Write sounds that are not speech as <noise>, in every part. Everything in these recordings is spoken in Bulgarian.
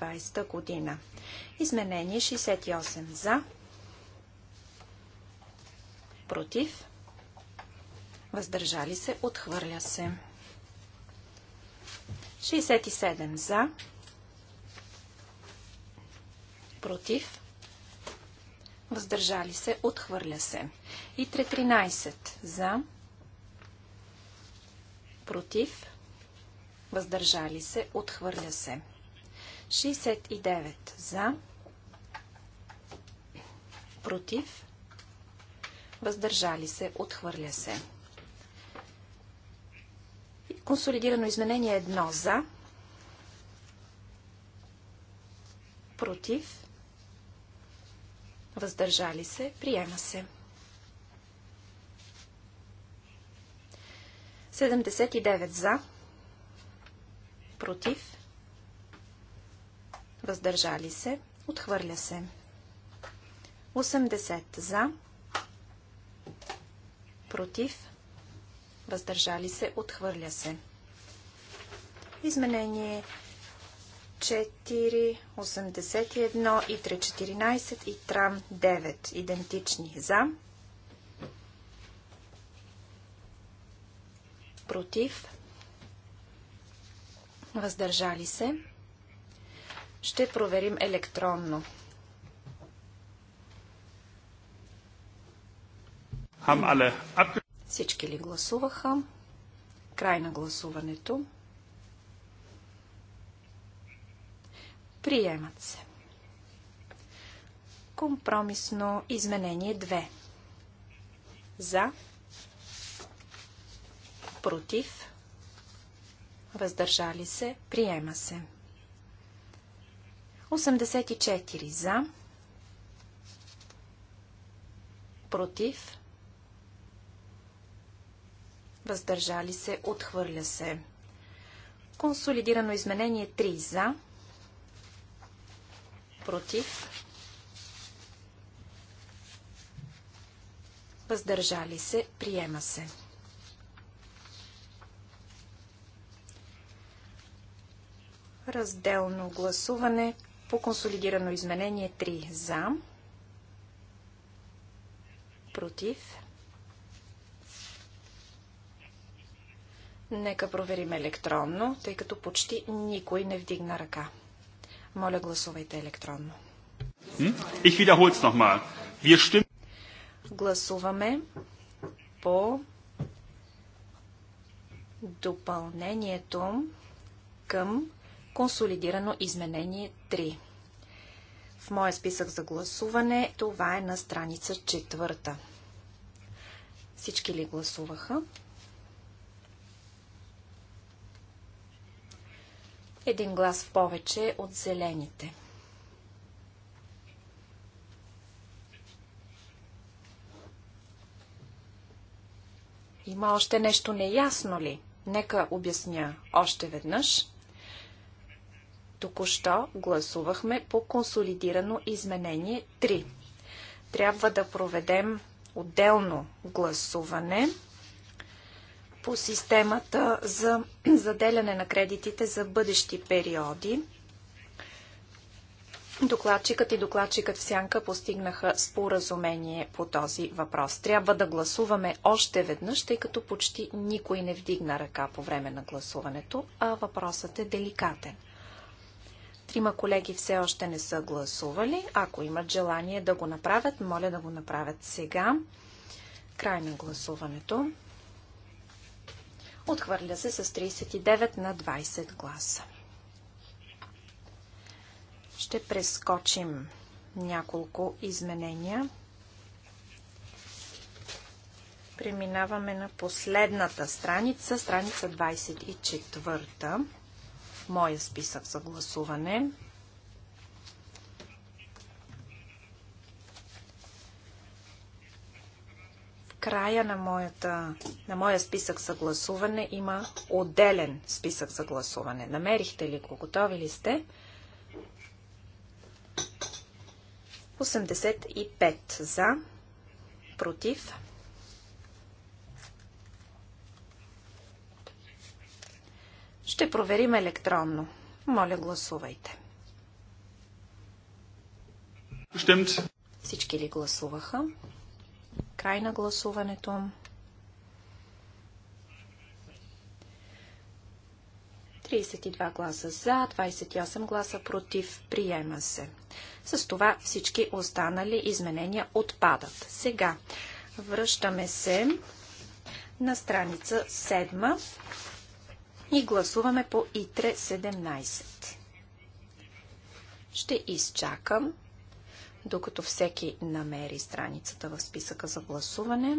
2020 година. Изменение 68 за, против, въздържали се, отхвърля се. 67 за, против, въздържали се, отхвърля се. И 13 за, против, въздържали се, отхвърля се. 69 за, против, въздържали се, отхвърля се. Консолидирано изменение 1 за, против, въздържали се, приема се. 79 за, против, въздържали се, отхвърля се. 80 за, против, въздържали се, отхвърля се. Изменение 4, 81 и 3, 14 и трам 9 идентични за, против, въздържали се, ще проверим електронно. Всички ли гласуваха? Край на гласуването. Приемат се. Компромисно изменение 2. За. Против. Въздържали се. Приема се. 84 за, против, въздържали се, отхвърля се. Консолидирано изменение 3 за, против, въздържали се, приема се. Разделно гласуване по консолидирано изменение 3 за, против. Нека проверим електронно, тъй като почти никой не вдигна ръка. Моля, гласувайте електронно. Гласуваме по допълнението към консолидирано изменение 3. В моя списък за гласуване това е на страница 4. Всички ли гласуваха? Един глас в повече от зелените. Има още нещо неясно ли? Нека обясня още веднъж. Току-що гласувахме по консолидирано изменение 3. Трябва да проведем отделно гласуване по системата за заделяне на кредитите за бъдещи периоди. Докладчикът и докладчикът в Сянка постигнаха споразумение по този въпрос. Трябва да гласуваме още веднъж, тъй като почти никой не вдигна ръка по време на гласуването, а въпросът е деликатен. Има колеги все още не са гласували. Ако имат желание да го направят, моля да го направят сега. Край на гласуването. Отхвърля се с 39 на 20 гласа. Ще прескочим няколко изменения. Преминаваме на последната страница, страница 24 моя списък за гласуване. края на, моята, на моя списък за гласуване има отделен списък за гласуване. Намерихте ли го? Готови ли сте? 85 за, против, Ще проверим електронно. Моля, гласувайте. Stimmt. Всички ли гласуваха? Край на гласуването. 32 гласа за, 28 гласа против. Приема се. С това всички останали изменения отпадат. Сега връщаме се на страница 7 и гласуваме по ИТРЕ 17. Ще изчакам, докато всеки намери страницата в списъка за гласуване.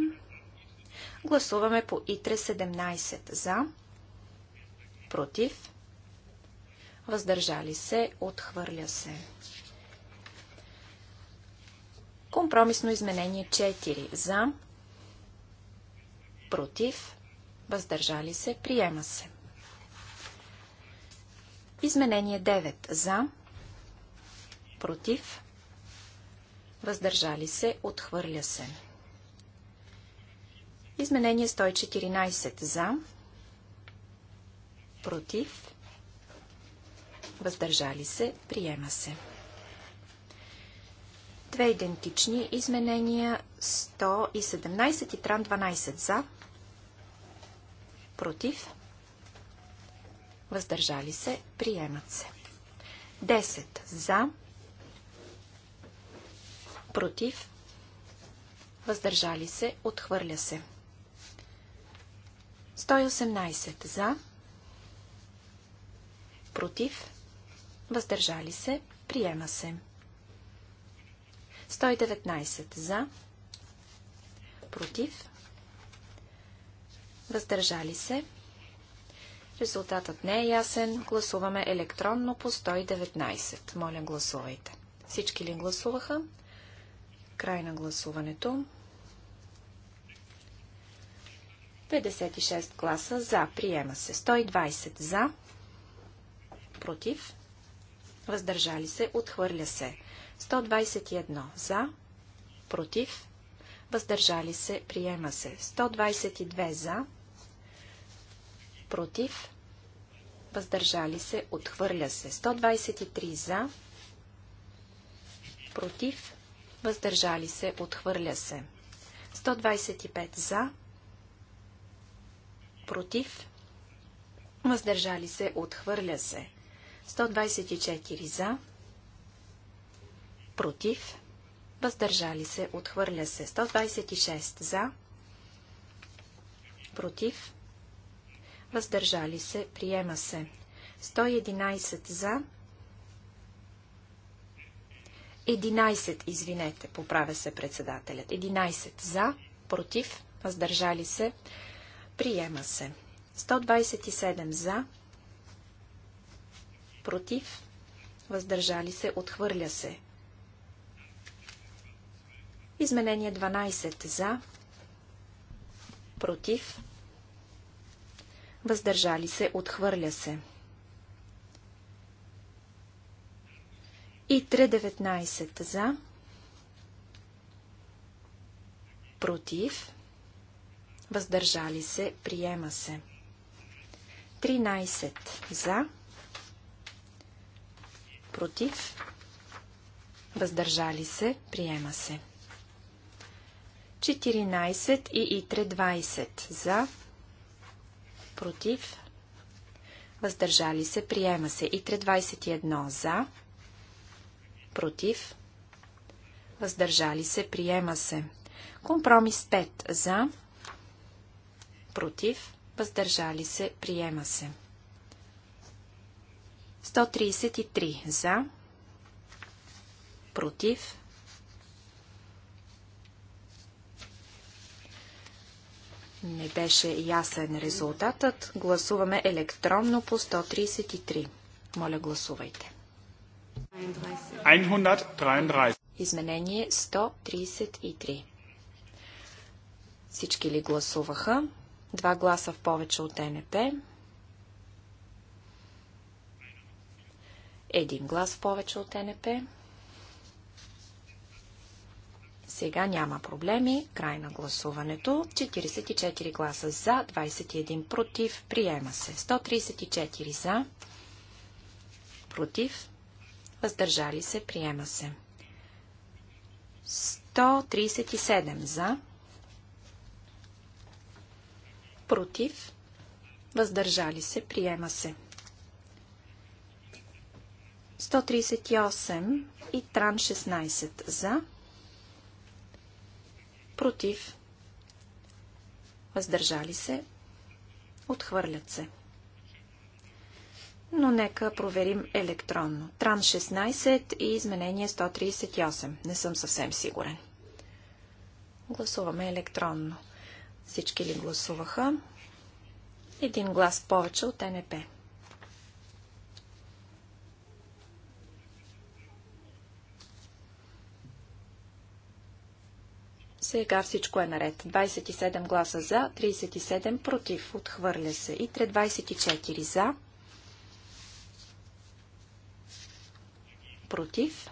Гласуваме по ИТРЕ 17 за, против, въздържали се, отхвърля се. Компромисно изменение 4 за, против, въздържали се, приема се. Изменение 9 за, против, въздържали се, отхвърля се. Изменение 114 за, против, въздържали се, приема се. Две идентични изменения 117 и Тран 12 за, против, въздържали се, приемат се. 10 за, против, въздържали се, отхвърля се. 118 за, против, въздържали се, приема се. 119 за, против, въздържали се, Резултатът не е ясен. Гласуваме електронно по 119. Моля, гласувайте. Всички ли гласуваха? Край на гласуването. 56 гласа за. Приема се. 120 за. Против. Въздържали се. Отхвърля се. 121 за. Против. Въздържали се. Приема се. 122 за против, въздържали се, отхвърля се. 123 за, против, въздържали се, отхвърля се. 125 за, против, въздържали се, отхвърля се. 124 за, против, въздържали се, отхвърля се. 126 за, против, въздържали се, приема се. 111 за, 11, извинете, поправя се председателят. 11 за, против, въздържали се, приема се. 127 за, против, въздържали се, отхвърля се. Изменение 12 за, против, въздържали се, отхвърля се. И 3.19 за, против, въздържали се, приема се. 13 за, против, въздържали се, приема се. 14 и 3.20 за, против, против, въздържали се, приема се. И 321 за, против, въздържали се, приема се. Компромис 5 за, против, въздържали се, приема се. 133 за, против, Не беше ясен резултатът. Гласуваме електронно по 133. Моля, гласувайте. 133. Изменение 133. Всички ли гласуваха? Два гласа в повече от НП. Един глас в повече от НП. Сега няма проблеми. Край на гласуването. 44 гласа за, 21 против. Приема се. 134 за, против. Въздържали се. Приема се. 137 за, против. Въздържали се. Приема се. 138 и Тран 16 за, против, въздържали се, отхвърлят се. Но нека проверим електронно. Тран 16 и изменение 138. Не съм съвсем сигурен. Гласуваме електронно. Всички ли гласуваха? Един глас повече от НП. Сега всичко е наред. 27 гласа за, 37 против. Отхвърля се. И 324 за. Против.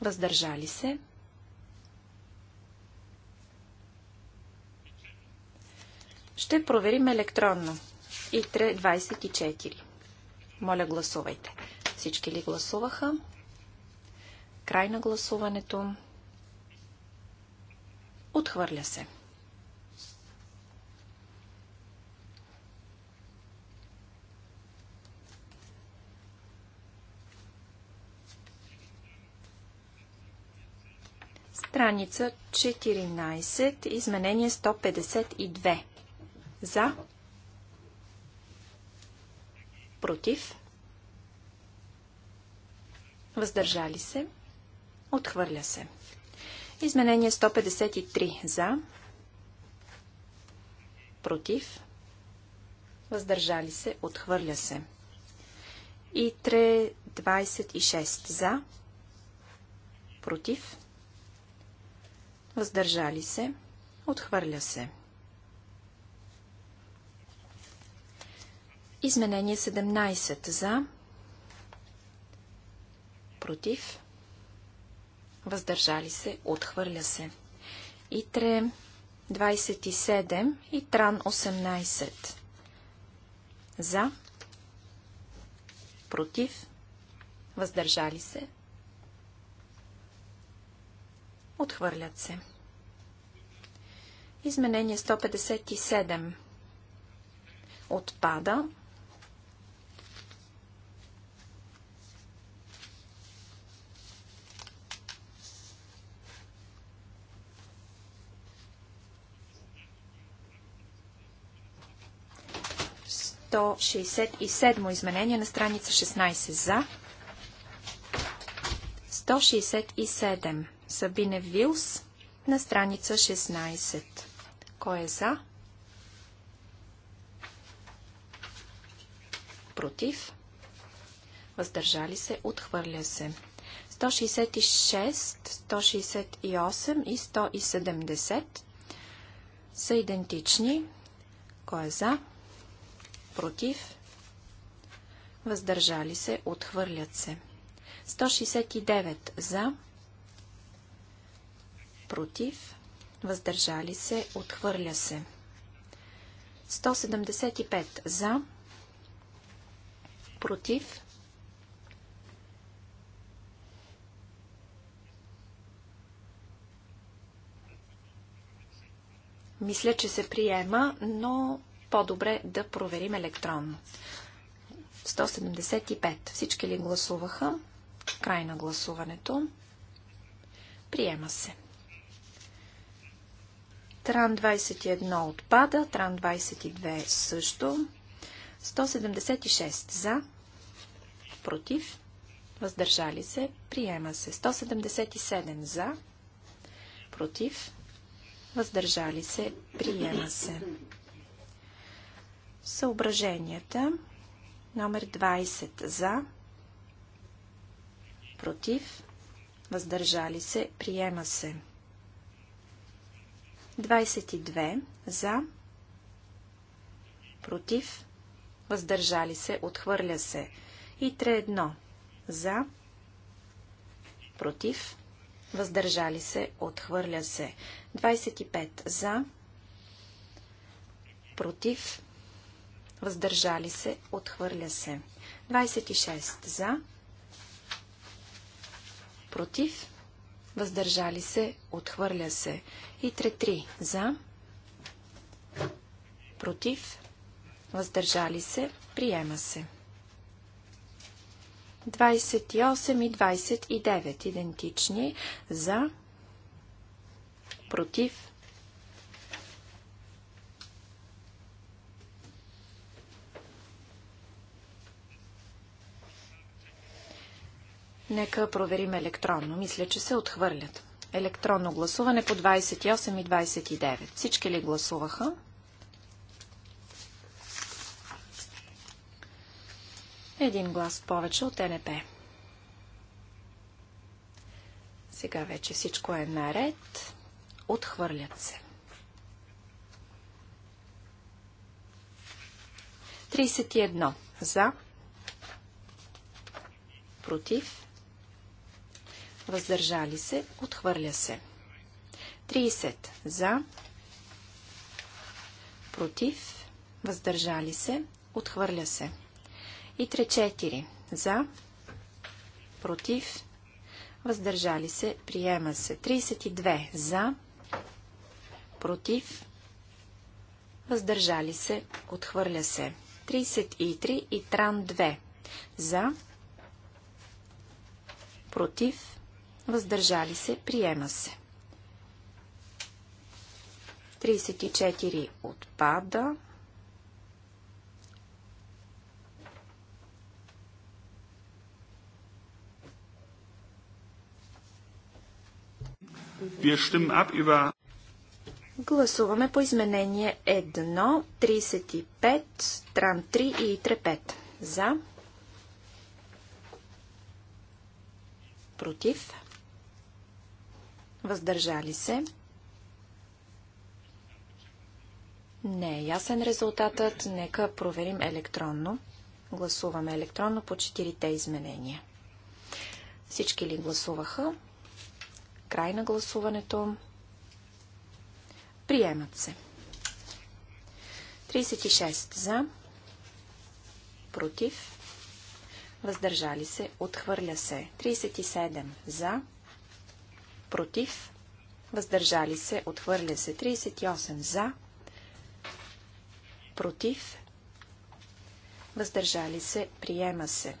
Въздържали се. Ще проверим електронно. И 324. Моля, гласувайте. Всички ли гласуваха? Край на гласуването. Отхвърля се. Страница 14, изменение 152. За. Против. Въздържали се. Отхвърля се. Изменение 153 за. Против. Въздържали се. Отхвърля се. И 3, 26 за. Против. Въздържали се. Отхвърля се. Изменение 17 за. Против въздържали се, отхвърля се. Итре 27 и Тран 18. За, против, въздържали се, отхвърлят се. Изменение 157 отпада, 167 изменение на страница 16 за. 167. Сабине Вилс на страница 16. Кой е за? Против? Въздържали се? Отхвърля се. 166, 168 и 170 са идентични. Кой е за? против, въздържали се, отхвърлят се. 169 за, против, въздържали се, отхвърля се. 175 за, против, Мисля, че се приема, но по-добре да проверим електронно. 175. Всички ли гласуваха? Край на гласуването. Приема се. Тран 21 отпада, Тран 22 също. 176 за, против, въздържали се, приема се. 177 за, против, въздържали се, приема се. Съображенията. Номер 20 за. Против. Въздържали се. Приема се. 22 за. Против. Въздържали се. Отхвърля се. И 3-1 за. Против. Въздържали се. Отхвърля се. 25 за. Против въздържали се, отхвърля се. 26 за, против, въздържали се, отхвърля се. И 3-3 за, против, въздържали се, приема се. 28 и 29 идентични за, против, Нека проверим електронно. Мисля, че се отхвърлят. Електронно гласуване по 28 и 29. Всички ли гласуваха? Един глас повече от НП. Сега вече всичко е наред. Отхвърлят се. 31 за, против, въздържали се, отхвърля се. 30 за, против, въздържали се, отхвърля се. И 3-4 за, против, въздържали се, приема се. 32 за, против, въздържали се, отхвърля се. 33 и тран 2 за, против, въздържали се, приема се. 34 отпада. Гласуваме по изменение 1, 35, Тран 3 и 35. За. Против въздържали се. Не е ясен резултатът. Нека проверим електронно. Гласуваме електронно по четирите изменения. Всички ли гласуваха? Край на гласуването. Приемат се. 36 за. Против. Въздържали се. Отхвърля се. 37 за против, въздържали се, отхвърля се 38 за, против, въздържали се, приема се.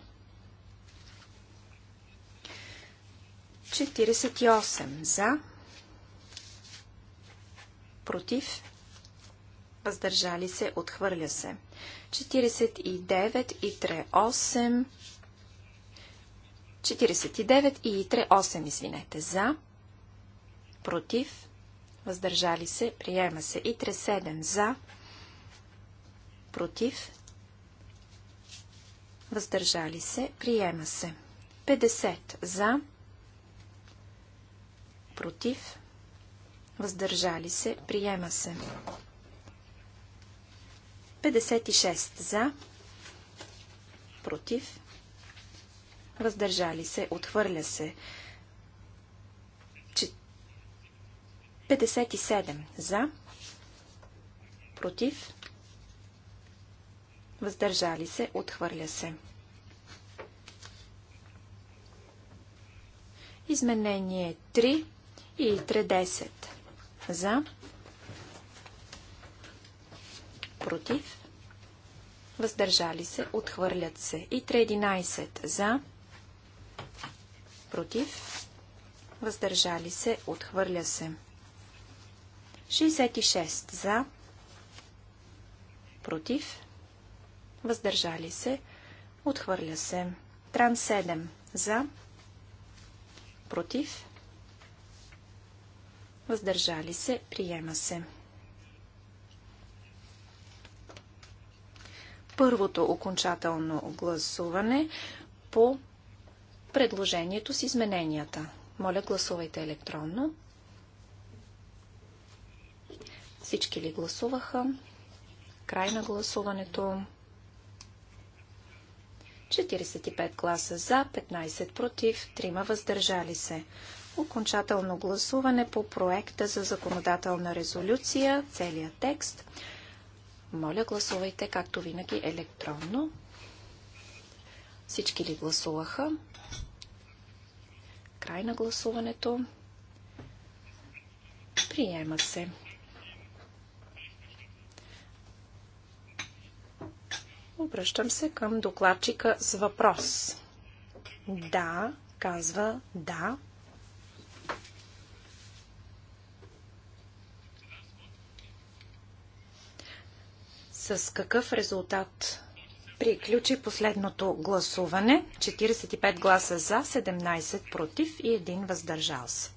48 за, против, въздържали се, отхвърля се. 49 и 3, 8, 49 и 3, 8, извинете, за, против, въздържали се, приема се. И 37 за, против, въздържали се, приема се. 50 за, против, въздържали се, приема се. 56 за, против, въздържали се, отхвърля се. 57 за, против, въздържали се, отхвърля се. Изменение 3 и 30 за, против, въздържали се, отхвърлят се. И 311 за, против, въздържали се, отхвърля се. 66 за, против, въздържали се, отхвърля се. Тран 7 за, против, въздържали се, приема се. Първото окончателно гласуване по предложението с измененията. Моля, гласувайте електронно. Всички ли гласуваха? Край на гласуването. 45 гласа за, 15 против, 3 въздържали се. Окончателно гласуване по проекта за законодателна резолюция, целият текст. Моля, гласувайте, както винаги, електронно. Всички ли гласуваха? Край на гласуването. Приема се. Обръщам се към докладчика с въпрос. Да, казва да. С какъв резултат приключи последното гласуване? 45 гласа за, 17 против и 1 въздържал се.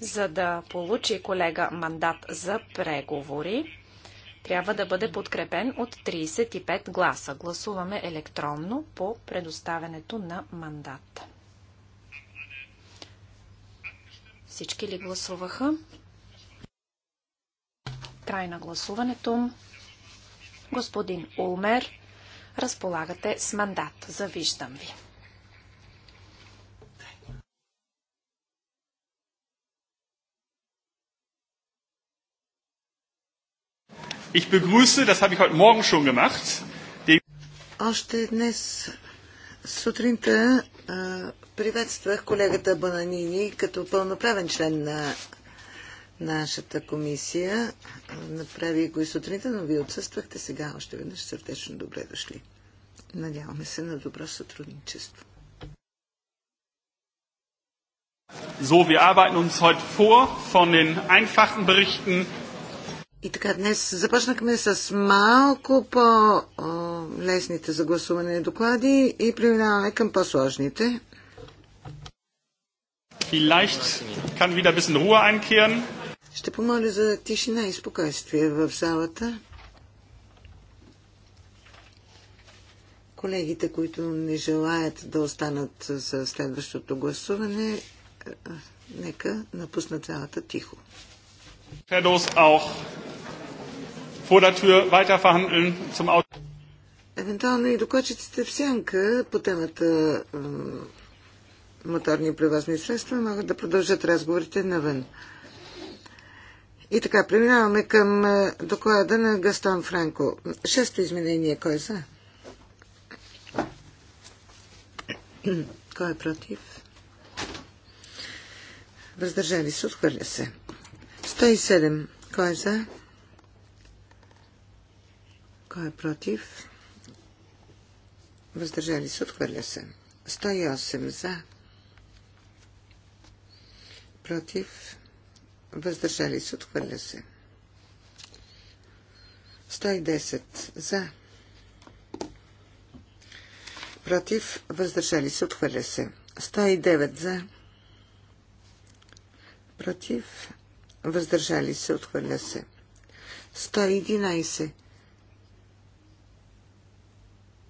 За да получи колега мандат за преговори, трябва да бъде подкрепен от 35 гласа. Гласуваме електронно по предоставянето на мандат. Всички ли гласуваха? Край на гласуването. Господин Улмер, разполагате с мандат. Завиждам ви. Ich begrüße, das habe ich heute Morgen schon gemacht, Още днес сутринта приветствах колегата Бананини като пълноправен член на нашата комисия. Направи го и сутринта, но ви отсъствахте сега още веднъж. Сърдечно добре дошли. Надяваме се на добро сътрудничество. So, wir arbeiten uns heute vor von den einfachen Berichten и така, днес започнахме с малко по-лесните за гласуване доклади и преминаваме към по-сложните. Ще помоля за тишина и спокойствие в залата. Колегите, които не желаят да останат за следващото гласуване, нека напуснат залата тихо. Евентуално и докладчиците в сянка по темата моторни превозни средства могат да продължат разговорите навън. И така, преминаваме към доклада на Гастон Франко. Шесто изменение, кой е за? Кой е против? Въздържали се, отхвърля се. 107. Кой е за? Кой е против? Въздържали се, отхвърля се. 108 за. Против. Въздържали се, отхвърля се. 110 за. Против. Въздържали се, отхвърля се. 109 за. Против въздържали се, отхвърля се. 111.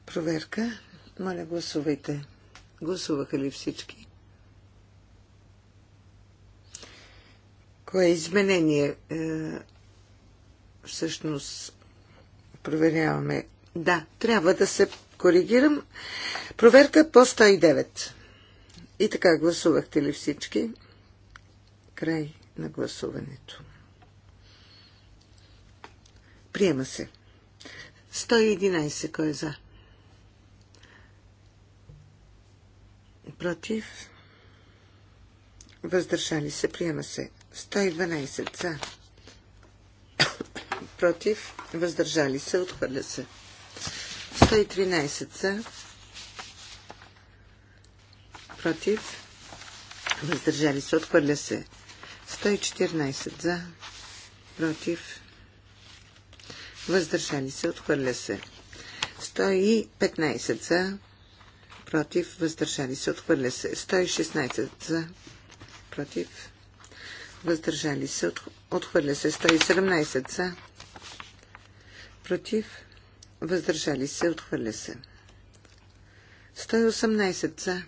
Проверка. Моля, гласувайте. Гласуваха ли всички? Кое е изменение? Е, всъщност, проверяваме. Да, трябва да се коригирам. Проверка по 109. И така, гласувахте ли всички? Край на гласуването. Приема се. 111. Кой е за? Против. Въздържали се. Приема се. 112. За. Против. Въздържали се. Отхвърля се. 113. За. Против. Въздържали се. Отхвърля се. 114 за, против, въздържали се, отхвърля се. 115 за, против, въздържали се, отхвърля се. 116 за, против, въздържали се, отхвърля се. 117 за, против, въздържали се, отхвърля се. 118 за,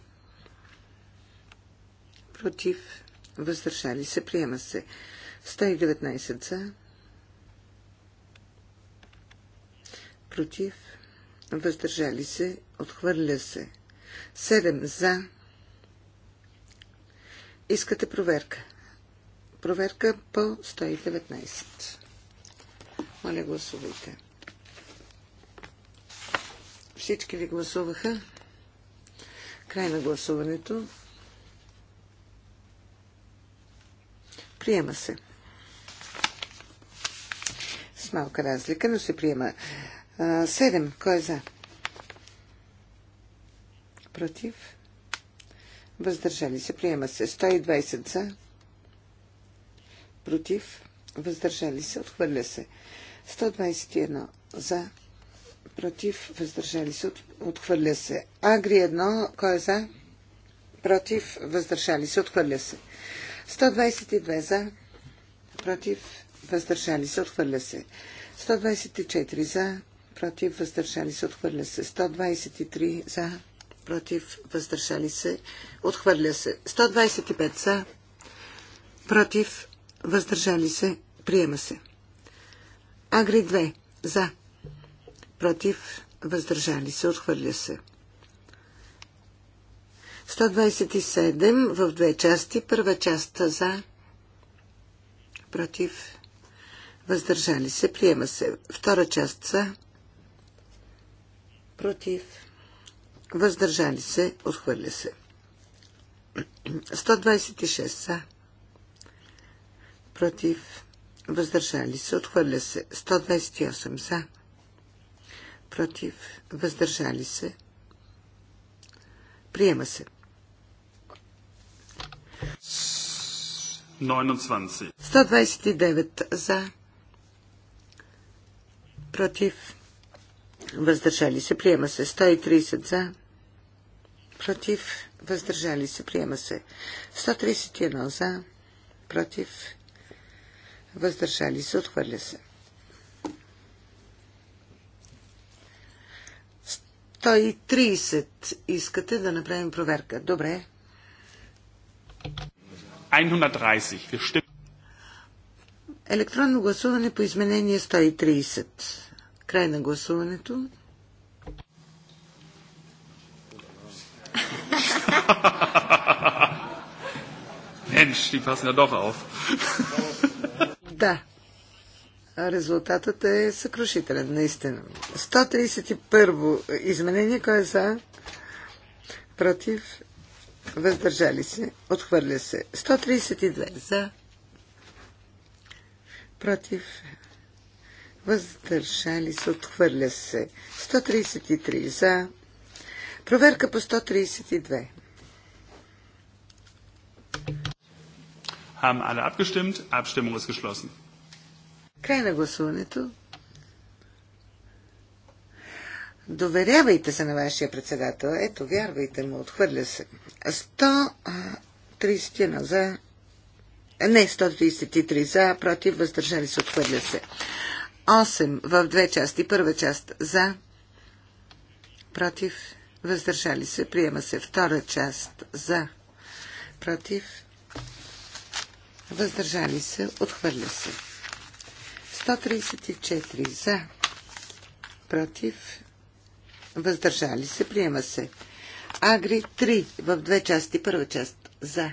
против, въздържали се, приема се. 119 за, против, въздържали се, отхвърля се. 7 за. Искате проверка. Проверка по 119. Моля, гласувайте. Всички ви гласуваха? Край на гласуването. Приема се. С малка разлика, но се приема. Седем. Кой е за? Против. Въздържали се. Приема се. 120 за. Против. Въздържали се. Отхвърля се. 121 за. Против. Въздържали се. Отхвърля се. Агри 1. Кой е за? Против. Въздържали се. Отхвърля се. 122 за, против, въздържали се, отхвърля се. 124 за, против, въздържали се, отхвърля се. 123 за, против, въздържали се, отхвърля се. 125 за, против, въздържали се, приема се. Агри 2 за, против, въздържали се, отхвърля се. 127 в две части. Първа част за, против, въздържали се, приема се. Втора част за, против, въздържали се, отхвърля се. 126 за, Против. Въздържали се. Отхвърля се. 128 за. Против. Въздържали се. Приема се. 129. за. Против. Въздържали се. Приема се. 130 за. Против. Въздържали се. Приема се. 131 за. Против. Въздържали се. Отхвърля се. 130 искате да направим проверка. Добре. 130. Електронно гласуване по изменение 130. Край на гласуването. Менш, ти пасна дофа оф. Да. Резултатът е съкрушителен, наистина. 131 изменение, кой е за? Против? въздържали се, отхвърля се. 132 за, против, въздържали се, отхвърля се. 133 за, проверка по 132. Haben alle abgestimmt? Abstimmung ist geschlossen. Край на гласуването. Доверявайте се на вашия председател. Ето, вярвайте му, отхвърля се. 131 за... Не, 133 за, против, въздържали се, отхвърля се. 8 в две части. Първа част за, против, въздържали се, приема се. Втора част за, против, въздържали се, отхвърля се. 134 за, против, въздържали се, приема се. Агри 3 в две части, първа част за,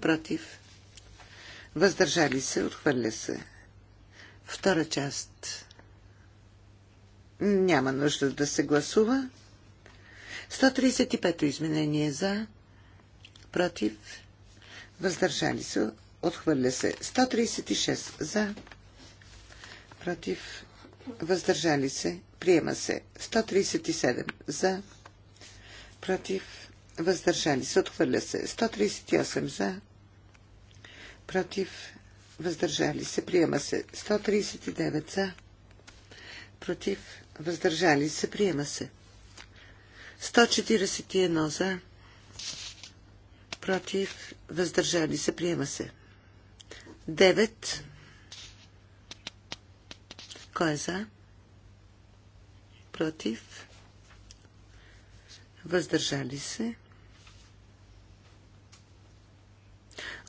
против, въздържали се, отхвърля се. Втора част няма нужда да се гласува. 135-то изменение за, против, въздържали се, отхвърля се. 136 за, против, въздържали се, Приема се 137 за, против, въздържали се, отхвърля се 138 за, против, въздържали се, приема се 139 за, против, въздържали се, приема се 141 за, против, въздържали се, приема се 9. Кой е за? против, въздържали се.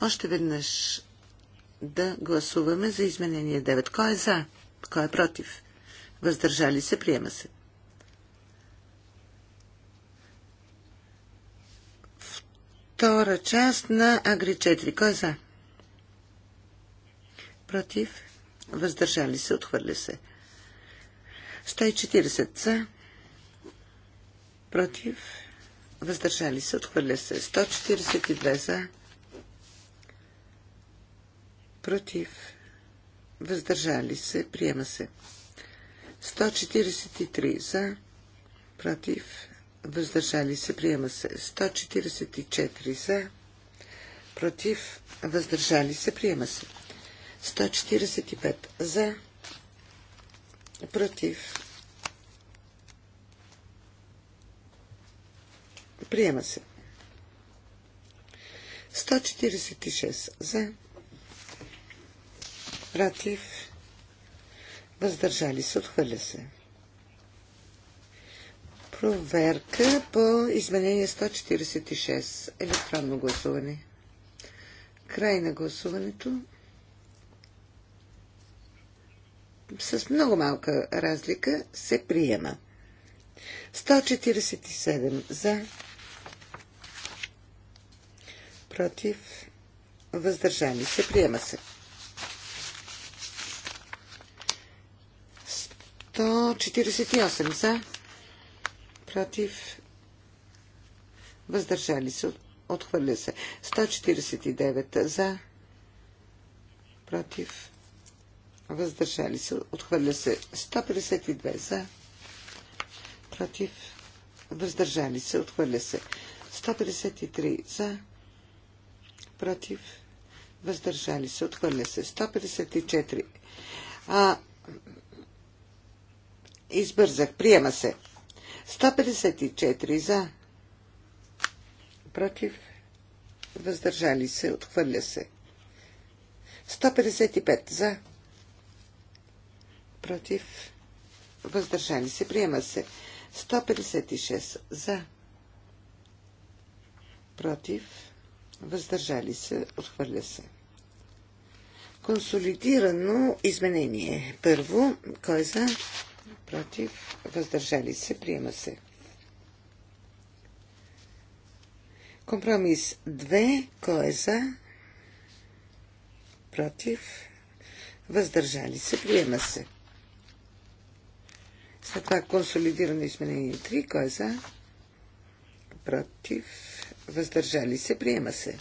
Още веднъж да гласуваме за изменение 9. Кой е за? Кой е против? Въздържали се, приема се. Втора част на Агри 4. Кой е за? Против? Въздържали се, отхвърля се. 140 са, против, въздържали се, отхвърля се. 142 за, против, въздържали се, приема се. 143 за, против, въздържали се, приема се. 144 за, против, въздържали се, приема се. 145 за, Против. Приема се. 146 за. Против. Въздържали се. Отхвърля се. Проверка по изменение 146. Електронно гласуване. Край на гласуването. с много малка разлика се приема. 147 за, против, въздържани се, приема се. 148 за, против, въздържали се, отхвърля се. 149 за, против, въздържали се, отхвърля се 152 за, против, въздържали се, отхвърля се 153 за, против, въздържали се, отхвърля се 154. А, избързах, приема се 154 за, против, въздържали се, отхвърля се 155 за, против, въздържали се, приема се. 156 за, против, въздържали се, отхвърля се. Консолидирано изменение. Първо, кой е за, против, въздържали се, приема се. Компромис 2, кой е за, против, въздържали се, приема се. След това консолидирано изменение 3. Кой е за? Против. Въздържали се. Приема се.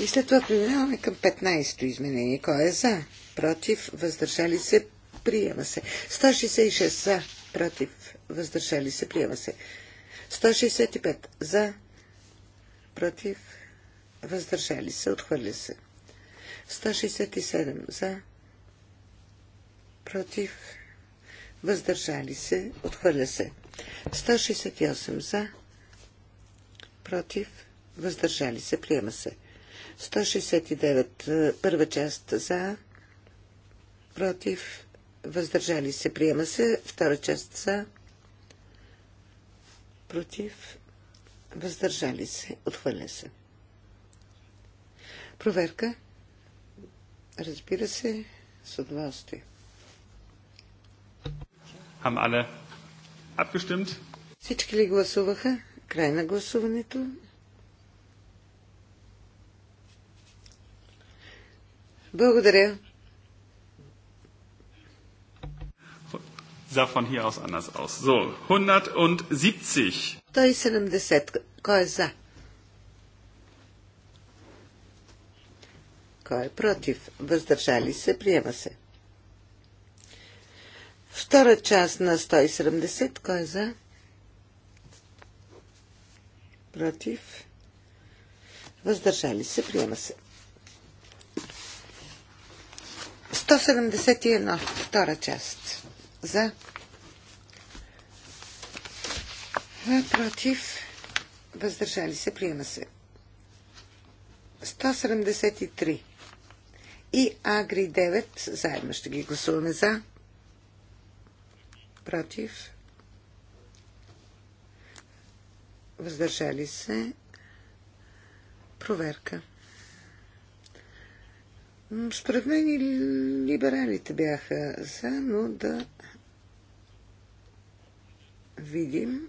И след това преминаваме към 15-то изменение. Кой е за? Против. Въздържали се. Приема се. 166 за. Против. Въздържали се. Приема се. 165 за. Против. Въздържали се. Отхвърля се. 167 за против, въздържали се, отхвърля се. 168 за, против, въздържали се, приема се. 169 е, първа част за, против, въздържали се, приема се. Втора част за, против, въздържали се, отхвърля се. Проверка. Разбира се, с удоволствие. Haben alle abgestimmt? Всички ли гласуваха? Край на гласуването. Благодаря. Sah von hier aus anders aus. So, 170. 170. Кой е за? Кой е против? Въздържали се? Приема се. Втора част на 170. Кой е за? Против. Въздържали се. Приема се. 171. Втора част. За. Против. Въздържали се. Приема се. 173. И Агри 9. Заедно ще ги гласуваме за против, въздържали се, проверка. Според мен и либералите бяха за, но да видим.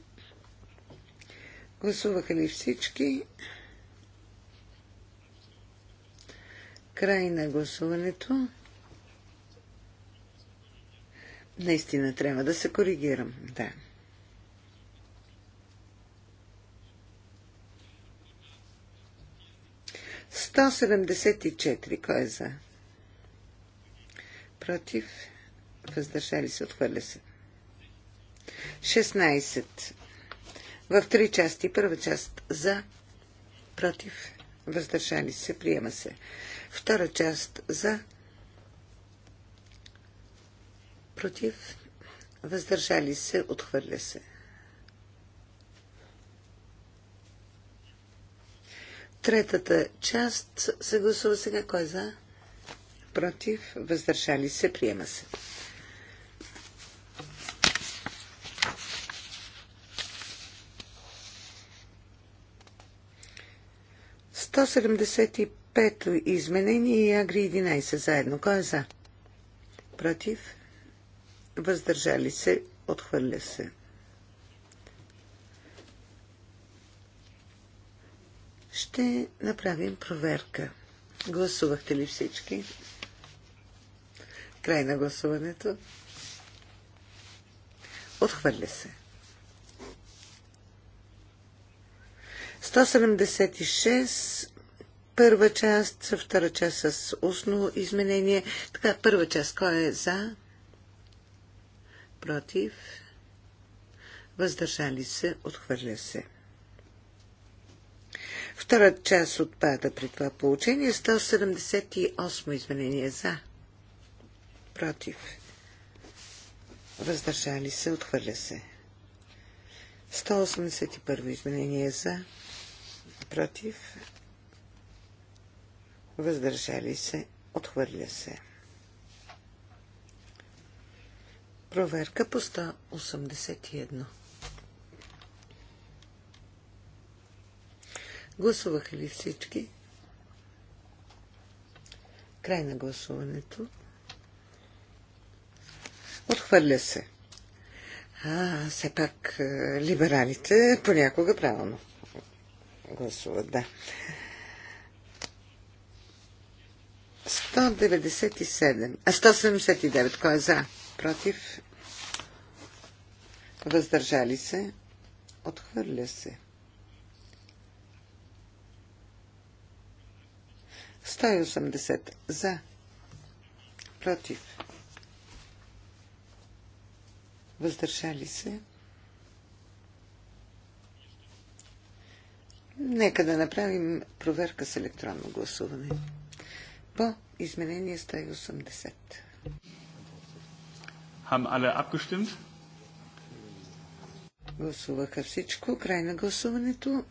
Гласуваха ли всички? Край на гласуването. Наистина трябва да се коригирам. Да. Сто седемдесет и четири. Кой е за? Против. Въздържали се. Отхвърля се. 16. В три части. Първа част за, против, въздържали се, приема се. Втора част за, против, въздържали се, отхвърля се. Третата част се гласува сега. Кой е за? Против, въздържали се, приема се. Сто седемдесет и пето изменение и Агри 11 заедно. Кой е за? Против? въздържали се, отхвърля се. Ще направим проверка. Гласувахте ли всички? Край на гласуването. Отхвърля се. 176, първа част, втора част с устно изменение. Така, първа част, кой е за? против, въздържали се, отхвърля се. Втора част отпада при това получение. 178 изменение за. Против. Въздържали се, отхвърля се. 181 изменение за. Против. Въздържали се, отхвърля се. Проверка по 181. Гласуваха ли всички? Край на гласуването. Отхвърля се. А, все пак е, либералите понякога правилно гласуват, да. 197. А 179. Кой е за? против, въздържали се, отхвърля се. 180 за, против, въздържали се. Нека да направим проверка с електронно гласуване. По изменение 180. Haben alle abgestimmt? Гласуваха всичко. Край на гласуването.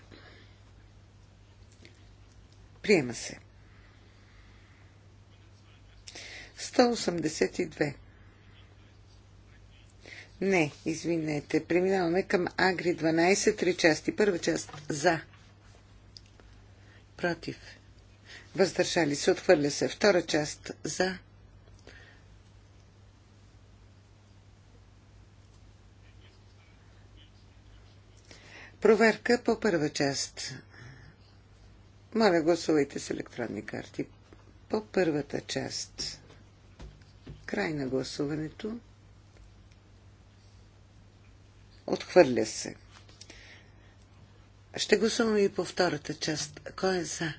Приема се. 182. Не, извинете. Преминаваме към Агри 12, три части. Първа част за. Против. Въздържали се. Отхвърля се. Втора част за. Проверка по първа част. Моля, гласувайте с електронни карти. По първата част. Край на гласуването. Отхвърля се. Ще гласуваме и по втората част. Кой е за?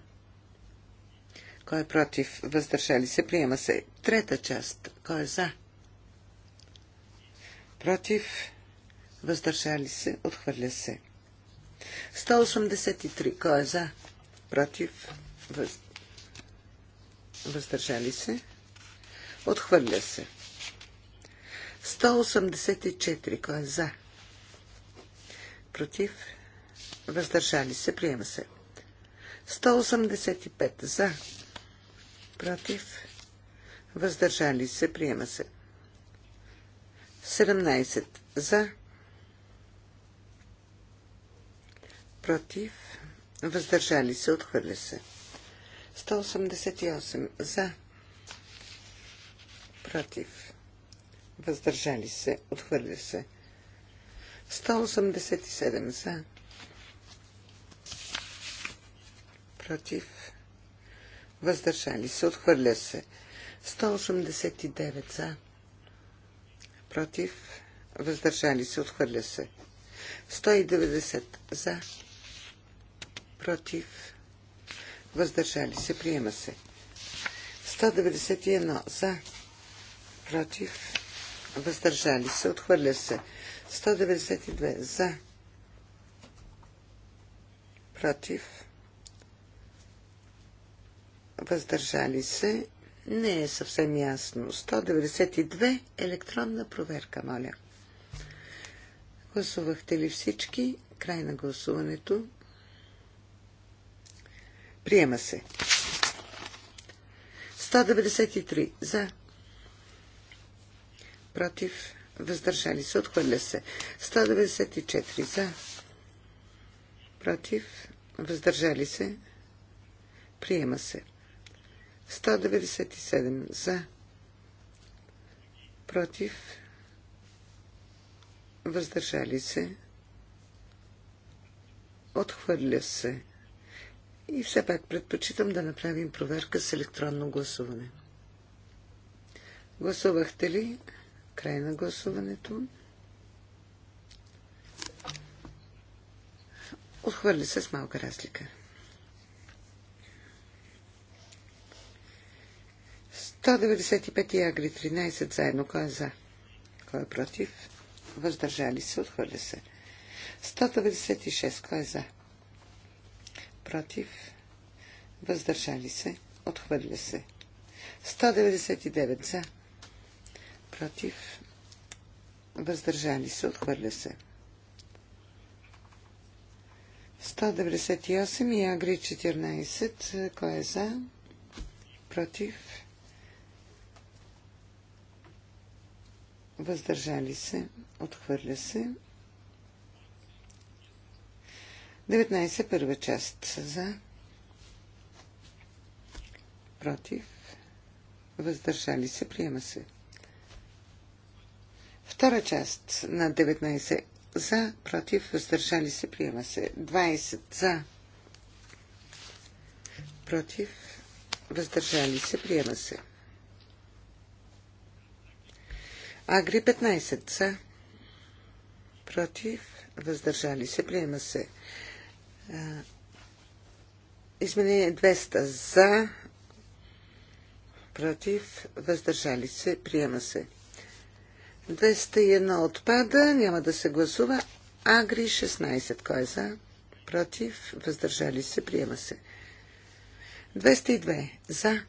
Кой е против? Въздържали се. Приема се. Трета част. Кой е за? Против. Въздържали се. Отхвърля се. 183. Кой е за? Против? Въз... Въздържали се? Отхвърля се. 184. Кой е за? Против? Въздържали се? Приема се. 185. За? Против? Въздържали се? Приема се. 17. За? Против? против, въздържали се, отхвърля се. 188 за, против, въздържали се, отхвърля се. 187 за, против, въздържали се, отхвърля се. 189 за, против, въздържали се, отхвърля се. 190 за, против, въздържали се, приема се. 191 за, против, въздържали се, отхвърля се. 192 за, против, въздържали се, не е съвсем ясно. 192 електронна проверка, моля. Гласувахте ли всички? Край на гласуването. Приема се. 193 за. Против. Въздържали се. Отхвърля се. 194 за. Против. Въздържали се. Приема се. 197 за. Против. Въздържали се. Отхвърля се. И все пак предпочитам да направим проверка с електронно гласуване. Гласувахте ли? Край на гласуването. Отхвърли се с малка разлика. 195 и Агри 13 заедно. Кой е за? Кой е против? Въздържали се, отхвърля се. 196. Кой е за? против, въздържали се, отхвърля се. 199 за, против, въздържали се, отхвърля се. 198 и Агри 14. Кой е за? Против? Въздържали се? Отхвърля се? 19 първа част за против въздържали се приема се втора част на 19 за против въздържали се приема се 20 за против въздържали се приема се Агри 15 за против въздържали се приема се Изменение 200 за, против, въздържали се, приема се. 201 отпада, няма да се гласува. Агри 16, кой е за? Против, въздържали се, приема се. 202 за,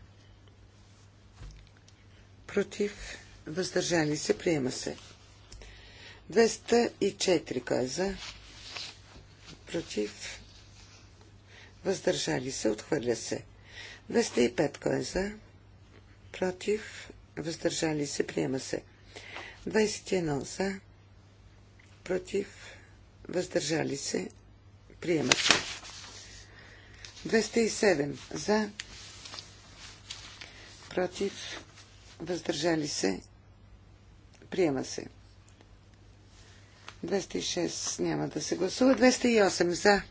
против, въздържали се, приема се. 204 кой е за? Против, въздържали се, отхвърля се. 205 кой е за, против, въздържали се, приема се. 21 за, против, въздържали се, приема се. 207 за, против, въздържали се, приема се. 206 няма да се гласува. 208 за,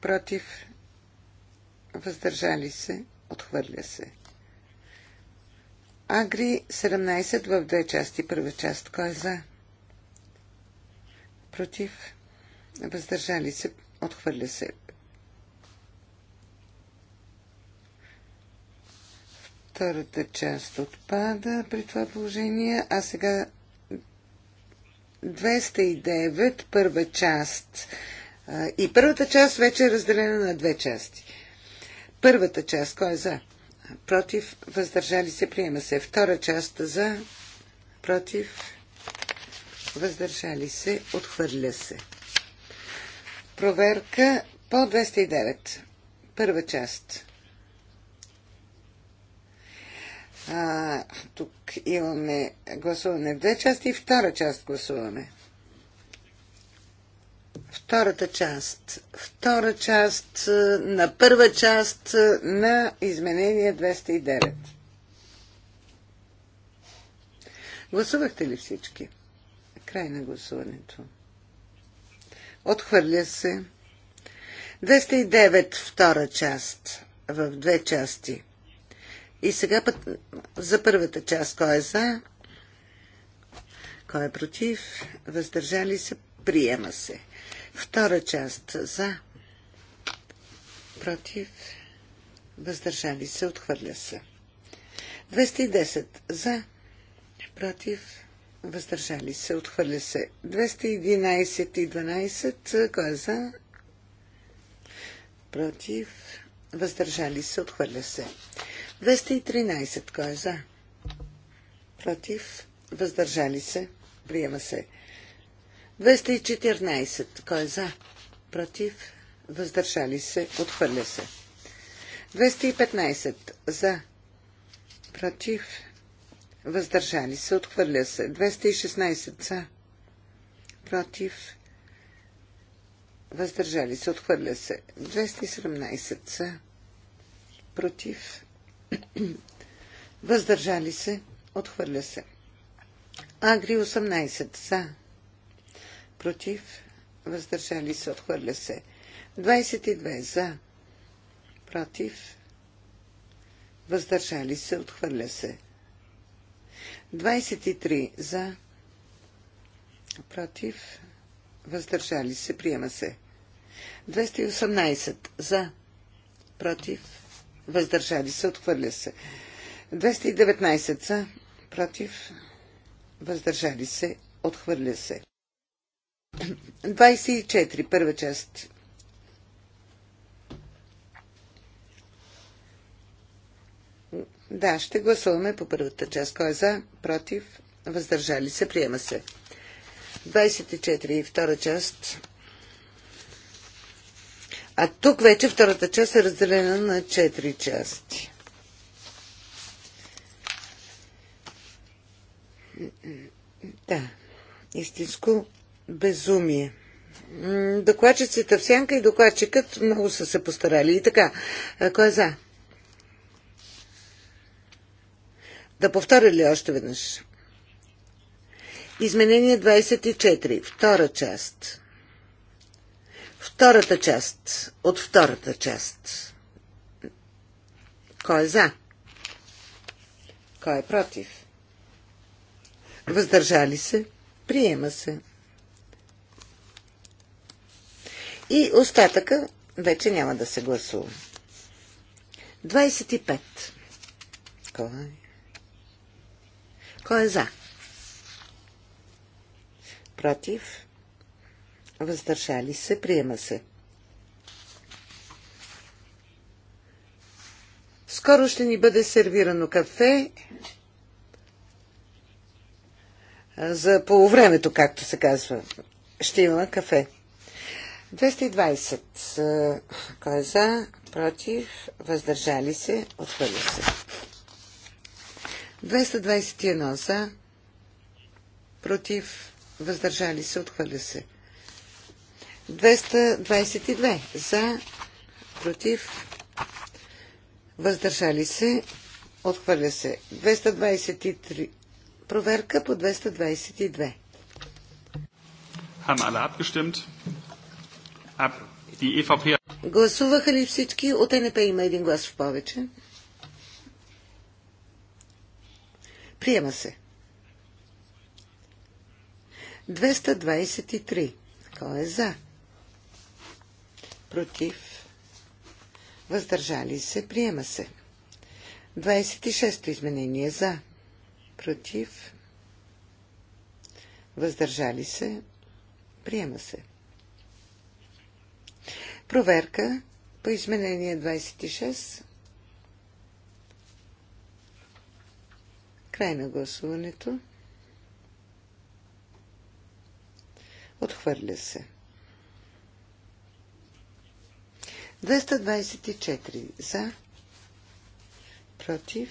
против, въздържали се, отхвърля се. Агри 17 в две части. Първа част. Кой е за? Против. Въздържали се. Отхвърля се. Втората част отпада при това положение. А сега 209, първа част и първата част вече е разделена на две части. Първата част, кой е за? Против, въздържали се, приема се. Втора част за, против, въздържали се, отхвърля се. Проверка по 209. Първа част. А, тук имаме гласуване в две части и втора част гласуваме. Втората част. Втора част е, на първа част е, на изменение 209. Гласувахте ли всички? Край на гласуването. Отхвърля се. 209 втора част в две части. И сега път, за първата част. Кой е за? Кой е против? Въздържали се? Приема се. Втора част за. Против. Въздържали се. Отхвърля се. 210 за. Против. Въздържали се. Отхвърля се. 211 и 12. Кой е за? Против. Въздържали се. Отхвърля се. 213. Кой е за? Против. Въздържали се. Приема се. 214. Кой е за? Против? Въздържали се? Отхвърля се. 215. За? Против? Въздържали се? Отхвърля се. 216. За? Против? Въздържали се? Отхвърля се. 217. За? Против? Въздържали се? Отхвърля се. Агри 18. За? против, въздържали се, отхвърля се. 22 за, против, въздържали се, отхвърля се. 23 за, против, въздържали се, приема се. 218 за, против, въздържали се, отхвърля се. 219 за, против, въздържали се, отхвърля се. 24, първа част. Да, ще гласуваме по първата част. Кой е за? Против? Въздържали се? Приема се. 24 втора част. А тук вече втората част е разделена на 4 части. Да, истинско безумие. Докладчицата в сянка и докладчикът много са се постарали. И така, кой е за? Да повторя ли още веднъж? Изменение 24. Втора част. Втората част. От втората част. Кой е за? Кой е против? Въздържали се? Приема се. И остатъка вече няма да се гласува. 25. Кой е? Кой е за? Против? Въздържали се? Приема се. Скоро ще ни бъде сервирано кафе за полувремето, както се казва. Ще има кафе. 220. Е, кой е за? Против? Въздържали се? Отхвърля се. 221 за. Против? Въздържали се? Отхвърля се. 222 за. Против? Въздържали се? Отхвърля се. 223. Проверка по 222. Хам alle е? Гласуваха ли всички? От НП е има един глас в повече. Приема се. 223. Кой е за? Против. Въздържали се. Приема се. 26-то изменение за. Против. Въздържали се. Приема се. Проверка по изменение 26. Край на гласуването. Отхвърля се. 224 за, против,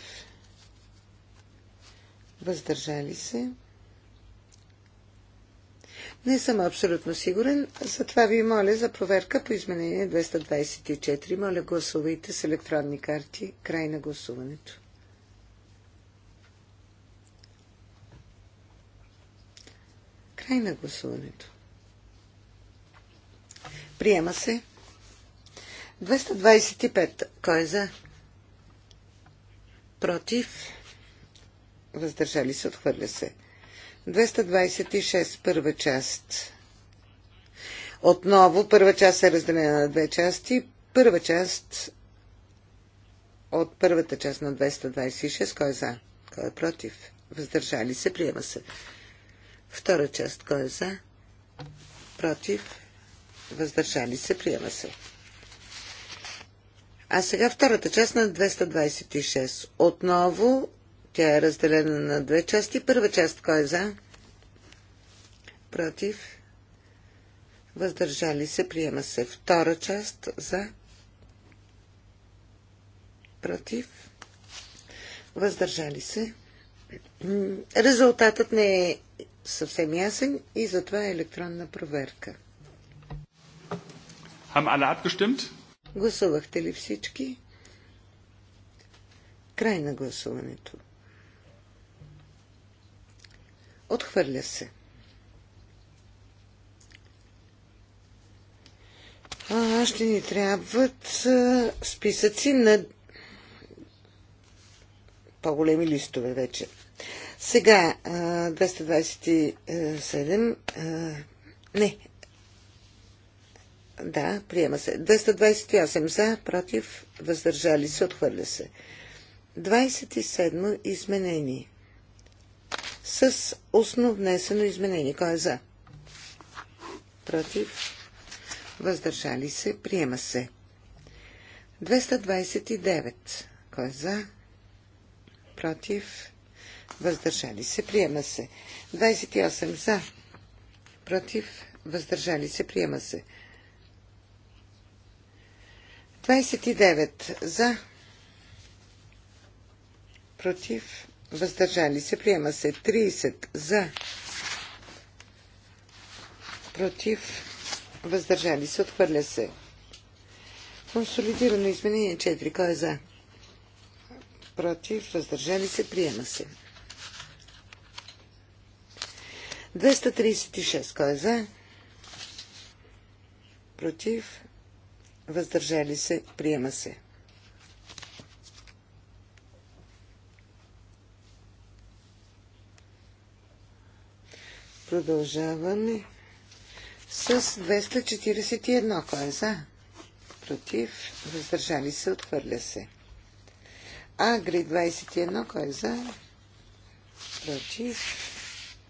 въздържали се. Не съм абсолютно сигурен, затова ви моля за проверка по изменение 224. Моля гласувайте с електронни карти. Край на гласуването. Край на гласуването. Приема се. 225. Кой е за? Против? Въздържали се, отхвърля се. 226, първа част. Отново, първа част е разделена на две части. Първа част от първата част на 226, кой е за, кой е против, въздържали се, приема се. Втора част, кой е за, против, въздържали се, приема се. А сега втората част на 226. Отново тя е разделена на две части. Първа част кой е за? Против. Въздържали се. Приема се. Втора част за. Против. Въздържали се. Резултатът не е съвсем ясен и затова е електронна проверка. Гласувахте ли всички? Край на гласуването. Отхвърля се. А, ще ни трябват списъци на по-големи листове вече. Сега 227. Не. Да, приема се. 228 за, против, въздържали се, отхвърля се. 27 изменение с основно, внесено изменение. Кой е за? Против? Въздържали се? Приема се. 229. Кой е за? Против? Въздържали се? Приема се. 28 за. Против? Въздържали се? Приема се. 29 за. Против? въздържали се, приема се 30 за, против, въздържали се, отхвърля се. Консолидирано изменение 4, кой е за? Против, въздържали се, приема се. 236, кой е за? Против, въздържали се, приема се. Продължаваме с 241. Кой е за? Против. Въздържали се. Отхвърля се. Агри 21. Кой е за? Против.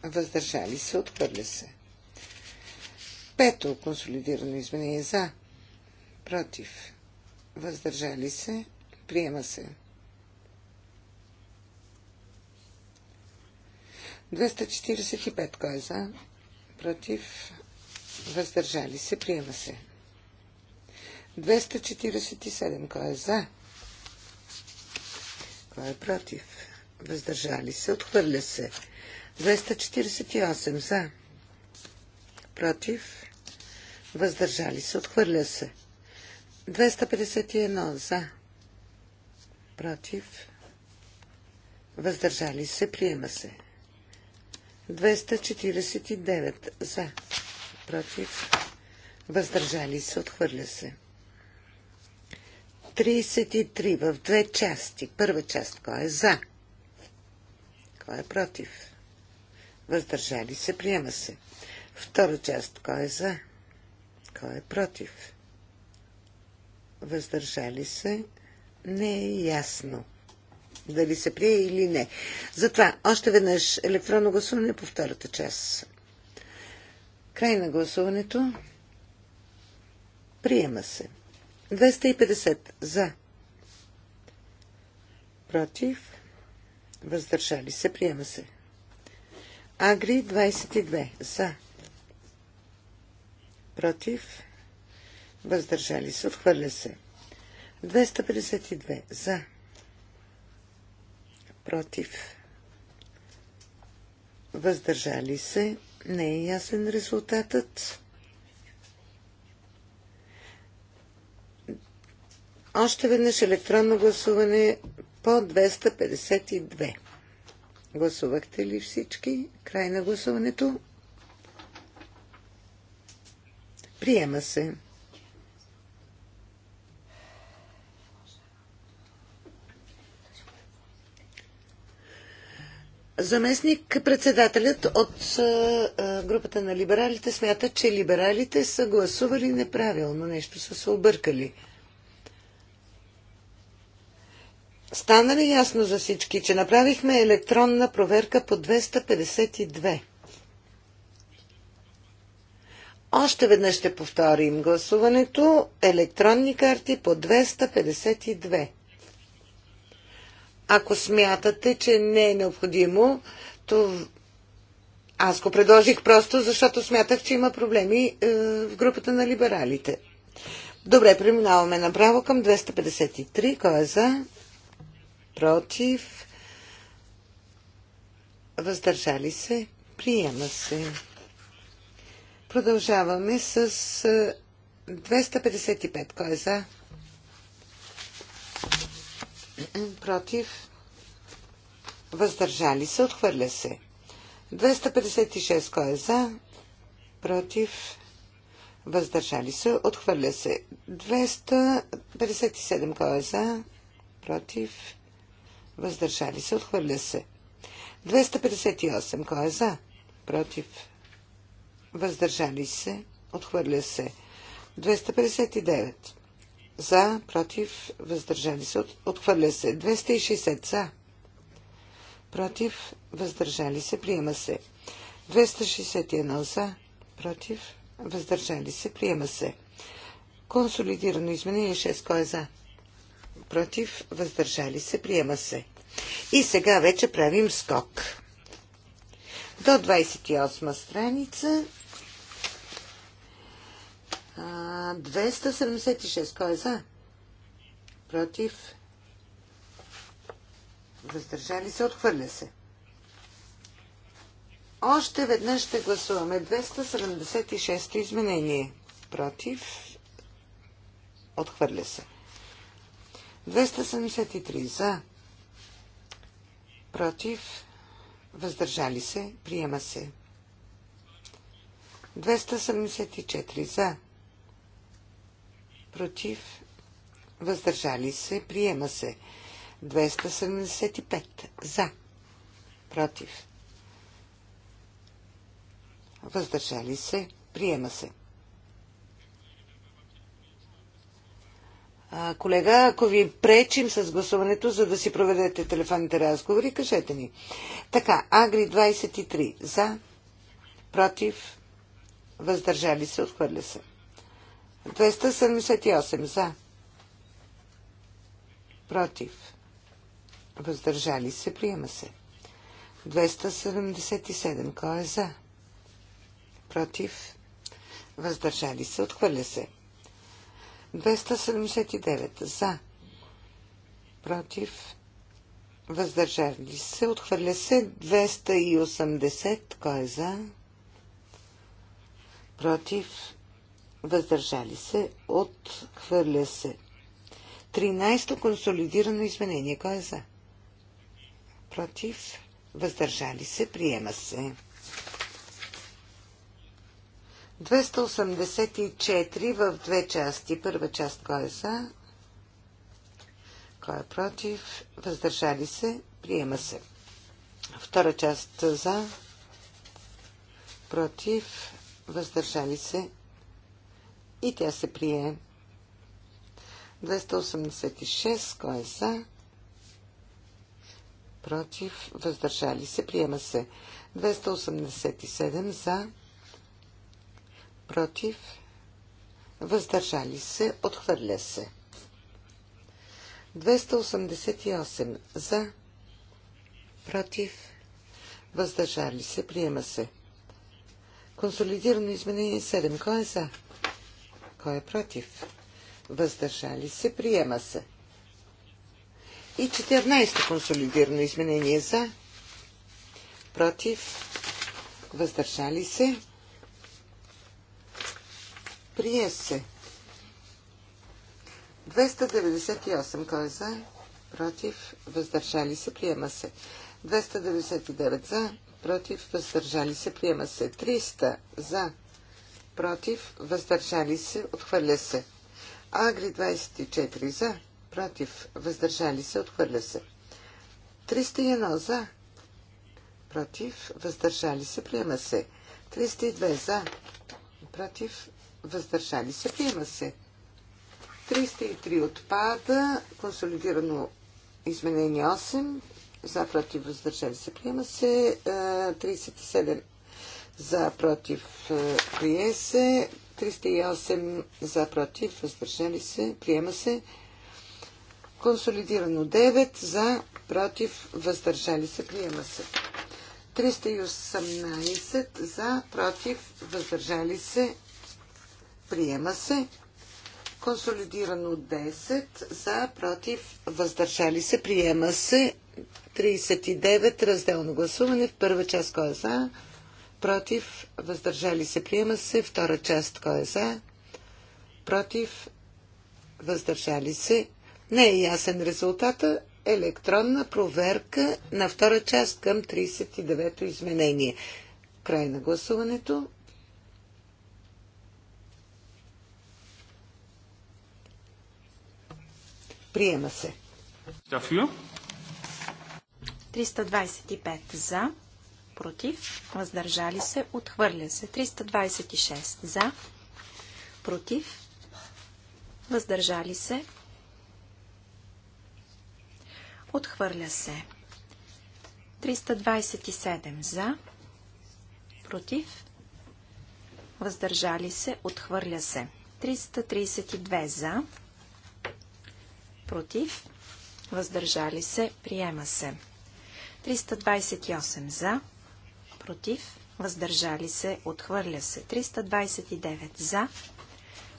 Въздържали се. Отхвърля се. Пето консолидирано изменение за. Против. Въздържали се. Приема се. 245. Кой е за? Против? Въздържали се? Приема се. 247. Кой е за? Кой е против? Въздържали се? Отхвърля се. 248. За? Против? Въздържали се? Отхвърля се. 251. За? Против? Въздържали се? Приема се. 249 за, против, въздържали се, отхвърля се. 33 в две части. Първа част, кой е за? Кой е против? Въздържали се, приема се. Втора част, кой е за? Кой е против? Въздържали се, не е ясно дали се прие или не. Затова още веднъж електронно гласуване по втората част. Край на гласуването. Приема се. 250 за. Против. Въздържали се. Приема се. Агри 22 за. Против. Въздържали се. Отхвърля се. 252 за против. Въздържали се. Не е ясен резултатът. Още веднъж електронно гласуване по 252. Гласувахте ли всички? Край на гласуването. Приема се. Заместник председателят от групата на либералите смята, че либералите са гласували неправилно, нещо са се объркали. Стана ли ясно за всички, че направихме електронна проверка по 252? Още веднъж ще повторим гласуването електронни карти по 252. Ако смятате, че не е необходимо, то аз го предложих просто, защото смятах, че има проблеми е, в групата на либералите. Добре, преминаваме направо към 253. Кой е за? Против? Въздържали се? Приема се. Продължаваме с 255. Е, Кой е за? против, въздържали се, отхвърля се. 256 кой е за, против, въздържали се, отхвърля се. 257 кой е за, против, въздържали се, отхвърля се. 258 кой е за, против, въздържали се, отхвърля се. 259 за, против, въздържали се, отхвърля се. 260 за, против, въздържали се, приема се. 261 за, против, въздържали се, приема се. Консолидирано изменение 6, кой е за? Против, въздържали се, приема се. И сега вече правим скок. До 28 страница 276. Кой е за? Против. Въздържали се. Отхвърля се. Още веднъж ще гласуваме 276 изменение. Против. Отхвърля се. 273 за. Против. Въздържали се. Приема се. 274 за против, въздържали се, приема се. 275 за, против, въздържали се, приема се. А, колега, ако ви пречим с гласуването, за да си проведете телефонните разговори, кажете ни. Така, Агри 23 за, против, въздържали се, отхвърля се. 278 за. Против. Въздържали се. Приема се. 277. Кой е за? Против. Въздържали се. Отхвърля се. 279. За. Против. Въздържали се. Отхвърля се. 280. Кой е за? Против въздържали се, отхвърля се. 13-то консолидирано изменение. Кой е за? Против, въздържали се, приема се. 284 в две части. Първа част кой е за? Кой е против? Въздържали се? Приема се. Втора част за? Против? Въздържали се? И тя се прие. 286. Кой е за? Против. Въздържали се. Приема се. 287 за. Против. Въздържали се. Отхвърля се. 288 за. Против. Въздържали се. Приема се. Консолидирано изменение 7. Кой е за? Кой е против? Въздържали се. Приема се. И 14-то консолидирано изменение за. Против. Въздържали се. Прие се. 298. Кой е за? Против. Въздържали се. Приема се. 299 за. Против. Въздържали се. Приема се. 300 за против, въздържали се, отхвърля се. Агри 24 за, против, въздържали се, отхвърля се. 301 за, против, въздържали се, приема се. 302 за, против, въздържали се, приема се. 303 отпада, консолидирано изменение 8, за, против, въздържали се, приема се. 37 е, за против е, прие се, 308 за против, въздържали се, приема се. Консолидирано 9 за против, въздържали се, приема се. 318 за против, въздържали се, приема се. Консолидирано 10 за против, въздържали се, приема се. 39 разделно гласуване в първа част кой е за, против, въздържали се, приема се. Втора част, кой е за, против, въздържали се. Не е ясен резултата. Електронна проверка на втора част към 39-то изменение. Край на гласуването. Приема се. 325 за против, въздържали се, отхвърля се. 326 за, против, въздържали се, отхвърля се. 327 за, против, въздържали се, отхвърля се. 332 за, против, въздържали се, приема се. 328 за, против, въздържали се, отхвърля се. 329 за,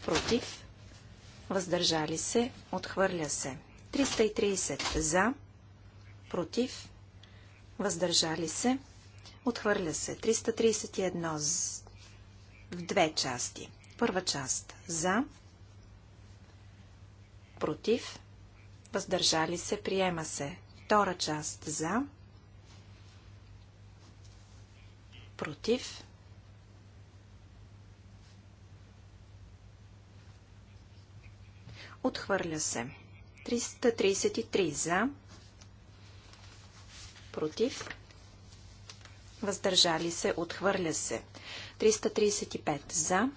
против, въздържали се, отхвърля се. 330 за, против, въздържали се, отхвърля се. 331 в две части. Първа част за, против, въздържали се, приема се. Втора част за, против, Против. Отхвърля се. 333 за. Против. Въздържали се. Отхвърля се. 335 за.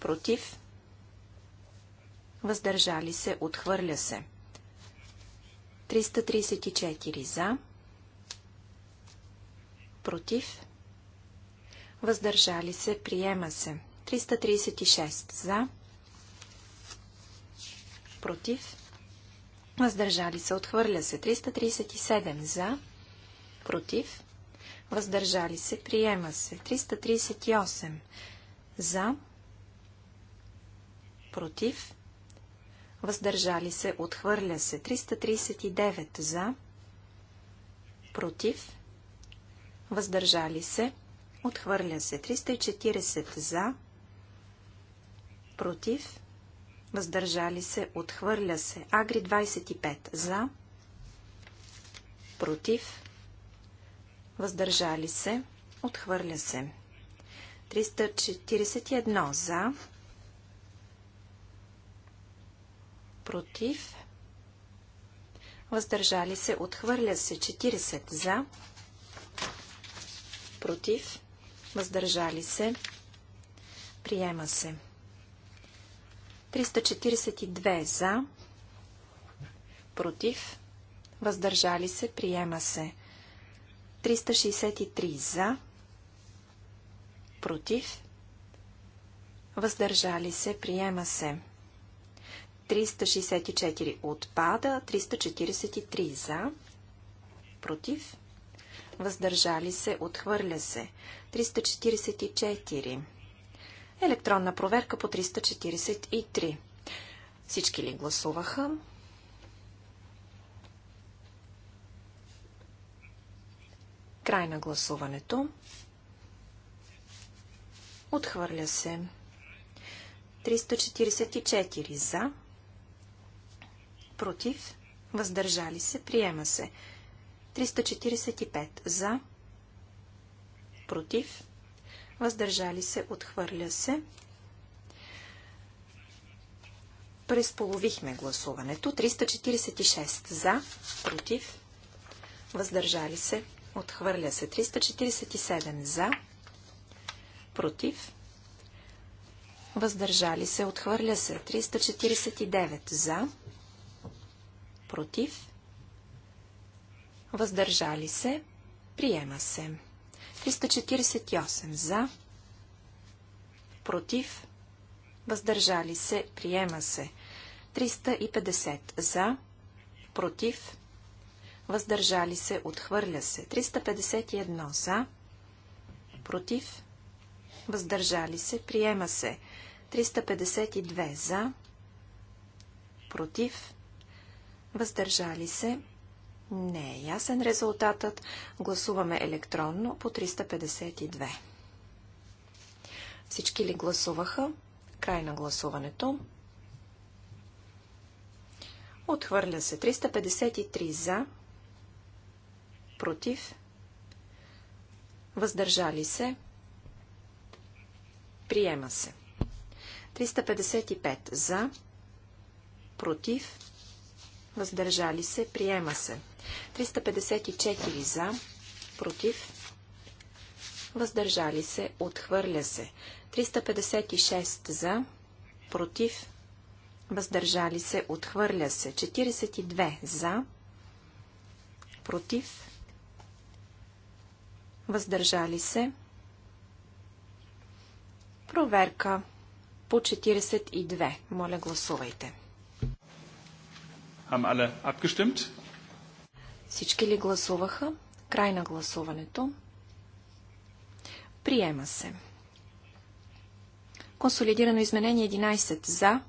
Против. Въздържали се. Отхвърля се. 334 за против, въздържали се, приема се. 336 за, против, въздържали се, отхвърля се. 337 за, против, въздържали се, приема се. 338 за, против, въздържали се, отхвърля се. 339 за, против, въздържали се, отхвърля се. 340 за, против, въздържали се, отхвърля се. Агри 25 за, против, въздържали се, отхвърля се. 341 за, против, въздържали се, отхвърля се 40 за, против, въздържали се, приема се. 342 за, против, въздържали се, приема се. 363 за, против, въздържали се, приема се. 364 отпада, 343 за, против, въздържали се, отхвърля се. 344. Електронна проверка по 343. Всички ли гласуваха? Край на гласуването. Отхвърля се. 344 за. Против. Въздържали се. Приема се. 345 за, против, въздържали се, отхвърля се. Пресполовихме гласуването. 346 за, против, въздържали се, отхвърля се. 347 за, против, въздържали се, отхвърля се. 349 за, против, въздържали се, приема се. 348 за, против, въздържали се, приема се. 350 за, против, въздържали се, отхвърля се. 351 за, против, въздържали се, приема се. 352 за, против, въздържали се, не е ясен резултатът. Гласуваме електронно по 352. Всички ли гласуваха? Край на гласуването. Отхвърля се 353 за, против, въздържали се, приема се. 355 за, против, въздържали се, приема се. 354 за, против, въздържали се, отхвърля се. 356 за, против, въздържали се, отхвърля се. 42 за, против, въздържали се. Проверка по 42. Моля, гласувайте. Хам але abgestimmt? Всички ли гласуваха? Край на гласуването. Приема се. Консолидирано изменение 11 за,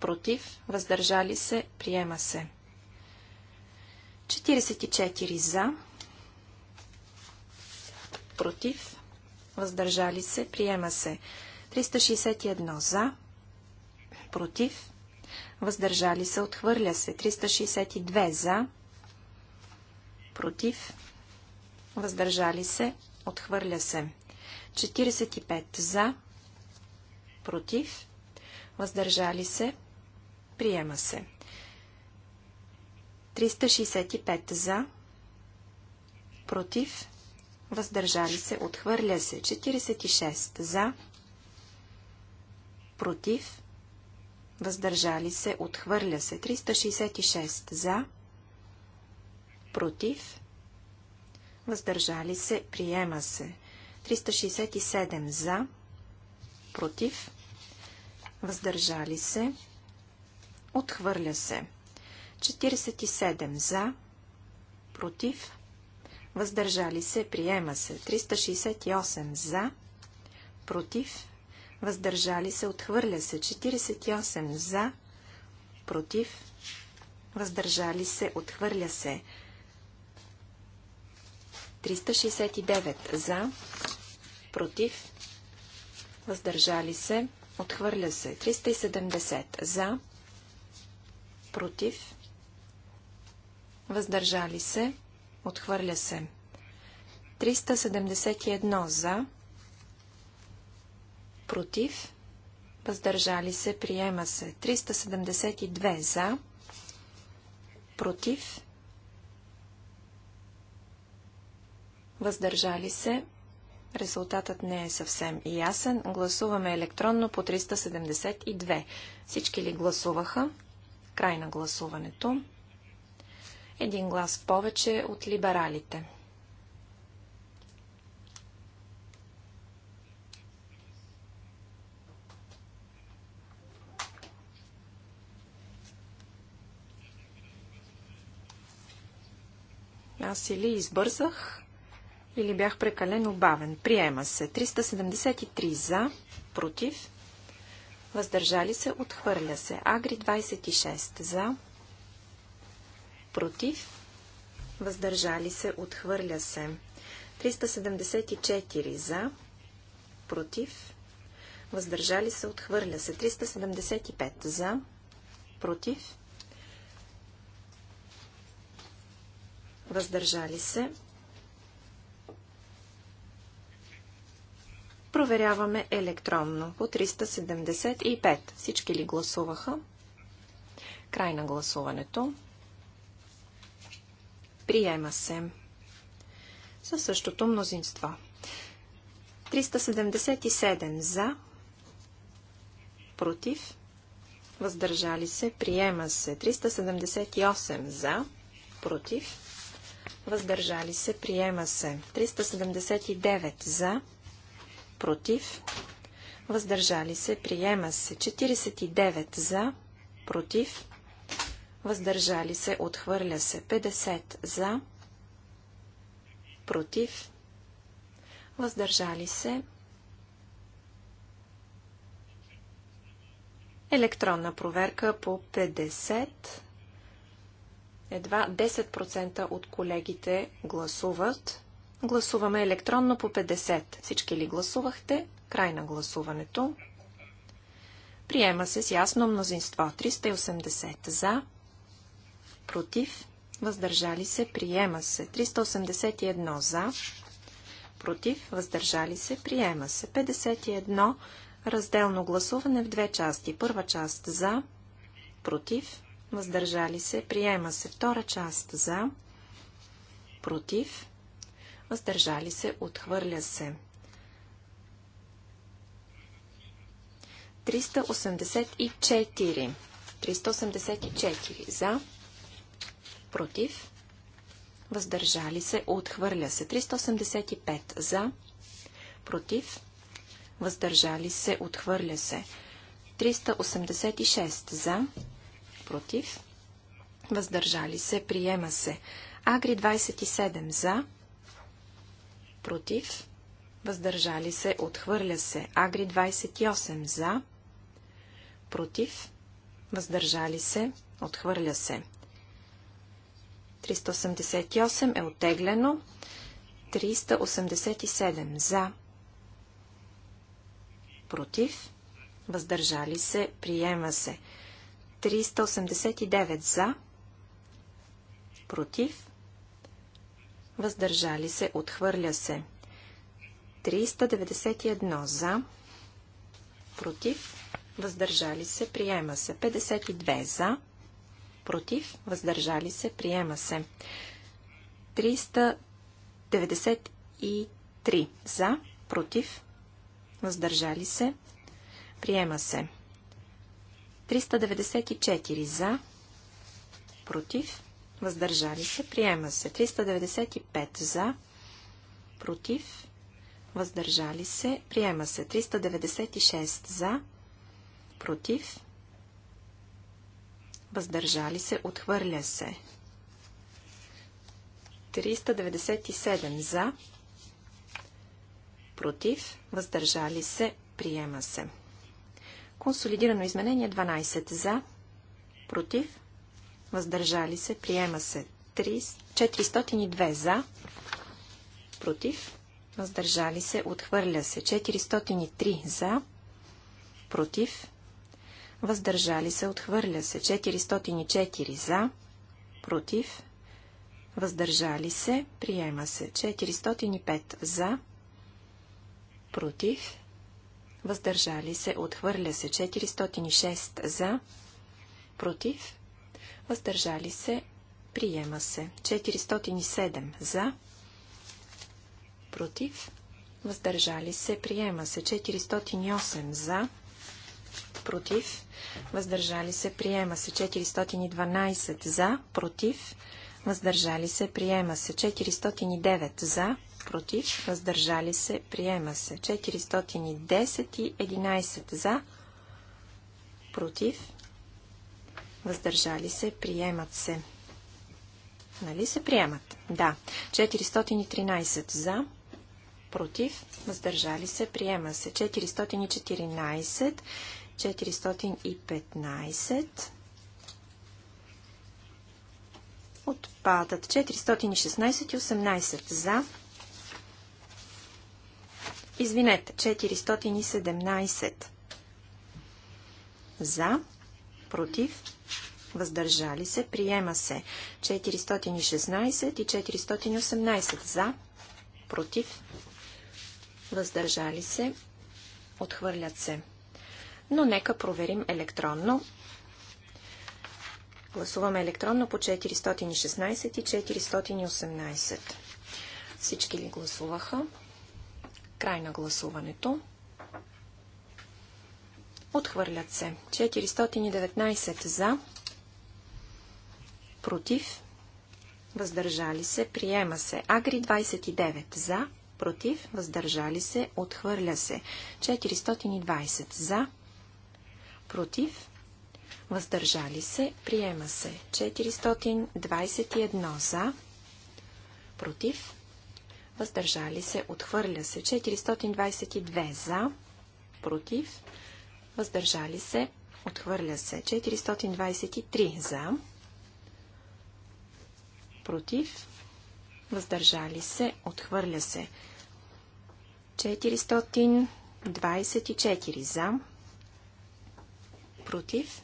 против, въздържали се, приема се. 44 за, против, въздържали се, приема се. 361 за, против, въздържали се, отхвърля се. 362 за, против, въздържали се, отхвърля се. 45 за, против, въздържали се, приема се. 365 за, против, въздържали се, отхвърля се. 46 за, против, въздържали се, отхвърля се. 366 за, против, въздържали се, приема се. 367 за, против, въздържали се, отхвърля се. 47 за, против, въздържали се, приема се. 368 за, против, въздържали се, отхвърля се. 48 за, против, въздържали се, отхвърля се. 369 за, против, въздържали се, отхвърля се. 370 за, против, въздържали се, отхвърля се. 371 за, против, въздържали се, приема се. 372 за, против, въздържали се. Резултатът не е съвсем ясен. Гласуваме електронно по 372. Всички ли гласуваха? Край на гласуването. Един глас повече от либералите. Аз или избързах, или бях прекалено бавен. Приема се. 373 за, против, въздържали се, отхвърля се. Агри 26 за, против, въздържали се, отхвърля се. 374 за, против, въздържали се, отхвърля се. 375 за, против, въздържали се, Проверяваме електронно по 375. Всички ли гласуваха? Край на гласуването. Приема се. Със същото мнозинство. 377 за. Против. Въздържали се. Приема се. 378 за. Против. Въздържали се. Приема се. 379 за. Против против, въздържали се, приема се. 49 за, против, въздържали се, отхвърля се. 50 за, против, въздържали се. Електронна проверка по 50. Едва 10% от колегите гласуват. Гласуваме електронно по 50. Всички ли гласувахте? Край на гласуването. Приема се с ясно мнозинство. 380 за, против, въздържали се, приема се. 381 за, против, въздържали се, приема се. 51 разделно гласуване в две части. Първа част за, против, въздържали се, приема се. Втора част за, против, въздържали се, отхвърля се. 384. 384 за, против, въздържали се, отхвърля се. 385 за, против, въздържали се, отхвърля се. 386 за, против, въздържали се, приема се. Агри 27 за, против, въздържали се, отхвърля се. Агри 28 за, против, въздържали се, отхвърля се. 388 е отеглено. 387 за, против, въздържали се, приема се. 389 за, против, въздържали се, отхвърля се. 391 за, против, въздържали се, приема се. 52 за, против, въздържали се, приема се. 393 за, против, въздържали се, приема се. 394 за, против, въздържали се, приема се. 395 за, против, въздържали се, приема се. 396 за, против, въздържали се, отхвърля се. 397 за, против, въздържали се, приема се. Консолидирано изменение 12 за, против, въздържали се, приема се 3, 402 за, против, въздържали се, отхвърля се 403 за, против, въздържали се, отхвърля се 404 за, против, въздържали се, приема се 405 за, против, въздържали се, отхвърля се 406 за, против, въздържали се, приема се. 407 за, против, въздържали се, приема се. 408 за, против, въздържали се, приема се. 412 за, против, въздържали се, приема се. 409 за, против, въздържали се, приема се. 410 и 11 за, против, въздържали се, приемат се. Нали се приемат? Да. 413 за, против, въздържали се, приема се. 414, 415, отпадат 416 и 18 за, извинете, 417 за, против, въздържали се, приема се 416 и 418 за, против, въздържали се, отхвърлят се. Но нека проверим електронно. Гласуваме електронно по 416 и 418. Всички ли гласуваха? Край на гласуването. Отхвърлят се. 419 за. Против. Въздържали се. Приема се. Агри 29 за. Против. Въздържали се. Отхвърля се. 420 за. Против. Въздържали се. Приема се. 421 за. Против. Въздържали се. Отхвърля се. 422 за. Против въздържали се, отхвърля се. 423 за, против, въздържали се, отхвърля се. 424 за, против,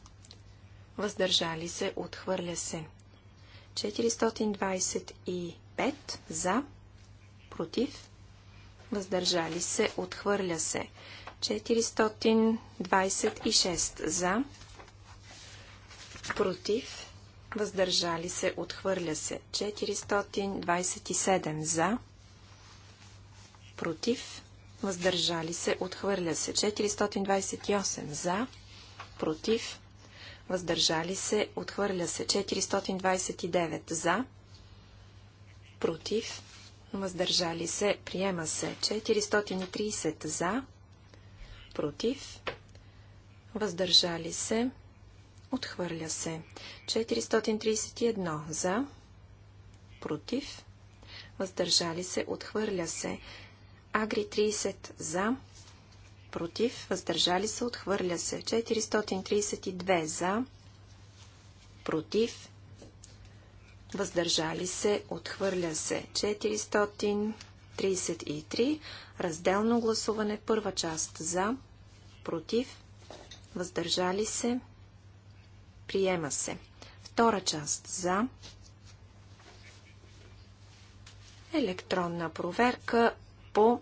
въздържали се, отхвърля се. 425 за, против, въздържали се, отхвърля се. 426 за, против, въздържали се, отхвърля се. 427 за, против, въздържали се, отхвърля се. 428 за, против, въздържали се, отхвърля се. 429 за, против, въздържали се, приема се. 430 за, против, въздържали се, отхвърля се. 431 за, против, въздържали се, отхвърля се. Агри 30 за, против, въздържали се, отхвърля се. 432 за, против, въздържали се, отхвърля се. 400 33. Разделно гласуване. Първа част за, против, въздържали се, приема се. Втора част за. Електронна проверка по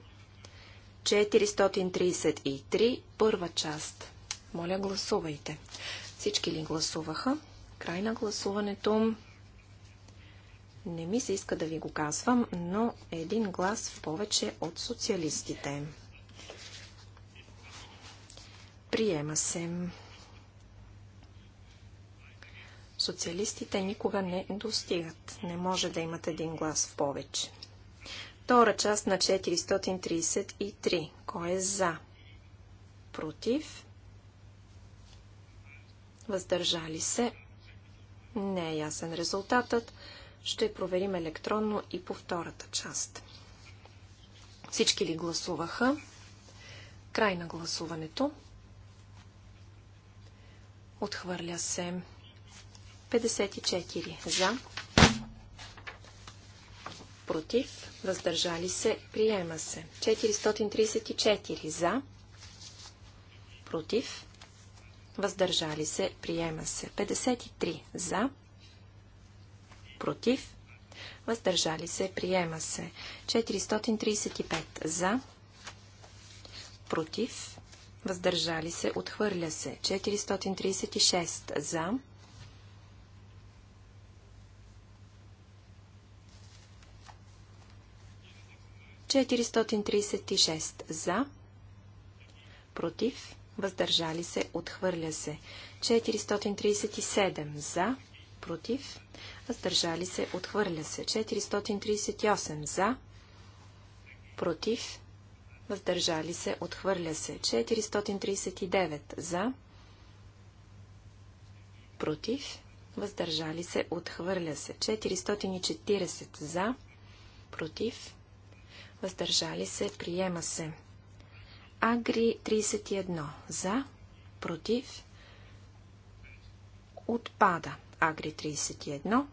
433, първа част. Моля, гласувайте. Всички ли гласуваха? Край на гласуването. Не ми се иска да ви го казвам, но един глас в повече от социалистите. Приема се. Социалистите никога не достигат. Не може да имат един глас в повече. Втора част на 433. Кой е за? Против? Въздържали се? Не е ясен резултатът. Ще проверим електронно и по втората част. Всички ли гласуваха? Край на гласуването. Отхвърля се 54 за. Против. Въздържали се. Приема се. 434 за. Против. Въздържали се. Приема се. 53 за против, въздържали се, приема се. 435 за, против, въздържали се, отхвърля се. 436 за, Четиристотин за, против, въздържали се, отхвърля се. 437 за, против, въздържали се, отхвърля се. 438 за, против, въздържали се, отхвърля се. 439 за, против, въздържали се, отхвърля се. 440 за, против, въздържали се, приема се. Агри 31 за, против, отпада. Агри 31.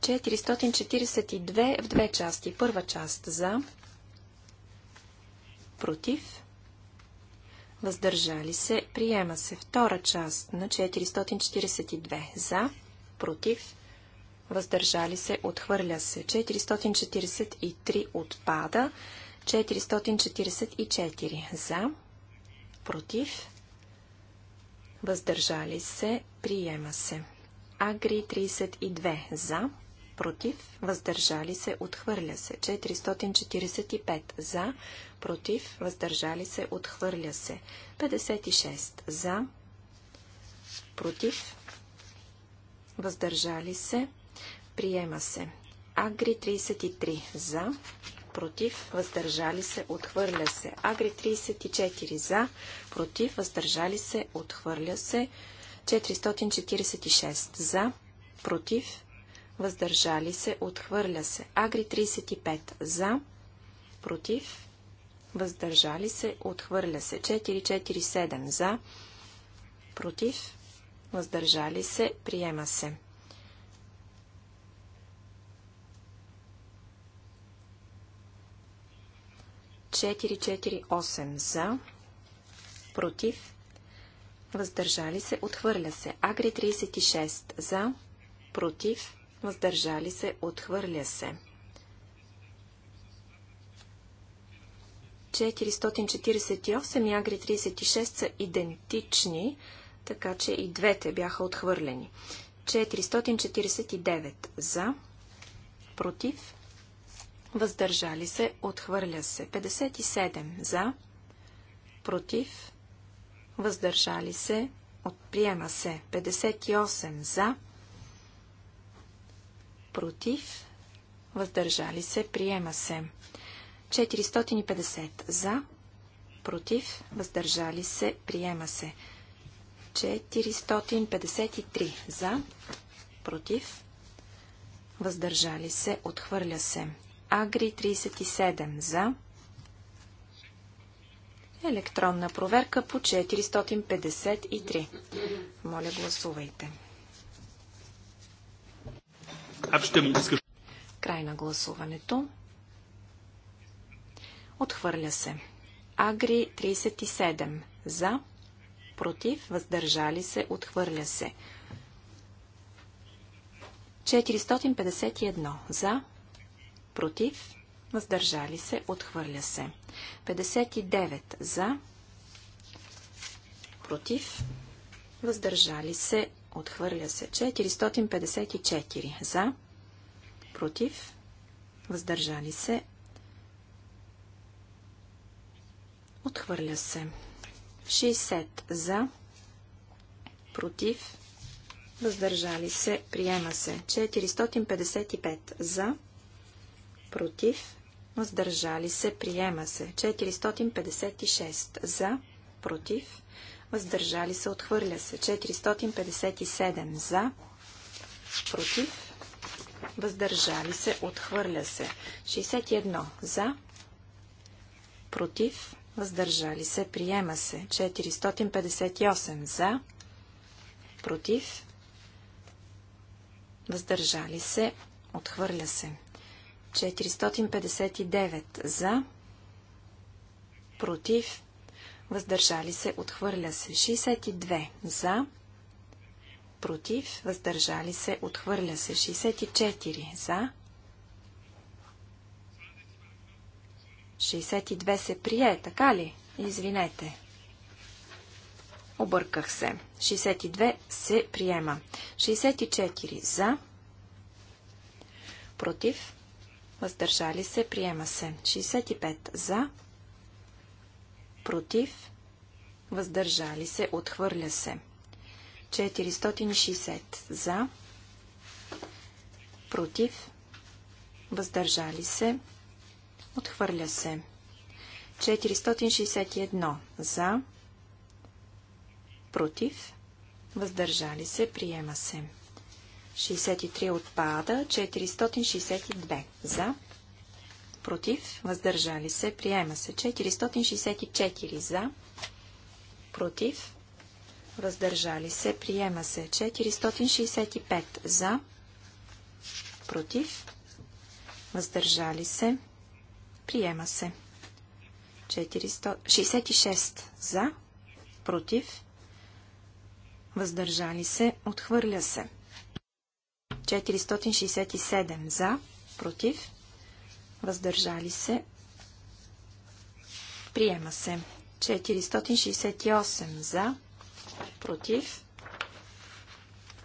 442 в две части. Първа част за, против, въздържали се, приема се. Втора част на 442 за, против, въздържали се, отхвърля се. 443 отпада, 444 за, против, въздържали се, приема се. Агри 32 за, против, въздържали се, отхвърля се. 445 за, против, въздържали се, отхвърля се. 56 за, против, въздържали се, приема се. Агри 33 за, против, въздържали се, отхвърля се. Агри 34 за, против, въздържали се, отхвърля се. 446 за, против, въздържали се, отхвърля се. Агри 35 за, против, въздържали се, отхвърля се. 447 за, против, въздържали се, приема се. 448 за, против, въздържали се, отхвърля се. Агри 36 за, против, въздържали се, отхвърля се. 448 и Агри 36 са идентични, така че и двете бяха отхвърлени. 449 за, против, въздържали се, отхвърля се. 57 за, против, въздържали се, отприема се. 58 за, против, въздържали се, приема се. 450 за, против, въздържали се, приема се. 453 за, против, въздържали се, отхвърля се. Агри 37 за. Електронна проверка по 453. Моля, гласувайте. Край на гласуването. Отхвърля се. Агри 37. За. Против. Въздържали се. Отхвърля се. 451. За против, въздържали се, отхвърля се. 59 за, против, въздържали се, отхвърля се. 454 за, против, въздържали се, отхвърля се. 60 за, против, въздържали се, приема се. 455 за, против, против, въздържали се, приема се. 456 за, против, въздържали се, отхвърля се. 457 за, против, въздържали се, отхвърля се. 61 за, против, въздържали се, приема се. 458 за, против, въздържали се, отхвърля се. 459 за, против, въздържали се, отхвърля се. 62 за, против, въздържали се, отхвърля се. 64 за, 62 се прие, така ли? Извинете. Обърках се. 62 се приема. 64 за, против, въздържали се, приема се. 65 за, против, въздържали се, отхвърля се. 460 за, против, въздържали се, отхвърля се. 461 за, против, въздържали се, приема се. 63 отпада. 462 за. Против. Въздържали се. Приема се. 464 за. Против. Въздържали се. Приема се. 465 за. Против. Въздържали се. Приема се. 466 за. Против. Въздържали се. Отхвърля се. 467 за, против, въздържали се, приема се. 468 за, против,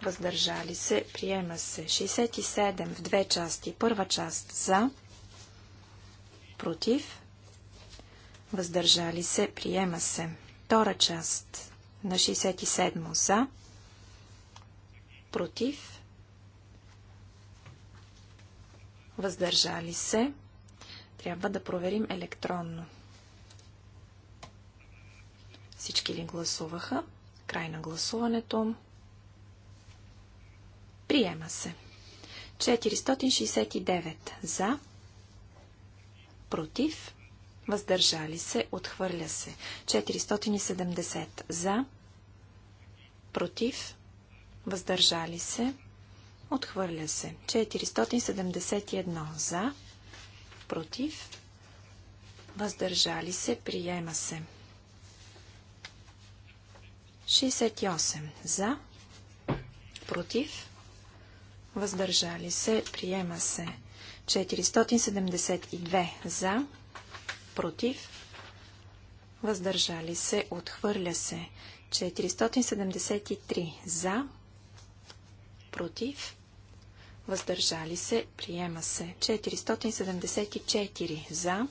въздържали се, приема се. 67 в две части. Първа част за, против, въздържали се, приема се. Втора част на 67 за, против, въздържали се. Трябва да проверим електронно. Всички ли гласуваха? Край на гласуването. Приема се. 469 за, против, въздържали се, отхвърля се. 470 за, против, въздържали се, Отхвърля се. 471 за, против, въздържали се, приема се. 68 за, против, въздържали се, приема се. 472 за, против, въздържали се, отхвърля се. 473 за, против, въздържали се, приема се. 474 за,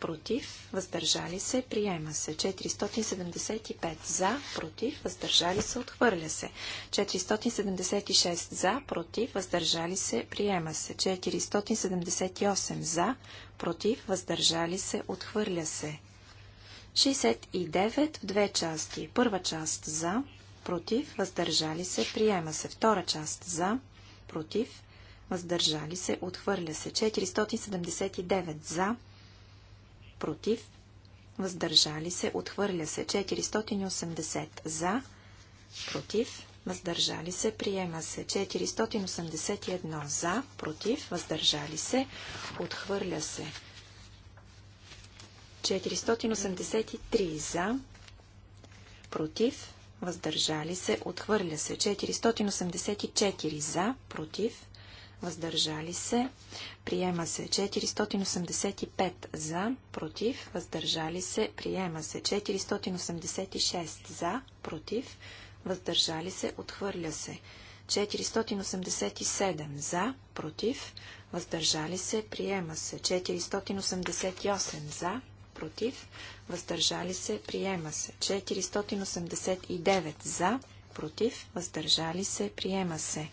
против, въздържали се, приема се. 475 за, против, въздържали се, отхвърля се. 476 за, против, въздържали се, приема се. 478 за, против, въздържали се, отхвърля се. 69 в две части. Първа част за, против, въздържали се, приема се. Втора част за, против, въздържали се, отхвърля се. 479 за, против, въздържали се, отхвърля се. 480 за, против, въздържали се, приема се 481 за, против, въздържали се, отхвърля се 483 за, против, въздържали се, отхвърля се. 484 за, против, въздържали се, приема се. 485 за, против, въздържали се, приема се. 486 за, против, въздържали се, отхвърля се. 487 за, против, въздържали се, приема се. 488 за, против, въздържали се, приема се. 489 за, против, въздържали се, приема се.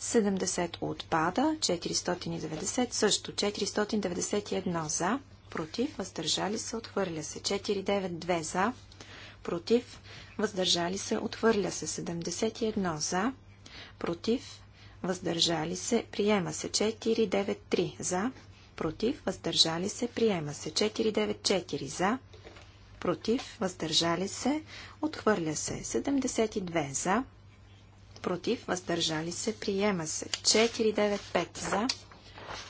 70 отпада, 490 също, 491 за, против, въздържали се, отхвърля се. 492 за, против, въздържали се, отхвърля се. 71 за, против, въздържали се, приема се. 493 за, против, въздържали се, приема се. 494 за, против, въздържали се, отхвърля се. 72 за, против, въздържали се, приема се. 495 за,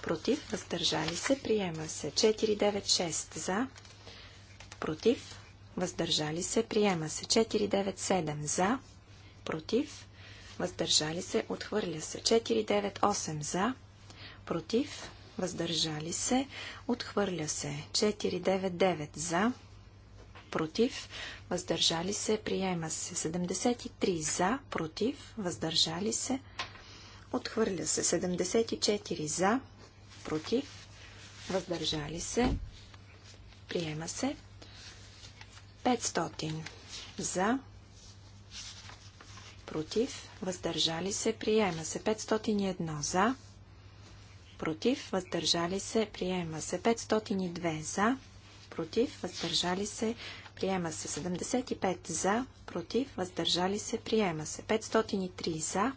против, въздържали се, приема се. 496 за, против, въздържали се, приема се. 497 за, против, въздържали се, отхвърля се. 498 за, против, въздържали се, отхвърля се. 499 за, против, въздържали се, приема се. 73 за, против, въздържали се, отхвърля се. 74 за, против, въздържали се, приема се. 500 за, против, въздържали се, приема се. 501 за, против, въздържали се, приема се. 502 за, против, въздържали се, приема се. 75 за, против, въздържали се, приема се. 503 за,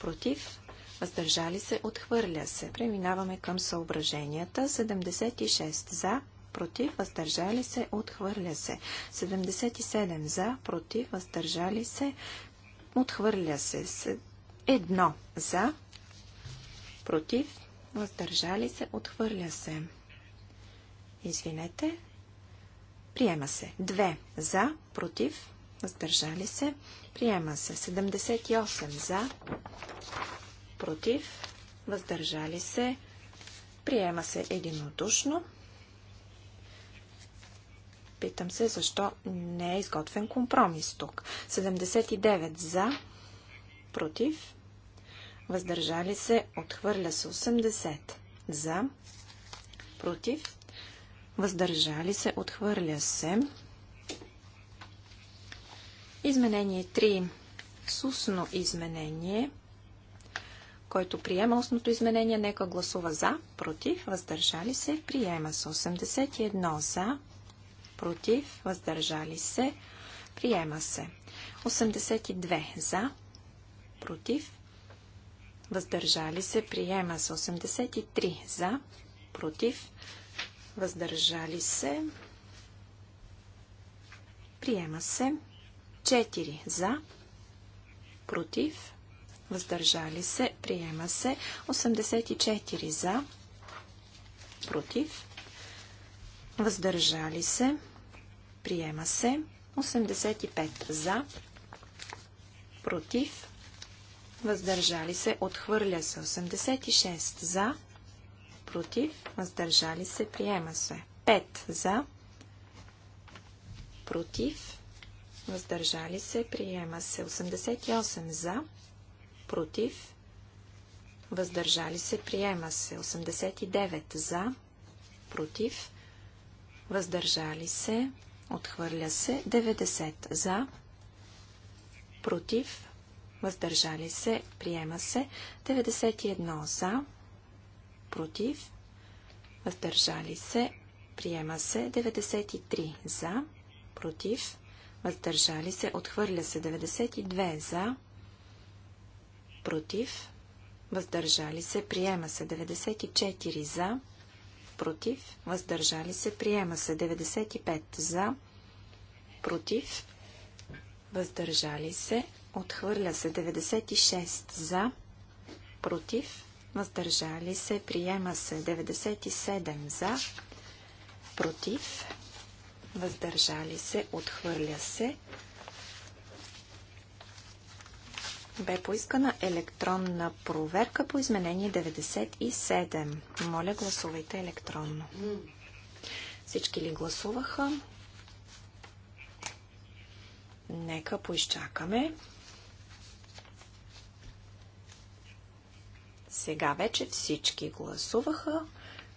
против, въздържали се, отхвърля се. Преминаваме към съображенията. 76 за, против, въздържали се, отхвърля се. 77 за, против, въздържали се, отхвърля се. Едно за, против, въздържали се, отхвърля се. Извинете, Приема се. 2 за, против, въздържали се. Приема се. 78 за, против, въздържали се. Приема се единодушно. Питам се, защо не е изготвен компромис тук. 79 за, против, въздържали се, отхвърля се 80 за, против, въздържали се, отхвърля се. Изменение 3. Сусно изменение. Който приема устното изменение, нека гласува за, против, въздържали се, приема се. 81 за, против, въздържали се, приема се. 82 за, против, въздържали се, приема се. 83 за, против, въздържали се, приема се. 4 за, против, въздържали се, приема се. 84 за, против, въздържали се, приема се. 85 за, против, въздържали се, отхвърля се. 86 за, против, въздържали се, приема се. 5 за, против, въздържали се, приема се. 88 за, против, въздържали се, приема се. 89 за, против, въздържали се, отхвърля се. 90 за, против, въздържали се, приема се. 91 за, против, въздържали се, приема се 93 за, против, въздържали се, отхвърля се 92 за, против, въздържали се, приема се 94 за, против, въздържали се, приема се 95 за, против, въздържали се, отхвърля се 96 за, против, въздържали се, приема се 97 за, против, въздържали се, отхвърля се. Бе поискана електронна проверка по изменение 97. Моля, гласувайте електронно. Всички ли гласуваха? Нека поизчакаме. Сега вече всички гласуваха.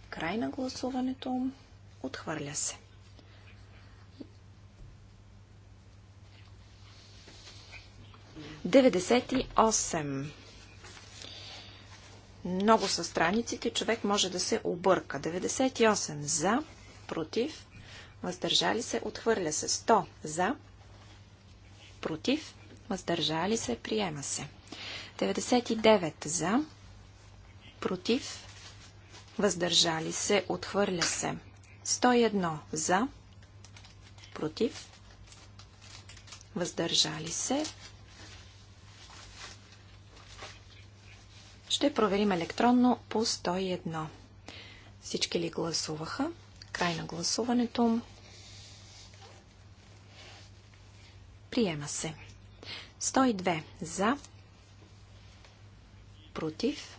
Край на гласуването. Отхвърля се. Деветдесет и осем. Много са страниците, човек може да се обърка. 98 за, против, въздържали се, отхвърля се. 100 за, против, въздържали се, приема се. 99 за, против, въздържали се, отхвърля се. 101 за, против, въздържали се. Ще проверим електронно по 101. Всички ли гласуваха? Край на гласуването. Приема се. 102 за, против,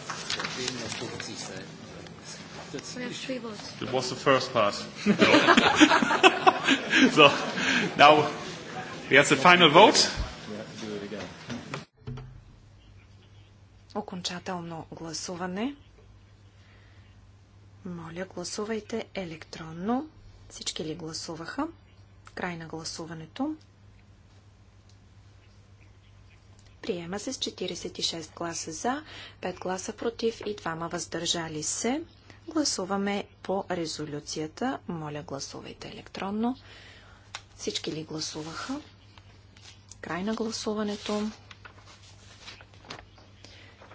That's we have three votes. It was the first part. <laughs> so now we have the final vote. Окончателно гласуване. Моля, гласувайте електронно. Всички ли гласуваха? Край на гласуването. Приема се с 46 гласа за, 5 гласа против и 2 въздържали се. Гласуваме по резолюцията. Моля, гласувайте електронно. Всички ли гласуваха? Край на гласуването.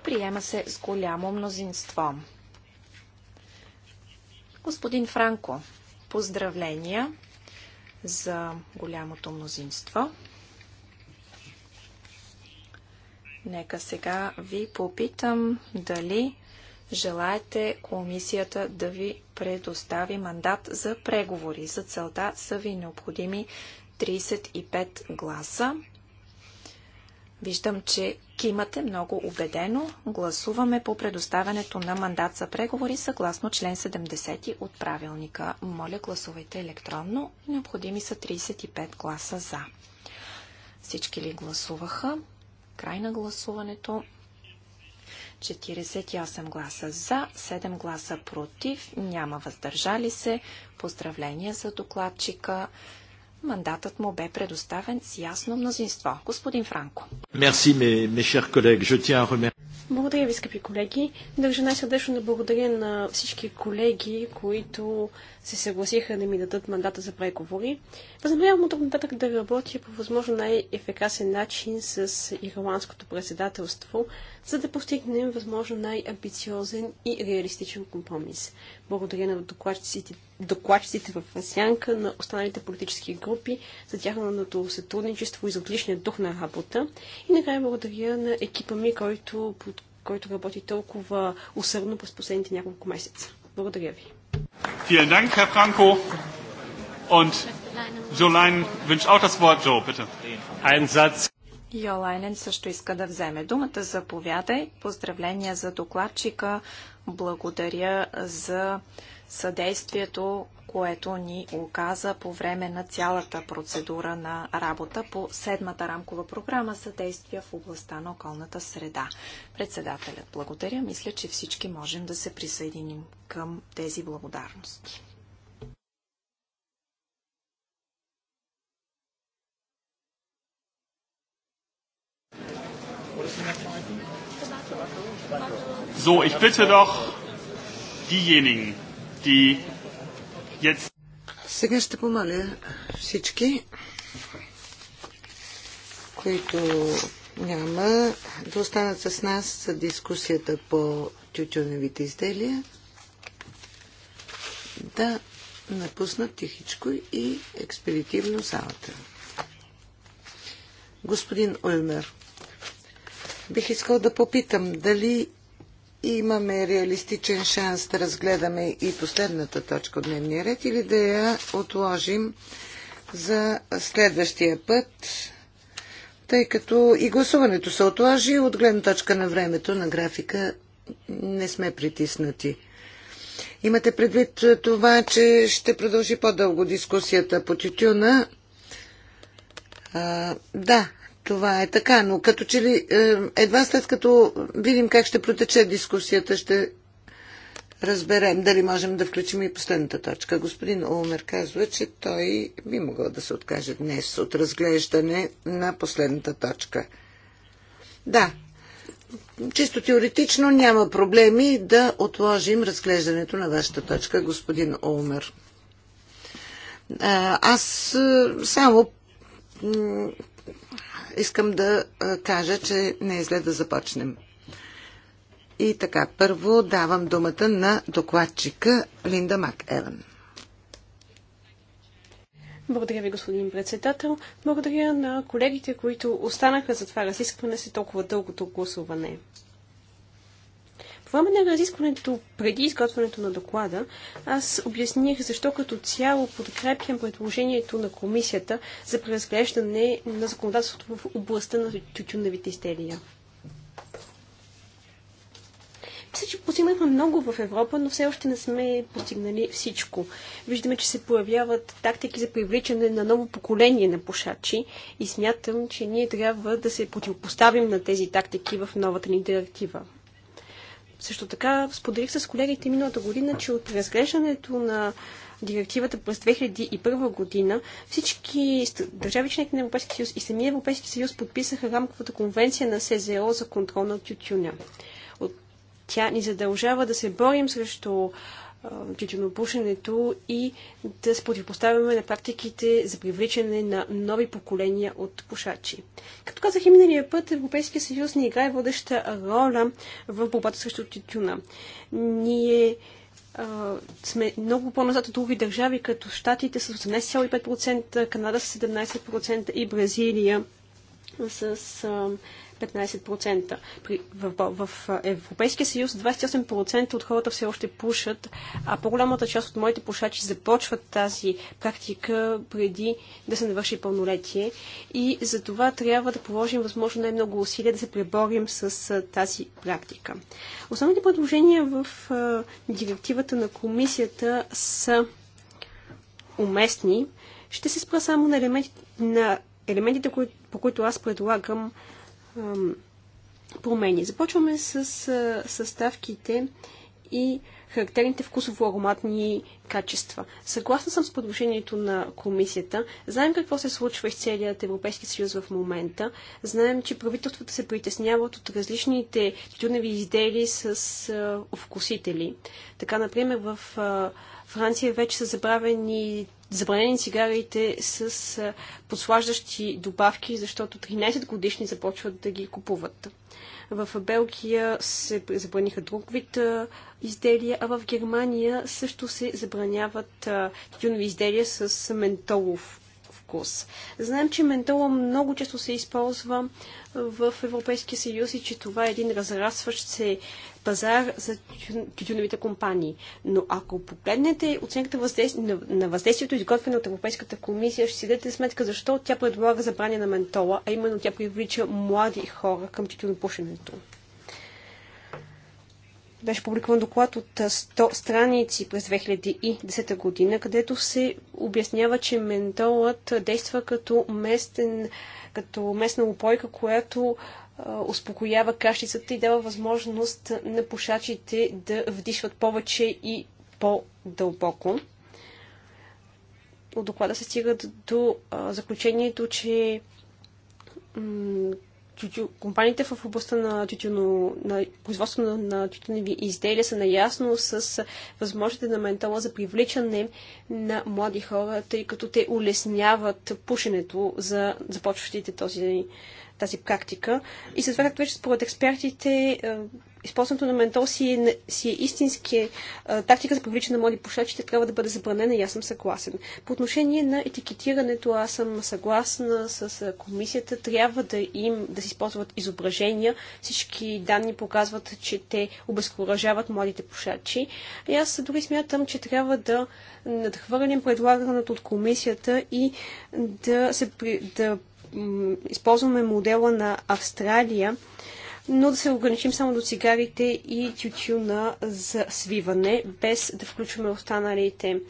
Приема се с голямо мнозинство. Господин Франко, поздравления за голямото мнозинство. Нека сега ви попитам дали желаете комисията да ви предостави мандат за преговори. За целта са ви необходими 35 гласа. Виждам, че кимате много убедено. Гласуваме по предоставянето на мандат за преговори съгласно член 70 от правилника. Моля, гласувайте електронно. Необходими са 35 гласа за. Всички ли гласуваха? Край на гласуването. 48 гласа за, 7 гласа против, няма въздържали се. Поздравления за докладчика. Мандатът му бе предоставен с ясно мнозинство. Господин Франко. Мерси, ме, ме шер колег. Je tiens à remercier... Благодаря ви, скъпи колеги. Държа най-сърдечно да благодаря на всички колеги, които се съгласиха да ми дадат мандата за преговори. Възнамерявам от нататък да работя по възможно най-ефекасен начин с ирландското председателство, за да постигнем възможно най-амбициозен и реалистичен компромис. Благодаря на докладчиците докладчиците в сянка на останалите политически групи за тяхното сътрудничество и за отличния дух на работа. И накрая благодаря на екипа ми, който, под, който работи толкова усърдно през последните няколко месеца. Благодаря ви. Vielen Dank, Herr Franco. Und Jolainen wünscht auch das Wort. Jo, bitte. Ein Satz. Йолайнен също иска да вземе думата. Заповядай. Поздравления за докладчика. Благодаря за съдействието, което ни оказа по време на цялата процедура на работа по седмата рамкова програма за действия в областта на околната среда. Председателят, благодаря. Мисля, че всички можем да се присъединим към тези благодарности. So, ich bitte doch diejenigen, die jetzt... Сега ще помоля всички, които няма да останат с нас за дискусията по тютюневите изделия, да напуснат тихичко и експедитивно залата. Господин Оймер, бих искал да попитам дали и имаме реалистичен шанс да разгледаме и последната точка от дневния ред или да я отложим за следващия път, тъй като и гласуването се отложи от гледна точка на времето на графика не сме притиснати. Имате предвид това, че ще продължи по-дълго дискусията по тютюна. А, да, това е така, но като че ли е, едва след като видим как ще протече дискусията, ще разберем дали можем да включим и последната точка. Господин Олмер казва, че той би могъл да се откаже днес от разглеждане на последната точка. Да, чисто теоретично няма проблеми да отложим разглеждането на вашата точка, господин Олмер. Е, аз е, само искам да кажа, че не е зле да започнем. И така, първо давам думата на докладчика Линда Мак Еван. Благодаря ви, господин председател. Благодаря на колегите, които останаха за това разискване си толкова дългото гласуване. По време на разискването преди изготвянето на доклада, аз обясних защо като цяло подкрепям предложението на комисията за преразглеждане на законодателството в областта на тютюневите изделия. Мисля, че постигнахме много в Европа, но все още не сме постигнали всичко. Виждаме, че се появяват тактики за привличане на ново поколение на пушачи и смятам, че ние трябва да се противопоставим на тези тактики в новата ни директива. Също така споделих с колегите миналата година, че от разглеждането на директивата през 2001 година всички държави членки на Европейския съюз и самия Европейски съюз подписаха рамковата конвенция на СЗО за контрол на тютюня. От тя ни задължава да се борим срещу тютюнопушенето и да се противопоставяме на практиките за привличане на нови поколения от пушачи. Като казах и миналия път, Европейския съюз не играе водеща роля в борбата срещу тютюна. Ние Uh, сме много по-назад от други държави, като Штатите с 18,5%, Канада с 17% и Бразилия с uh, 15%. При, в, в, в Европейския съюз 28% от хората все още пушат, а по-голямата част от моите пушачи започват тази практика преди да се навърши пълнолетие. И за това трябва да положим възможно най-много усилия да се преборим с тази практика. Основните предложения в а, директивата на комисията са уместни. Ще се спра само на, елементи, на елементите, кои, по които аз предлагам промени. Започваме с съставките и характерните вкусово-ароматни качества. Съгласна съм с предложението на комисията. Знаем какво се случва из целият Европейски съюз в момента. Знаем, че правителствата се притесняват от различните тютюневи изделия с а, вкусители. Така, например, в а, Франция вече са забравени забранени цигарите с подслаждащи добавки, защото 13 годишни започват да ги купуват. В Белгия се забраниха друг вид изделия, а в Германия също се забраняват тюнови изделия с ментолов вкус. Знаем, че ментола много често се използва в Европейския съюз и че това е един разрастващ се пазар за тютюновите компании. Но ако погледнете оценката на въздействието, изготвено от Европейската комисия, ще си дадете сметка защо тя предлага забране на ментола, а именно тя привлича млади хора към тютюнопушенето беше публикуван доклад от 100 страници през 2010 година, където се обяснява, че ментолът действа като, местен, като местна упойка, която успокоява кашицата и дава възможност на пушачите да вдишват повече и по-дълбоко. От доклада се стига до заключението, че тютю, компаниите в областта на, тютюно, на производство на, на тютюневи изделия са наясно с възможностите на ментала за привличане на млади хора, тъй като те улесняват пушенето за започващите този, тази практика. И след това, както вече според експертите, е, използването на ментол си, е си е истински е, а, тактика за привличане на млади пушачите, трябва да бъде забранена и аз съм съгласен. По отношение на етикетирането, аз съм съгласна с комисията. Трябва да им да се използват изображения. Всички данни показват, че те обезкуражават младите пушачи. И аз дори смятам, че трябва да надхвърлим предлагането от комисията и да, се, да използваме модела на Австралия но да се ограничим само до цигарите и тютюна за свиване, без да включваме останалите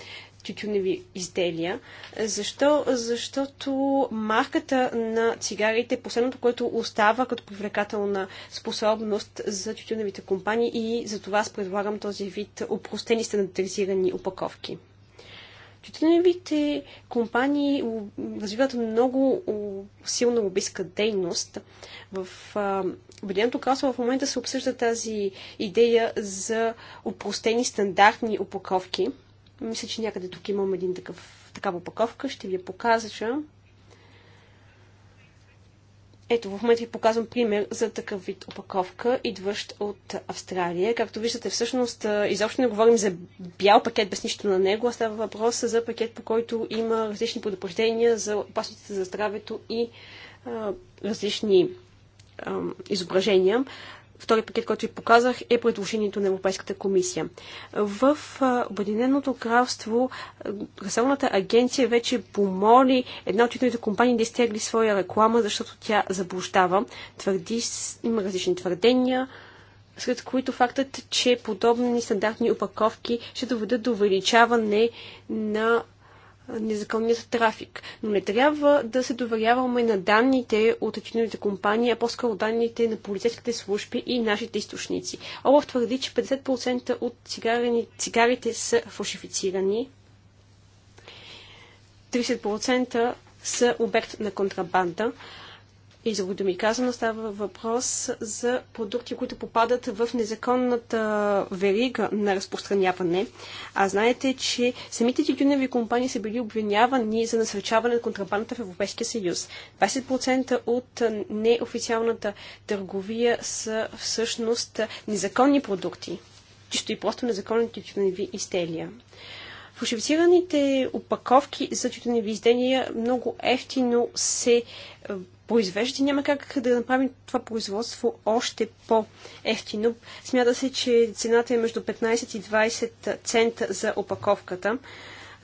тютюневи изделия. Защо? Защото марката на цигарите е последното, което остава като привлекателна способност за тютюневите компании и за това аз предлагам този вид упростени стандартизирани упаковки. Тютюневите компании развиват много силна лобистка дейност. В Обединеното кралство в момента се обсъжда тази идея за упростени стандартни упаковки. Мисля, че някъде тук имам един такъв, такава упаковка. Ще ви я покажа. Ето, в момента ви показвам пример за такъв вид опаковка, идващ от Австралия. Както виждате, всъщност изобщо не говорим за бял пакет без нищо на него, а става въпрос за пакет, по който има различни предупреждения за опасностите за здравето и а, различни а, изображения втори пакет, който ви показах, е предложението на Европейската комисия. В Обединеното кралство Разселната агенция вече помоли една от титулните компании да изтегли своя реклама, защото тя заблуждава. Твърди, има различни твърдения, сред които фактът, че подобни стандартни опаковки ще доведат до увеличаване на незаконният трафик. Но не трябва да се доверяваме на данните от чиновите компании, а по-скоро данните на полицейските служби и нашите източници. Олаф твърди, че 50% от цигарени, цигарите са фалшифицирани, 30% са обект на контрабанда. И за думи казано става въпрос за продукти, които попадат в незаконната верига на разпространяване. А знаете, че самите тютюневи компании са били обвинявани за насърчаване на контрабандата в Европейския съюз. 20% от неофициалната търговия са всъщност незаконни продукти. Чисто и просто незаконни тютюневи изделия. Фалшифицираните опаковки за тютюневи изделия много ефтино се е, произвежда. и няма как да направим това производство още по-ефтино. Смята се, че цената е между 15 и 20 цента за опаковката.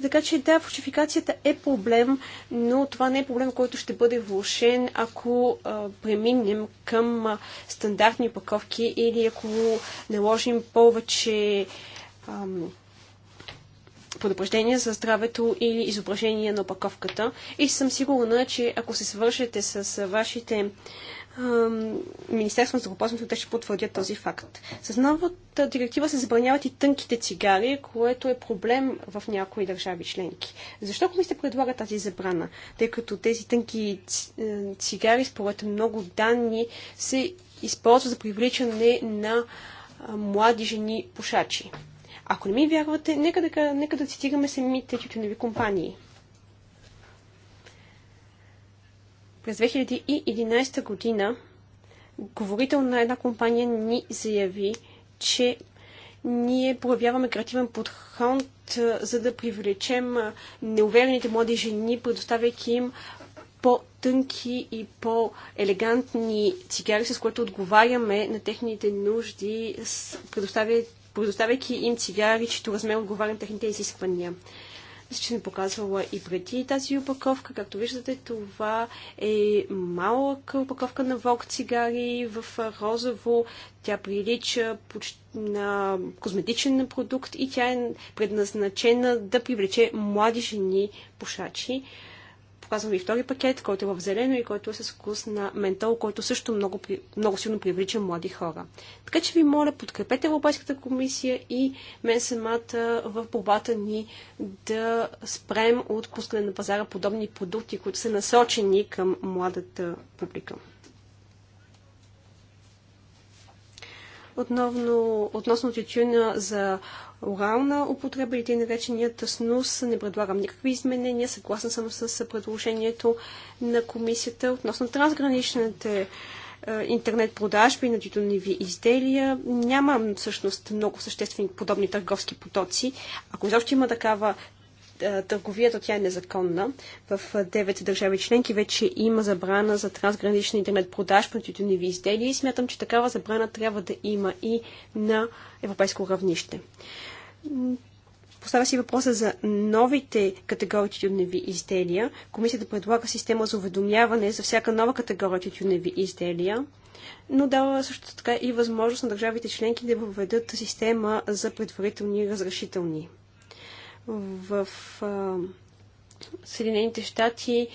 Така че да, фалшификацията е проблем, но това не е проблем, който ще бъде влушен, ако а, преминем към а, стандартни упаковки или ако наложим повече предупреждение за здравето или изображение на опаковката. И съм сигурна, че ако се свършите с вашите Министерството на здравеопазването, те ще потвърдят този факт. С новата директива се забраняват и тънките цигари, което е проблем в някои държави членки. Защо се предлага тази забрана? Тъй като тези тънки е, цигари, според много данни, се използват за привличане на млади жени пушачи. Ако не ми вярвате, нека да, нека да цитираме самите тютюневи компании. През 2011 година говорител на една компания ни заяви, че ние проявяваме креативен подход, за да привлечем неуверените млади жени, предоставяйки им по-тънки и по-елегантни цигари, с които отговаряме на техните нужди, предоставяйки предоставяйки им цигари, чето размер отговаря на техните изисквания. Мисля, че съм показвала и преди тази упаковка. Както виждате, това е малка упаковка на волк цигари в розово. Тя прилича на козметичен продукт и тя е предназначена да привлече млади жени пушачи показвам и втори пакет, който е в зелено и който е с вкус на ментол, който също много, много силно привлича млади хора. Така че ви моля, подкрепете Европейската комисия и мен самата в борбата ни да спрем от пускане на пазара подобни продукти, които са насочени към младата публика. Отновно, относно тютюна за орална употреба или наречения нареченият снус. Не предлагам никакви изменения. Съгласна съм с предложението на комисията относно трансграничните е, интернет продажби на тютюневи изделия. Няма всъщност много съществени подобни търговски потоци. Ако изобщо има такава е, търговията, тя е незаконна. В е, девет държави членки вече има забрана за трансгранична интернет продаж на тютюневи изделия и смятам, че такава забрана трябва да има и на европейско равнище. Поставя си въпроса за новите категории тютюневи изделия. Комисията предлага система за уведомяване за всяка нова категория тютюневи изделия, но дава също така и възможност на държавите членки да въведат система за предварителни разрешителни в Съединените щати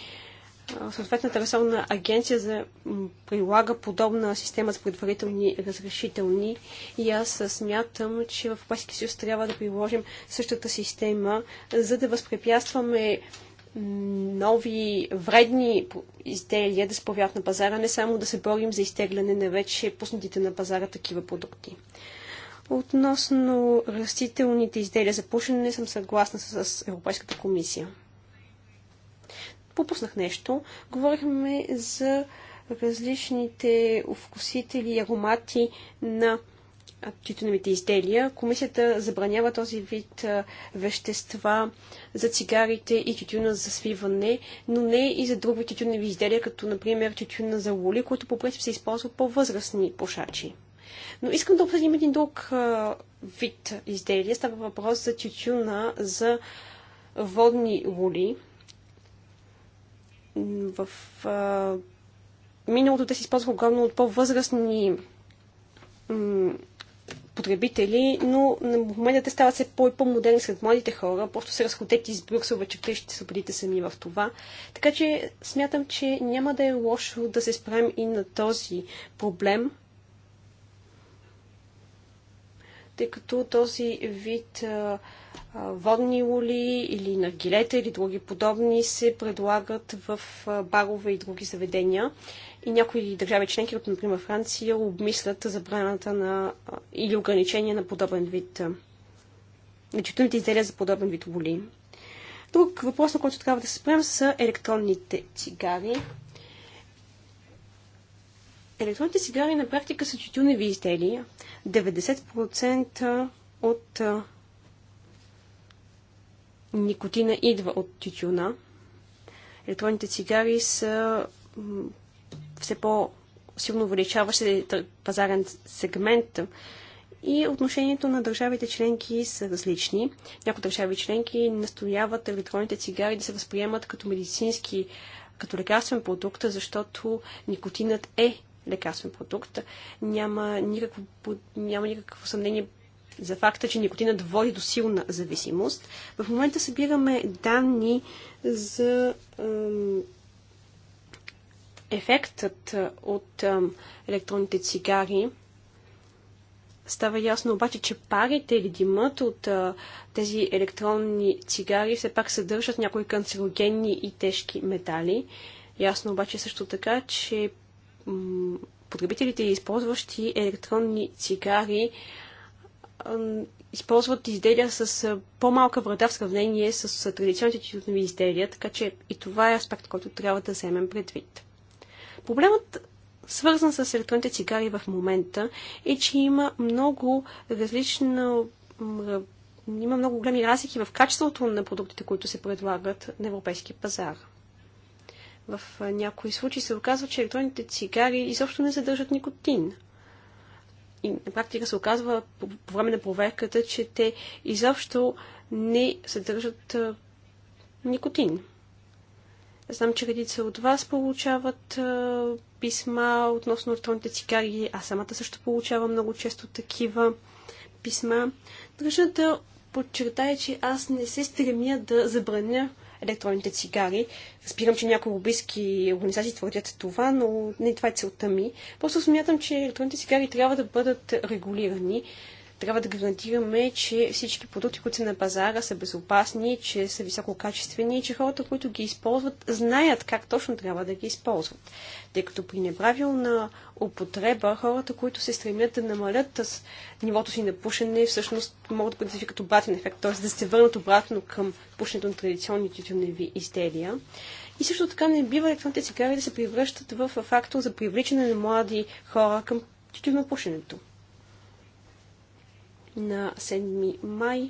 съответната ресурсна агенция за, прилага подобна система за предварителни разрешителни и аз смятам, че в Европейския съюз трябва да приложим същата система, за да възпрепятстваме нови вредни изделия да се на пазара, не само да се борим за изтегляне на вече пуснатите на пазара такива продукти. Относно растителните изделия за пушене съм съгласна с Европейската комисия. Попуснах нещо. Говорихме за различните вкусители и аромати на тютюневите изделия. Комисията забранява този вид вещества за цигарите и тютюна за свиване, но не и за други тютюневи изделия, като например тютюна за лули, които по принцип се използват по-възрастни пушачи. Но искам да обсъдим един друг вид изделия. Става въпрос за тютюна, за водни лули. В а, миналото те се използваха главно от по-възрастни потребители, но в момента те стават все по- и по-модерни сред младите хора. Просто се разходят из Брюксел вече и ще се убедите сами в това. Така че смятам, че няма да е лошо да се спрем и на този проблем. тъй като този вид водни лули или на гилета или други подобни се предлагат в барове и други заведения. И някои държави членки, като например Франция, обмислят забраната на или ограничение на подобен вид на изделия за подобен вид воли. Друг въпрос, на който трябва да се спрем, са електронните цигари електронните цигари на практика са тютюневи изделия. 90% от а, никотина идва от тютюна. Електронните цигари са все по-силно увеличаващ се пазарен сегмент и отношението на държавите членки са различни. Някои държави членки настояват електронните цигари да се възприемат като медицински, като лекарствен продукт, защото никотинът е лекарствен продукт. Няма никакво, няма никакво съмнение за факта, че никотинът води до силна зависимост. В момента събираме данни за ем, ефектът от ем, електронните цигари. Става ясно обаче, че парите или димът от а, тези електронни цигари все пак съдържат някои канцерогенни и тежки метали. Ясно обаче също така, че потребителите, използващи електронни цигари, използват изделия с по-малка вреда в сравнение с традиционните тютюнови изделия, така че и това е аспект, който трябва да вземем предвид. Проблемът, свързан с електронните цигари в момента, е, че има много различно има много големи разлики в качеството на продуктите, които се предлагат на европейски пазар. В някои случаи се оказва, че електронните цигари изобщо не задържат никотин. И на практика се оказва по, по време на проверката, че те изобщо не съдържат а, никотин. Знам, че редица от вас получават а, писма относно електронните цигари. Аз самата също получавам много често такива писма. Държа да подчертая, че аз не се стремя да забраня електронните цигари. Разбирам, че някои лобистки организации твърдят това, но не това е целта ми. Просто смятам, че електронните цигари трябва да бъдат регулирани, трябва да гарантираме, че всички продукти, които са на пазара, са безопасни, че са висококачествени и че хората, които ги използват, знаят как точно трябва да ги използват. Тъй като при неправилна употреба, хората, които се стремят да намалят с нивото си на пушене, всъщност могат да като обратен ефект, т.е. да се върнат обратно към пушенето на традиционни тютюневи изделия. И също така не бива електронните цигари да се превръщат в фактор за привличане на млади хора към тютюнопушенето на 7 май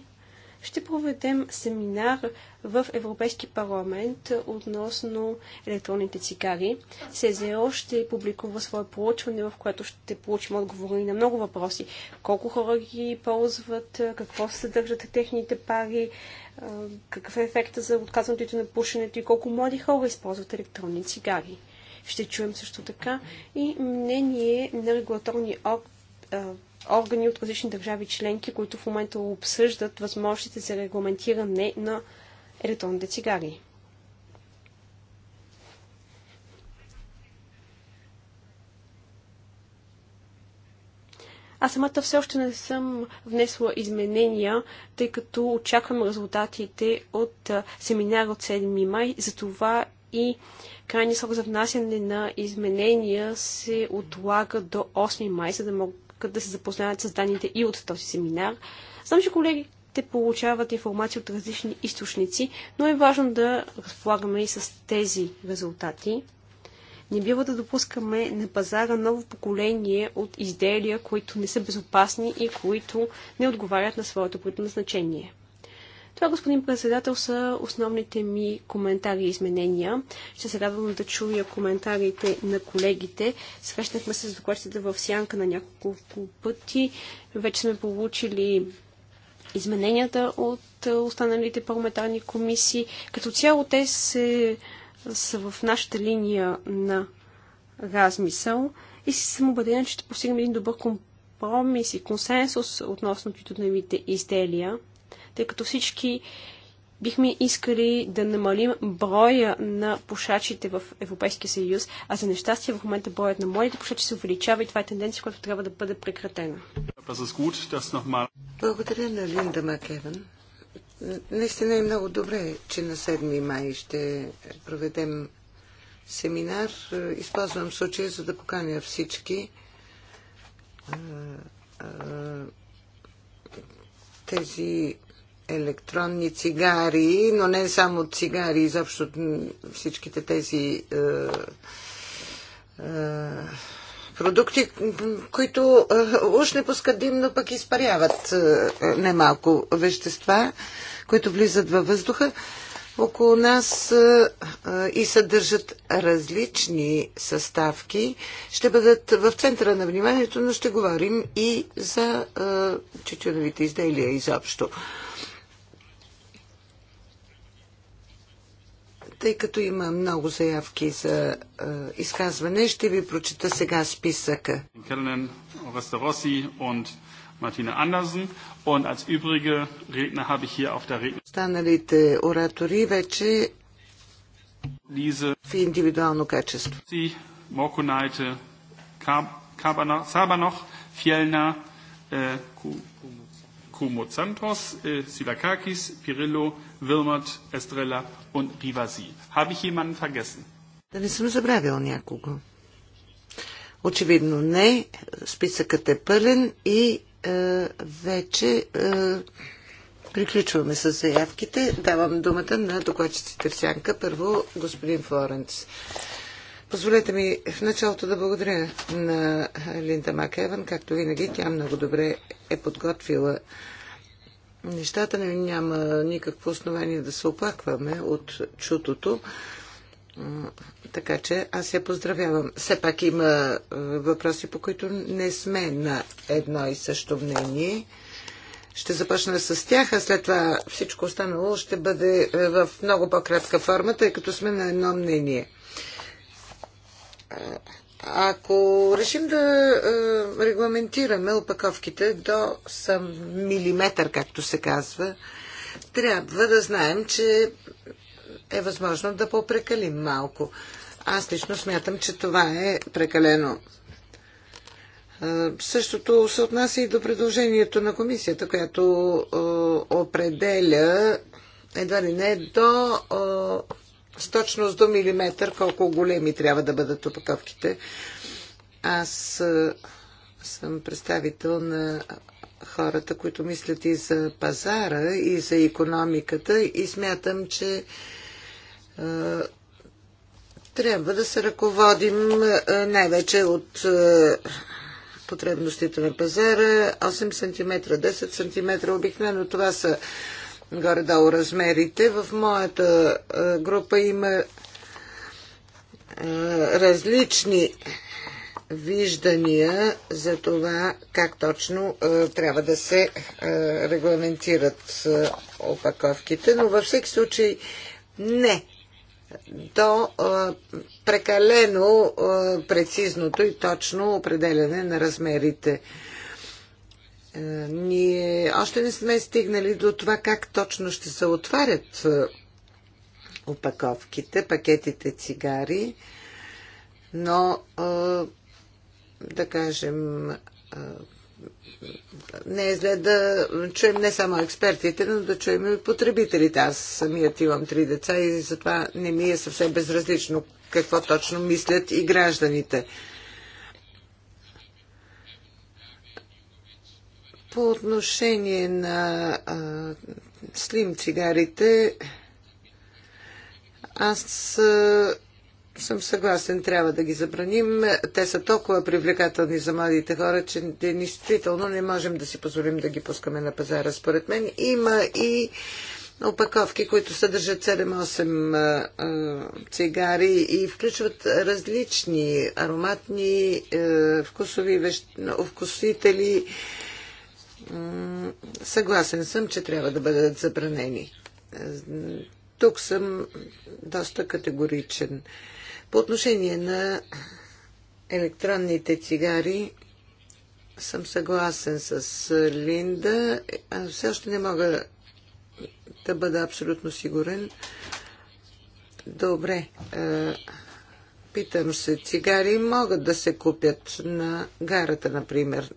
ще проведем семинар в Европейски парламент относно електронните цигари. СЗО ще публикува свое проучване, в което ще получим отговори на много въпроси. Колко хора ги ползват, какво се съдържат техните пари, какъв е ефекта за отказването на пушенето и колко млади хора използват електронни цигари. Ще чуем също така и мнение на регулаторни органи органи от различни държави членки, които в момента обсъждат възможностите за регламентиране на електронните цигари. Аз самата все още не съм внесла изменения, тъй като очаквам резултатите от семинар от 7 май. Затова и крайния срок за внасяне на изменения се отлага до 8 май, за да могат могат да се запознаят с данните и от този семинар. Знам, че колегите получават информация от различни източници, но е важно да разполагаме и с тези резултати. Не бива да допускаме на пазара ново поколение от изделия, които не са безопасни и които не отговарят на своето предназначение. Това, господин председател, са основните ми коментари и изменения. Ще се радвам да чуя коментарите на колегите. Срещнахме се с докладчите в сянка на няколко пъти. Вече сме получили измененията от останалите парламентарни комисии. Като цяло те се, са в нашата линия на размисъл и си съм убедена, че ще постигнем един добър компромис и консенсус относно тютюневите изделия тъй като всички бихме искали да намалим броя на пушачите в Европейския съюз, а за нещастие в момента броят на моите пушачи се увеличава и това е тенденция, която трябва да бъде прекратена. Благодаря на Линда Макеван. Наистина е много добре, че на 7 май ще проведем семинар. Използвам случая, за да поканя всички тези електронни цигари, но не само цигари, изобщо всичките тези е, е, продукти, които е, уж не пускат дим, но пък изпаряват е, немалко вещества, които влизат във въздуха. Около нас е, е, и съдържат различни съставки. Ще бъдат в центъра на вниманието, но ще говорим и за е, чечуновите изделия изобщо. Тъй като има много заявки за е, изказване, ще ви прочита сега списъка. Kellenen, Rossi und Martina Andersen. Und als übrige Redner habe ich hier auf der Redner... Останалите оратори вече Lise, в индивидуално качество. Mokunajte, Sabanoch, Fjellner, äh, Komozantos, äh, Silakakis, Pirillo, Wilmot, Estrella und Rivasi. Habe ich jemanden vergessen? Да не съм забравил някого. Очевидно не. Списъкът е пълен и е, вече е, приключваме с заявките. Давам думата на докладчиците в сянка. Първо господин Флоренц. Позволете ми в началото да благодаря на Линда Макеван. Както винаги, тя много добре е подготвила нещата. Няма никакво основание да се оплакваме от чутото. Така че аз я поздравявам. Все пак има е, въпроси, по които не сме на едно и също мнение. Ще започна с тях, а след това всичко останало ще бъде е, в много по-кратка форма, тъй като сме на едно мнение. Ако решим да е, регламентираме опаковките до сам милиметър, както се казва, трябва да знаем, че е възможно да попрекалим малко. Аз лично смятам, че това е прекалено. Е, същото се отнася и до предложението на комисията, която е, определя едва ли не до с точност до милиметър колко големи трябва да бъдат опаковките. Аз съм представител на хората, които мислят и за пазара, и за економиката и смятам, че трябва да се ръководим най-вече от потребностите на пазара. 8 см, 10 см, обикновено това са горе-долу размерите. В моята е, група има е, различни виждания за това как точно е, трябва да се регламентират опаковките, но във всеки случай не до прекалено прецизното и точно определяне на размерите. Е, ние още не сме стигнали до това как точно ще се отварят е, опаковките, пакетите цигари, но е, да кажем не е зле да чуем не само експертите, но да чуем и потребителите. Аз самият имам три деца и затова не ми е съвсем безразлично какво точно мислят и гражданите. По отношение на а, слим цигарите, аз а, съм съгласен, трябва да ги забраним. Те са толкова привлекателни за младите хора, че действително не можем да си позволим да ги пускаме на пазара. Според мен има и опаковки, които съдържат 7-8 цигари и включват различни ароматни вкусови вещ... вкусители, Съгласен съм, че трябва да бъдат забранени. Тук съм доста категоричен. По отношение на електронните цигари съм съгласен с Линда. Все още не мога да бъда абсолютно сигурен. Добре. Питам се, цигари могат да се купят на гарата, например.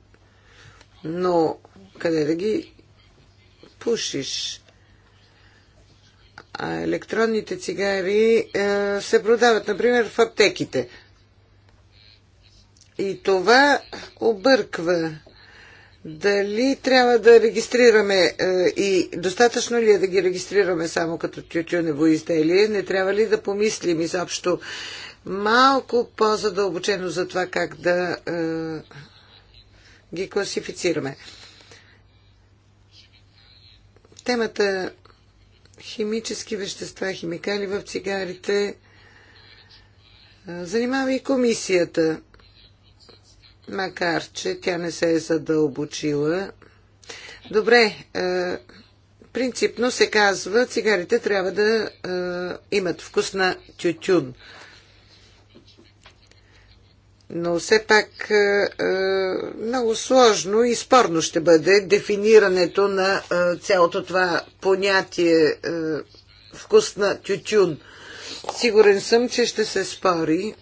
Но къде да ги пушиш. А електронните цигари е, се продават, например, в аптеките. И това обърква. Дали трябва да регистрираме е, и достатъчно ли е да ги регистрираме само като тютюнево изделие? Не трябва ли да помислим изобщо малко по-задълбочено за това как да е, ги класифицираме? Темата химически вещества, химикали в цигарите занимава и комисията, макар че тя не се е задълбочила. Добре, принципно се казва, цигарите трябва да имат вкус на тютюн но все пак е, е, много сложно и спорно ще бъде дефинирането на е, цялото това понятие вкус на тютюн. Сигурен съм, че ще се спори.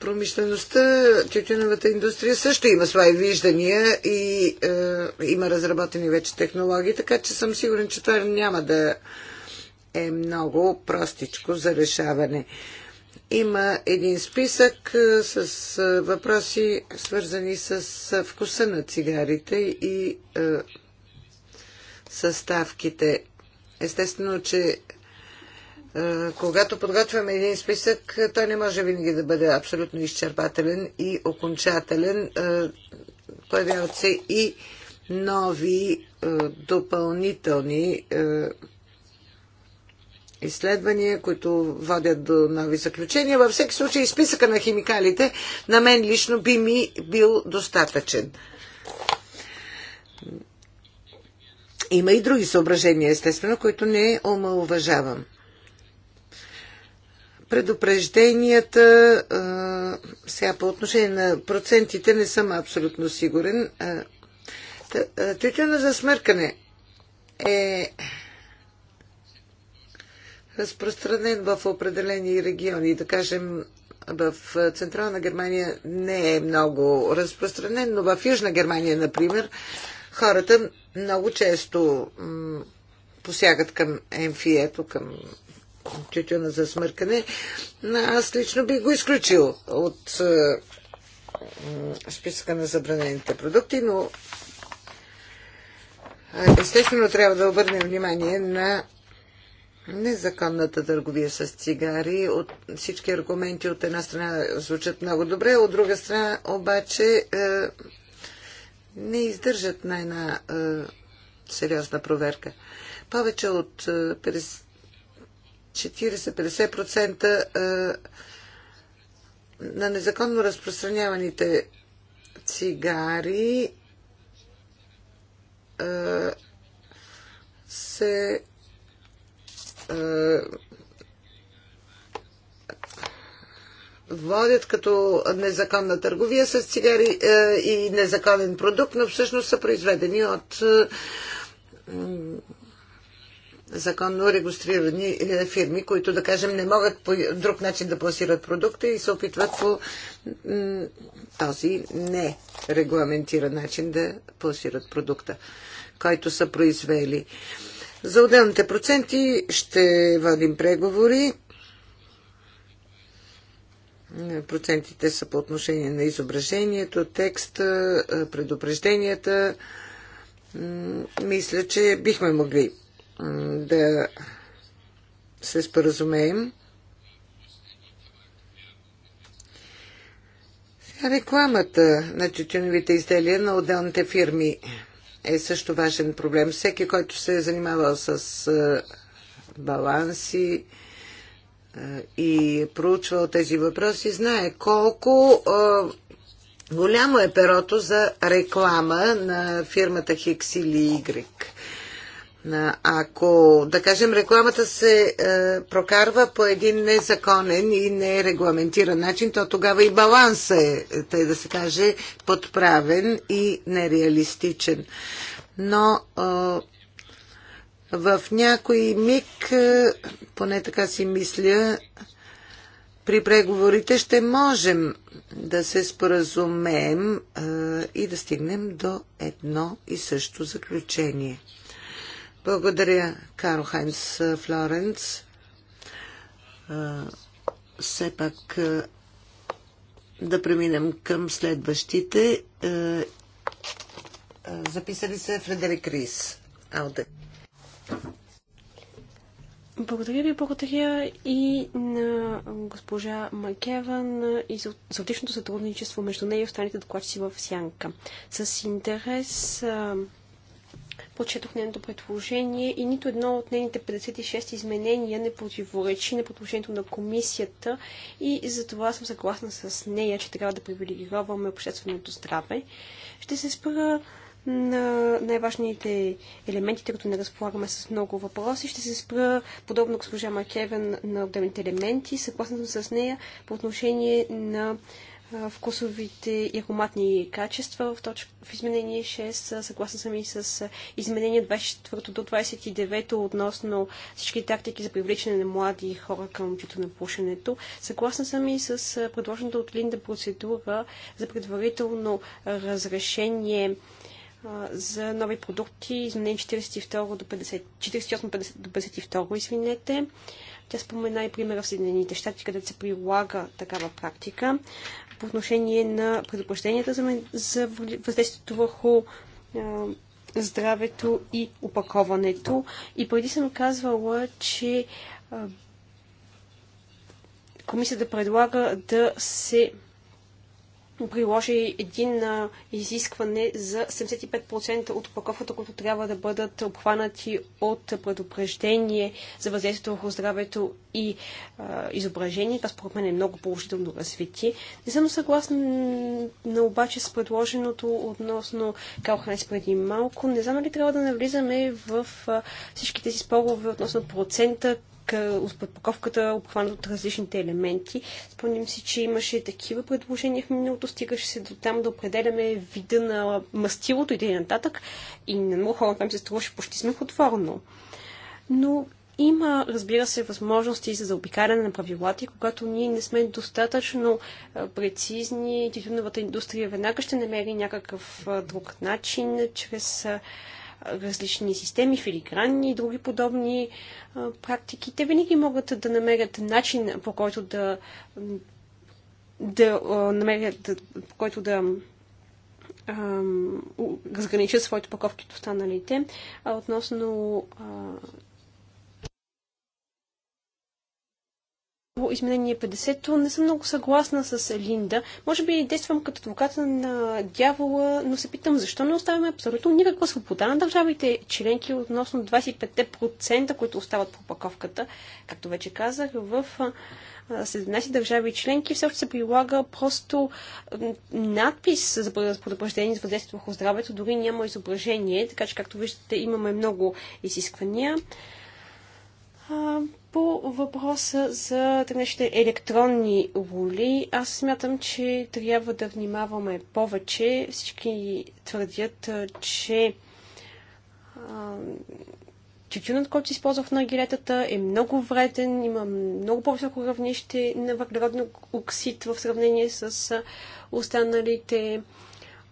Промишлеността, тютюновата индустрия също има свои виждания и има разработени вече технологии, така че съм сигурен, че това няма да е много простичко за решаване. Има един списък е, с е, въпроси, свързани с е, вкуса на цигарите и е, съставките. Естествено, че когато подготвяме един списък, той не може винаги да бъде абсолютно изчерпателен и окончателен. Появяват се и нови допълнителни изследвания, които водят до нови заключения. Във всеки случай, списъка на химикалите на мен лично би ми бил достатъчен. Има и други съображения, естествено, които не омалуважавам. Предупрежденията а, сега по отношение на процентите не съм абсолютно сигурен. Тютюна за смъркане е разпространен в определени региони. Да кажем, в Централна Германия не е много разпространен, но в Южна Германия, например, хората много често посягат към емфието, към тютюна за смъркане. Аз лично би го изключил от е, списъка на забранените продукти, но е, естествено трябва да обърнем внимание на незаконната търговия с цигари. От всички аргументи от една страна звучат много добре, от друга страна обаче е, не издържат на една е, сериозна проверка. Повече от 40-50% е, е, на незаконно разпространяваните цигари е, се е, водят като незаконна търговия с цигари е, и незаконен продукт, но всъщност са произведени от е, законно регистрирани фирми, които, да кажем, не могат по друг начин да пласират продукта и се опитват по този нерегламентиран начин да пласират продукта, който са произвели. За отделните проценти ще вадим преговори. Процентите са по отношение на изображението, текста, предупрежденията. Мисля, че бихме могли да се споразумеем. Рекламата на тютюневите изделия на отделните фирми – е също важен проблем. Всеки, който се е занимавал с е, баланси е, и проучвал тези въпроси, знае колко е, голямо е перото за реклама на фирмата Хикс или Игрик. Ако, да кажем, рекламата се е, прокарва по един незаконен и нерегламентиран начин, то тогава и баланс е, тъй да се каже, подправен и нереалистичен. Но е, в някой миг, е, поне така си мисля, при преговорите ще можем да се споразумеем е, и да стигнем до едно и също заключение – благодаря, Каро Хайнс Флоренц. Все пак да преминем към следващите. Записали се Фредерик Рис. Ауде. Благодаря ви, благодаря и на госпожа Макеван и за отличното сътрудничество между нея и останалите докладчици в Сянка. С интерес прочетох нейното предложение и нито едно от нейните 56 изменения не противоречи на предложението на комисията и за това съм съгласна с нея, че трябва да привилегироваме общественото здраве. Ще се спра на най-важните елементи, тъй като не разполагаме с много въпроси. Ще се спра, подобно госпожа Макевен, на отделните елементи. Съгласна съм с нея по отношение на вкусовите и ароматни качества. В, точ... в изменение 6 съгласна съм и с изменение 24 до 29 относно всички тактики за привличане на млади хора към на пушенето. Съгласна съм и с предложената от Линда процедура за предварително разрешение за нови продукти, изменение 42 до 50, 48 до 52, извинете. Тя спомена и примера в Съединените щати, където се прилага такава практика по отношение на предупрежденията за, за въздействието върху здравето и опаковането. И преди съм казвала, че комисията предлага да се приложи един изискване за 75% от опаковката, които трябва да бъдат обхванати от предупреждение за въздействието върху здравето и а, изображение. Това според мен е много положително развитие. Не съм съгласна на обаче с предложеното относно Калхайс преди малко. Не знам ли трябва да навлизаме в а, всички тези спорове относно процента от подпаковката обхванат от различните елементи. Спомням си, че имаше такива предложения в миналото, стигаше се до там да определяме вида на мастилото и т.н. И на много хора там се струваше почти смехотворно. Но има, разбира се, възможности за заобикаляне на правилата и когато ние не сме достатъчно прецизни, тютюновата индустрия веднага ще намери някакъв друг начин, чрез различни системи, филигранни и други подобни практики, те винаги могат да намерят начин, по който да, да намерят, по който да разграничат своите паковки от останалите. А относно по изменение 50-то не съм много съгласна с Линда. Може би действам като адвоката на дявола, но се питам защо не оставяме абсолютно никаква свобода на държавите членки относно 25%, които остават по опаковката. Както вече казах, в 17 държави членки все още се прилага просто надпис за предупреждение за въздействието върху здравето, дори няма изображение, така че както виждате имаме много изисквания по въпроса за наречените електронни воли, аз смятам, че трябва да внимаваме повече. Всички твърдят, че тютюнът, който се използва в нагилетата, е много вреден, има много по-високо равнище на въглероден оксид в сравнение с останалите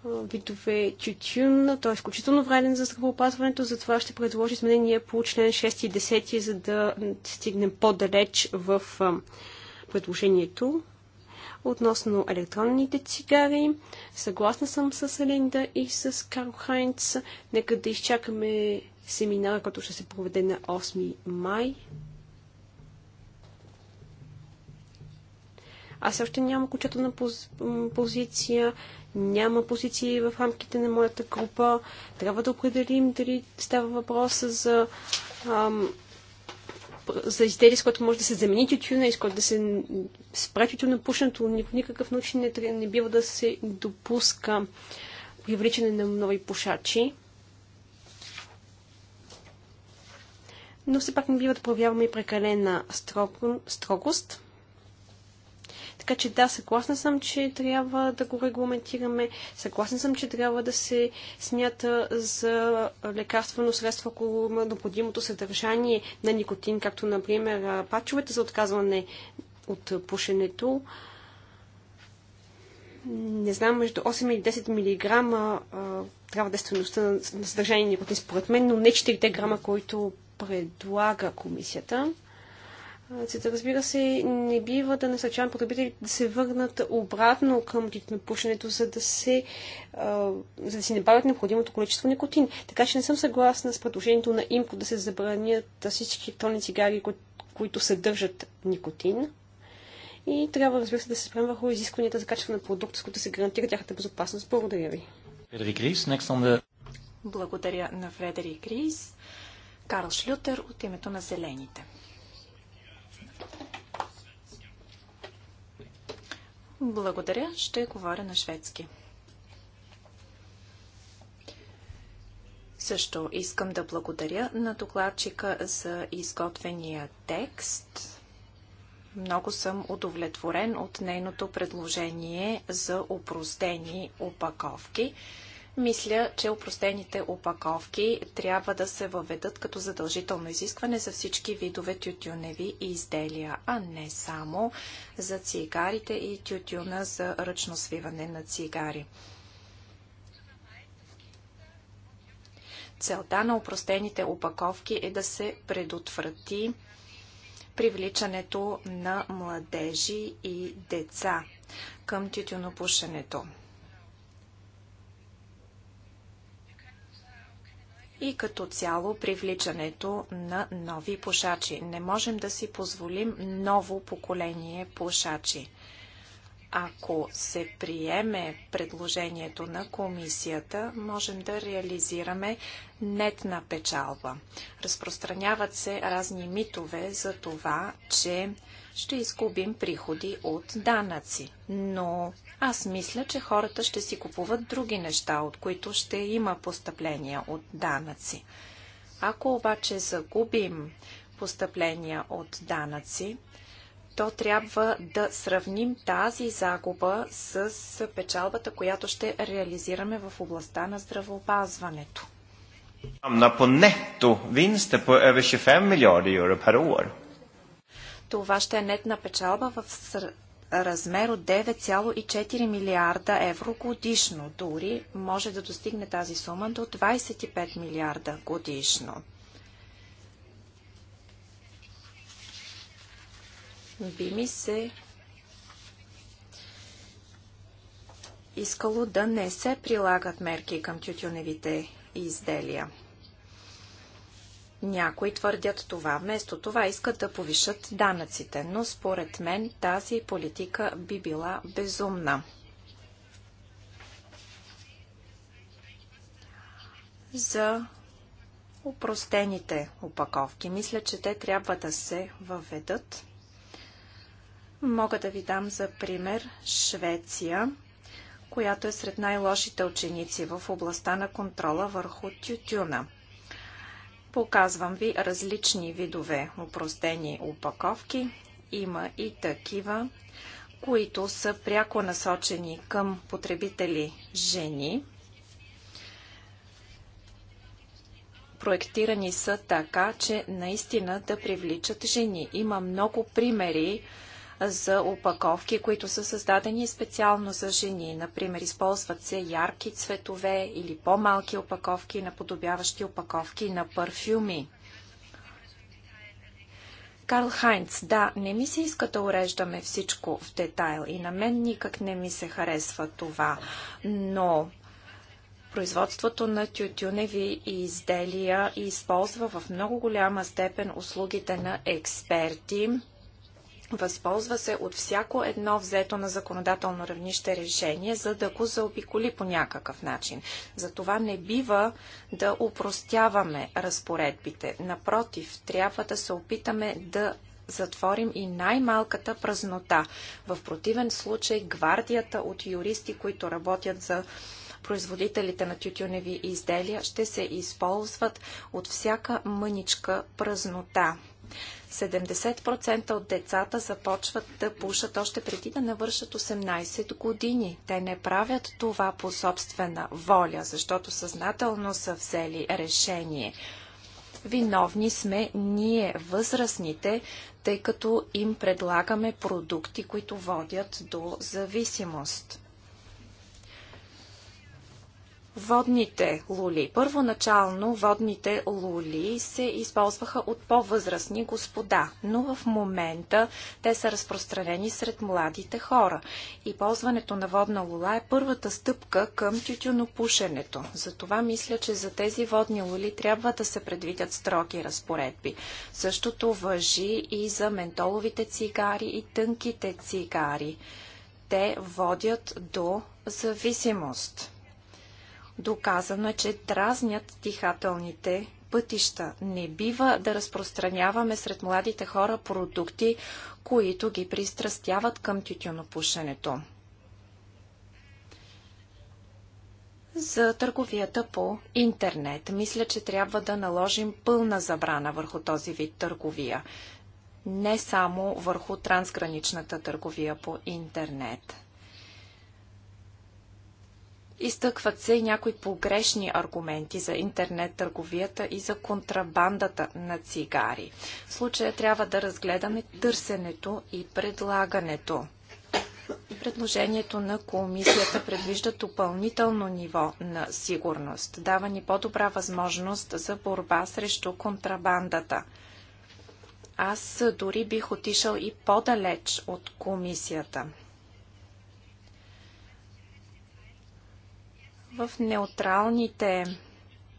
видове тютюн. Той е изключително вреден за здравеопазването, затова ще предложи изменения по член 6 и 10, за да стигнем по-далеч в предложението. Относно електронните цигари, съгласна съм с Линда и с Карл Хайнц. Нека да изчакаме семинара, който ще се проведе на 8 май. Аз още нямам окончателна поз... позиция няма позиции в рамките на моята група. Трябва да определим дали става въпрос за, ам, за изделие, с което може да се замени тютюна и с което да се спре тютюна пушенето. По никакъв начин не, не бива да се допуска привличане на нови пушачи. Но все пак не бива да проявяваме и прекалена строгост. Така че да, съгласна съм, че трябва да го регламентираме. Съгласна съм, че трябва да се смята за лекарствено средство, ако има необходимото съдържание на никотин, както, например, пачовете за отказване от пушенето. Не знам, между 8 и 10 мг трябва да е стоеността на съдържание на никотин, според мен, но не 4 грама, които предлага комисията. Да разбира се, не бива да насърчавам потребителите да се върнат обратно към тютюнопушенето, за да се за да си набавят необходимото количество никотин. Така че не съм съгласна с предложението на имко да се забранят всички тони цигари, които съдържат никотин. И трябва, разбира се, да се спрем върху изискванията за качество на продукта, с които се гарантира тяхната безопасност. Благодаря ви. Благодаря на Фредерик Рис. Карл Шлютер от името на Зелените. Благодаря. Ще говоря на шведски. Също искам да благодаря на докладчика за изготвения текст. Много съм удовлетворен от нейното предложение за упростени опаковки. Мисля, че упростените опаковки трябва да се въведат като задължително изискване за всички видове тютюневи изделия, а не само за цигарите и тютюна за ръчно свиване на цигари. Целта на упростените опаковки е да се предотврати привличането на младежи и деца към тютюнопушенето. и като цяло привличането на нови пушачи. Не можем да си позволим ново поколение пушачи. Ако се приеме предложението на комисията, можем да реализираме нетна печалба. Разпространяват се разни митове за това, че ще изгубим приходи от данъци. Но аз мисля, че хората ще си купуват други неща, от които ще има постъпления от данъци. Ако обаче загубим постъпления от данъци, то трябва да сравним тази загуба с печалбата, която ще реализираме в областта на здравеопазването. Амна по нето винсте по over 25 милиарди евро per år. Това ще е нетна печалба в размер от 9,4 милиарда евро годишно. Дори може да достигне тази сума до 25 милиарда годишно. Би ми се искало да не се прилагат мерки към тютюневите изделия. Някои твърдят това. Вместо това искат да повишат данъците, но според мен тази политика би била безумна. За упростените опаковки. Мисля, че те трябва да се въведат. Мога да ви дам за пример Швеция, която е сред най-лошите ученици в областта на контрола върху тютюна. Показвам ви различни видове упростени упаковки. Има и такива, които са пряко насочени към потребители жени. Проектирани са така, че наистина да привличат жени. Има много примери за опаковки, които са създадени специално за жени. Например, използват се ярки цветове или по-малки опаковки, наподобяващи опаковки на парфюми. Карл Хайнц, да, не ми се иска да уреждаме всичко в детайл и на мен никак не ми се харесва това, но производството на тютюневи изделия използва в много голяма степен услугите на експерти, Възползва се от всяко едно взето на законодателно равнище решение, за да го заобиколи по някакъв начин. Затова не бива да упростяваме разпоредбите. Напротив, трябва да се опитаме да затворим и най-малката празнота. В противен случай гвардията от юристи, които работят за производителите на тютюневи изделия, ще се използват от всяка мъничка празнота. 70% от децата започват да пушат още преди да навършат 18 години. Те не правят това по собствена воля, защото съзнателно са взели решение. Виновни сме ние, възрастните, тъй като им предлагаме продукти, които водят до зависимост водните лули. Първоначално водните лули се използваха от по-възрастни господа, но в момента те са разпространени сред младите хора. И ползването на водна лула е първата стъпка към тютюнопушенето. Затова мисля, че за тези водни лули трябва да се предвидят строги разпоредби. Същото въжи и за ментоловите цигари и тънките цигари. Те водят до зависимост Доказано е, че дразнят дихателните пътища. Не бива да разпространяваме сред младите хора продукти, които ги пристрастяват към тютюнопушенето. За търговията по интернет. Мисля, че трябва да наложим пълна забрана върху този вид търговия. Не само върху трансграничната търговия по интернет. Изтъкват се и някои погрешни аргументи за интернет търговията и за контрабандата на цигари. В случая трябва да разгледаме търсенето и предлагането. Предложението на комисията предвижда допълнително ниво на сигурност, дава ни по-добра възможност за борба срещу контрабандата. Аз дори бих отишъл и по-далеч от комисията. В неутралните,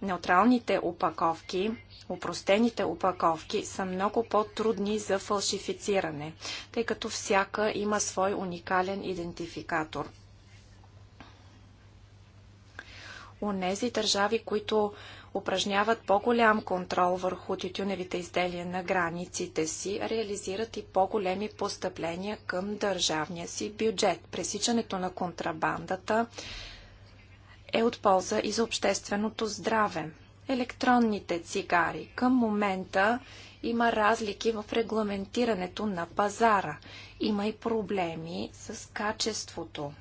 неутралните упаковки, упростените опаковки са много по-трудни за фалшифициране, тъй като всяка има свой уникален идентификатор. Онези държави, които упражняват по-голям контрол върху тютюневите изделия на границите си, реализират и по-големи постъпления към държавния си бюджет. Пресичането на контрабандата е от полза и за общественото здраве. Електронните цигари. Към момента има разлики в регламентирането на пазара. Има и проблеми с качеството.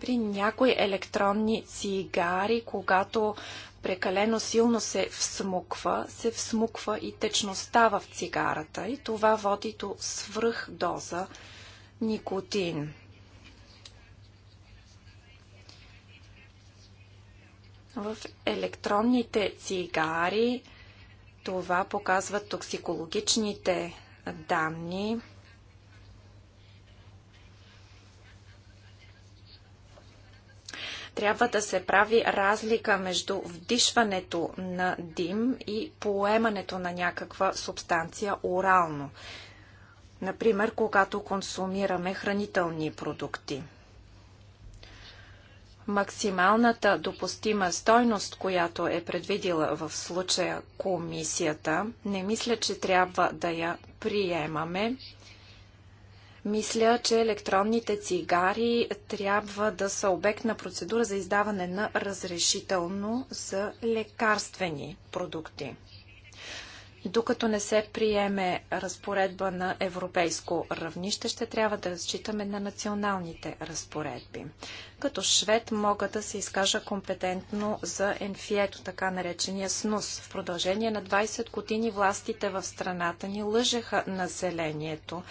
При някои електронни цигари, когато прекалено силно се всмуква, се всмуква и течността в цигарата и това води до свръхдоза никотин. В електронните цигари това показват токсикологичните данни. Трябва да се прави разлика между вдишването на дим и поемането на някаква субстанция орално. Например, когато консумираме хранителни продукти. Максималната допустима стойност, която е предвидила в случая комисията, не мисля, че трябва да я приемаме. Мисля, че електронните цигари трябва да са обект на процедура за издаване на разрешително за лекарствени продукти докато не се приеме разпоредба на европейско равнище, ще трябва да разчитаме на националните разпоредби. Като швед мога да се изкажа компетентно за енфието, така наречения снус. В продължение на 20 години властите в страната ни лъжеха населението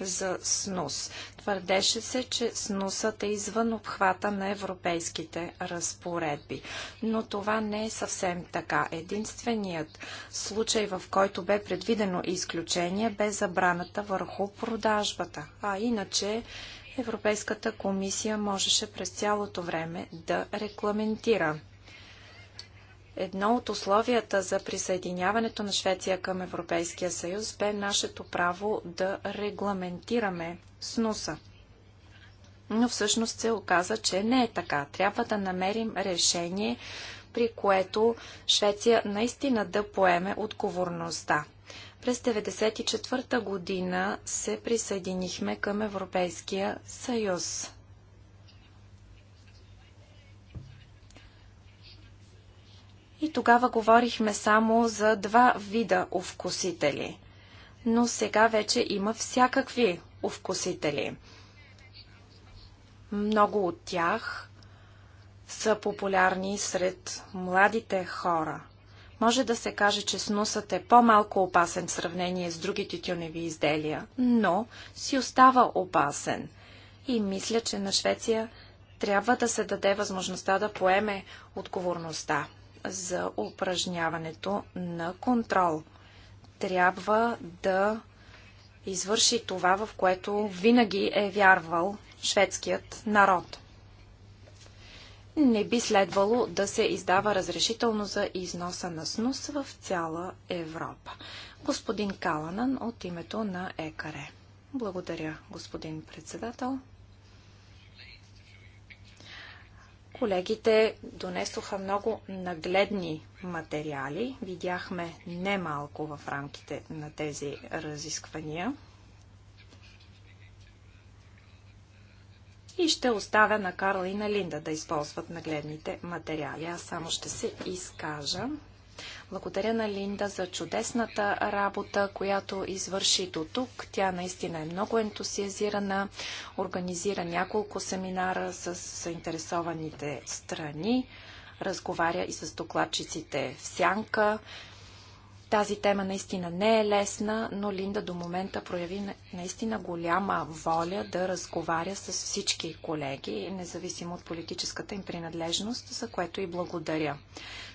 за снус. Твърдеше се, че снусът е извън обхвата на европейските разпоредби. Но това не е съвсем така. Единственият случай, в който бе предвидено изключение, бе забраната върху продажбата. А иначе Европейската комисия можеше през цялото време да регламентира. Едно от условията за присъединяването на Швеция към Европейския съюз бе нашето право да регламентираме снуса. Но всъщност се оказа, че не е така. Трябва да намерим решение, при което Швеция наистина да поеме отговорността. През 1994 година се присъединихме към Европейския съюз. И тогава говорихме само за два вида овкусители. Но сега вече има всякакви овкусители. Много от тях са популярни сред младите хора – може да се каже, че снусът е по-малко опасен в сравнение с другите тюневи изделия, но си остава опасен. И мисля, че на Швеция трябва да се даде възможността да поеме отговорността за упражняването на контрол. Трябва да извърши това, в което винаги е вярвал шведският народ не би следвало да се издава разрешително за износа на снус в цяла Европа. Господин Каланан от името на ЕКАРЕ. Благодаря, господин председател. Колегите донесоха много нагледни материали. Видяхме немалко в рамките на тези разисквания. и ще оставя на Карла и на Линда да използват нагледните материали. Аз само ще се изкажа. Благодаря на Линда за чудесната работа, която извърши до тук. Тя наистина е много ентусиазирана, организира няколко семинара с заинтересованите страни, разговаря и с докладчиците в Сянка, тази тема наистина не е лесна, но Линда до момента прояви наистина голяма воля да разговаря с всички колеги, независимо от политическата им принадлежност, за което и благодаря.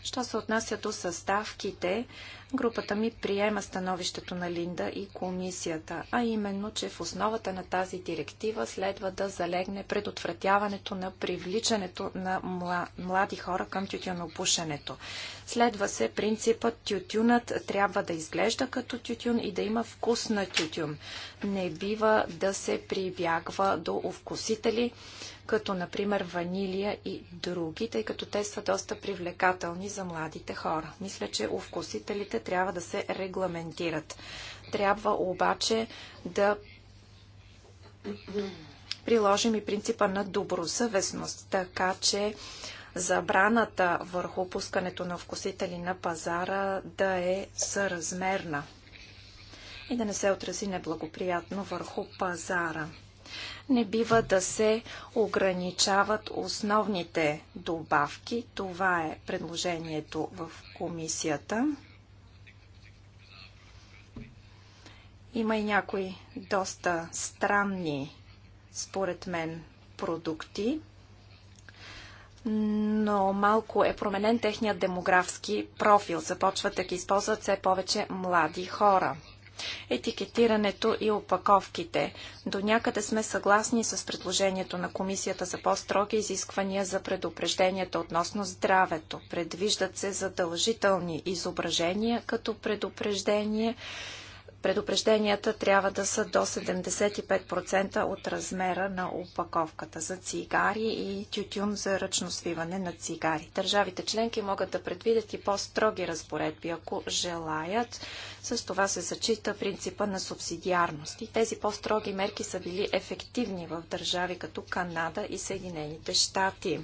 Що се отнася до съставките, групата ми приема становището на Линда и комисията, а именно, че в основата на тази директива следва да залегне предотвратяването на привличането на млади хора към тютюнопушенето. Следва се принципът Тютюнат трябва да изглежда като тютюн и да има вкус на тютюн. Не бива да се прибягва до овкусители, като например ванилия и други, тъй като те са доста привлекателни за младите хора. Мисля, че овкусителите трябва да се регламентират. Трябва обаче да приложим и принципа на добросъвестност, така че забраната върху пускането на вкусители на пазара да е съразмерна и да не се отрази неблагоприятно върху пазара. Не бива да се ограничават основните добавки. Това е предложението в комисията. Има и някои доста странни, според мен, продукти но малко е променен техният демографски профил. Започват да ги използват все повече млади хора. Етикетирането и опаковките. До някъде сме съгласни с предложението на Комисията за по-строги изисквания за предупрежденията относно здравето. Предвиждат се задължителни изображения като предупреждение Предупрежденията трябва да са до 75% от размера на упаковката за цигари и тютюн за ръчно свиване на цигари. Държавите членки могат да предвидят и по-строги разпоредби, ако желаят. С това се зачита принципа на субсидиарност. И тези по-строги мерки са били ефективни в държави като Канада и Съединените щати.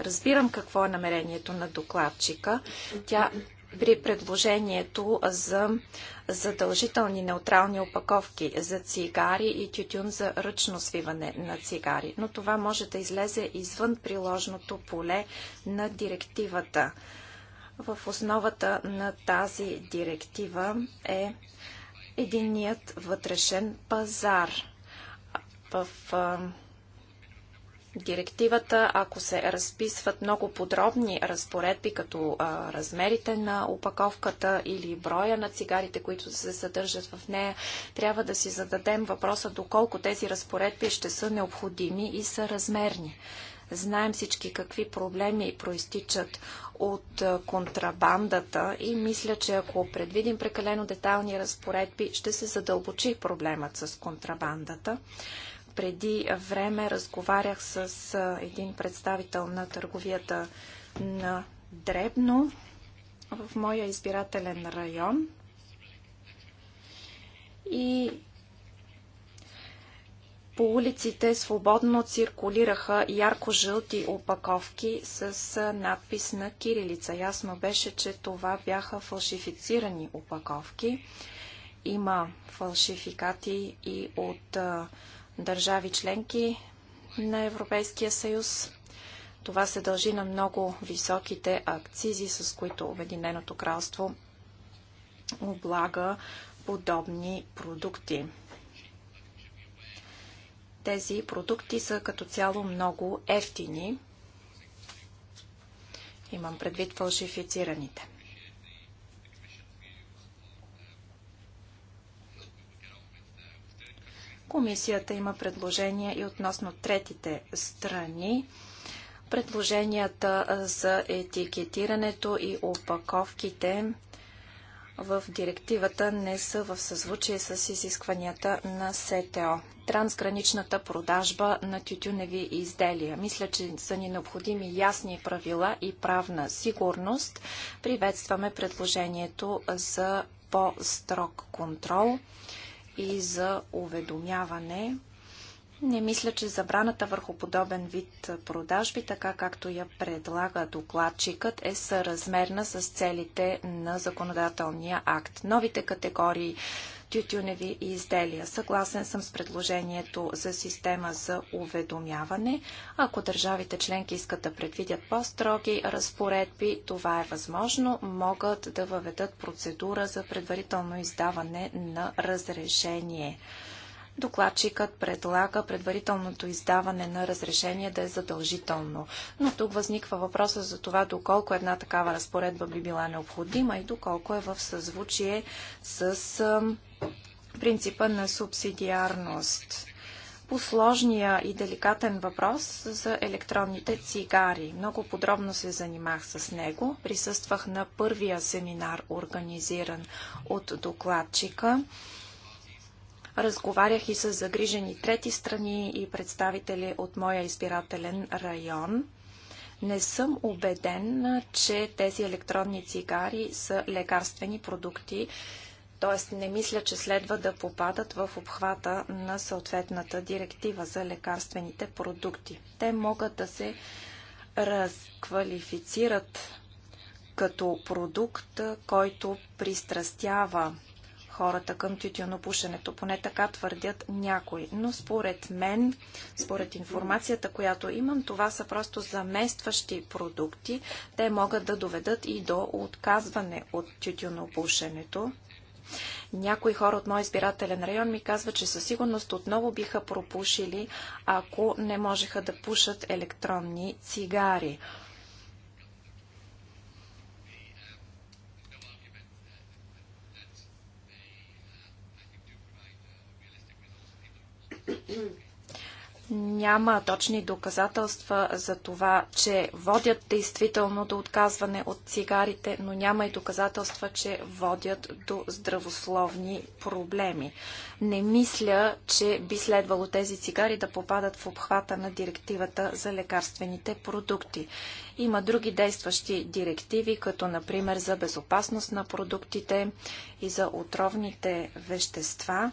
Разбирам какво е намерението на докладчика. Тя при предложението за задължителни неутрални опаковки за цигари и тютюн за ръчно свиване на цигари. Но това може да излезе извън приложното поле на директивата. В основата на тази директива е единият вътрешен пазар. В директивата, ако се разписват много подробни разпоредби, като а, размерите на упаковката или броя на цигарите, които се съдържат в нея, трябва да си зададем въпроса доколко тези разпоредби ще са необходими и са размерни. Знаем всички какви проблеми проистичат от контрабандата и мисля, че ако предвидим прекалено детални разпоредби, ще се задълбочи проблемът с контрабандата. Преди време разговарях с един представител на търговията на Дребно в моя избирателен район. И по улиците свободно циркулираха ярко-жълти опаковки с надпис на кирилица. Ясно беше, че това бяха фалшифицирани опаковки. Има фалшификати и от държави членки на Европейския съюз. Това се дължи на много високите акцизи, с които Обединеното кралство облага подобни продукти. Тези продукти са като цяло много ефтини. Имам предвид фалшифицираните. Комисията има предложения и относно третите страни. Предложенията за етикетирането и опаковките в директивата не са в съзвучие с изискванията на СТО. Трансграничната продажба на тютюневи изделия. Мисля, че са ни необходими ясни правила и правна сигурност. Приветстваме предложението за по-строг контрол и за уведомяване. Не мисля, че забраната върху подобен вид продажби, така както я предлага докладчикът, е съразмерна с целите на законодателния акт. Новите категории тютюневи изделия. Съгласен съм с предложението за система за уведомяване. Ако държавите членки искат да предвидят по-строги разпоредби, това е възможно. Могат да въведат процедура за предварително издаване на разрешение. Докладчикът предлага предварителното издаване на разрешение да е задължително. Но тук възниква въпроса за това доколко една такава разпоредба би била необходима и доколко е в съзвучие с принципа на субсидиарност по сложния и деликатен въпрос за електронните цигари. Много подробно се занимах с него. Присъствах на първия семинар, организиран от докладчика. Разговарях и с загрижени трети страни и представители от моя избирателен район. Не съм убеден, че тези електронни цигари са лекарствени продукти, т.е. не мисля, че следва да попадат в обхвата на съответната директива за лекарствените продукти. Те могат да се разквалифицират като продукт, който пристрастява хората към тютюнопушенето. Поне така твърдят някои. Но според мен, според информацията, която имам, това са просто заместващи продукти. Те могат да доведат и до отказване от тютюнопушенето. Някои хора от моят избирателен район ми казват, че със сигурност отново биха пропушили, ако не можеха да пушат електронни цигари. няма точни доказателства за това, че водят действително до отказване от цигарите, но няма и доказателства, че водят до здравословни проблеми. Не мисля, че би следвало тези цигари да попадат в обхвата на директивата за лекарствените продукти. Има други действащи директиви, като например за безопасност на продуктите и за отровните вещества.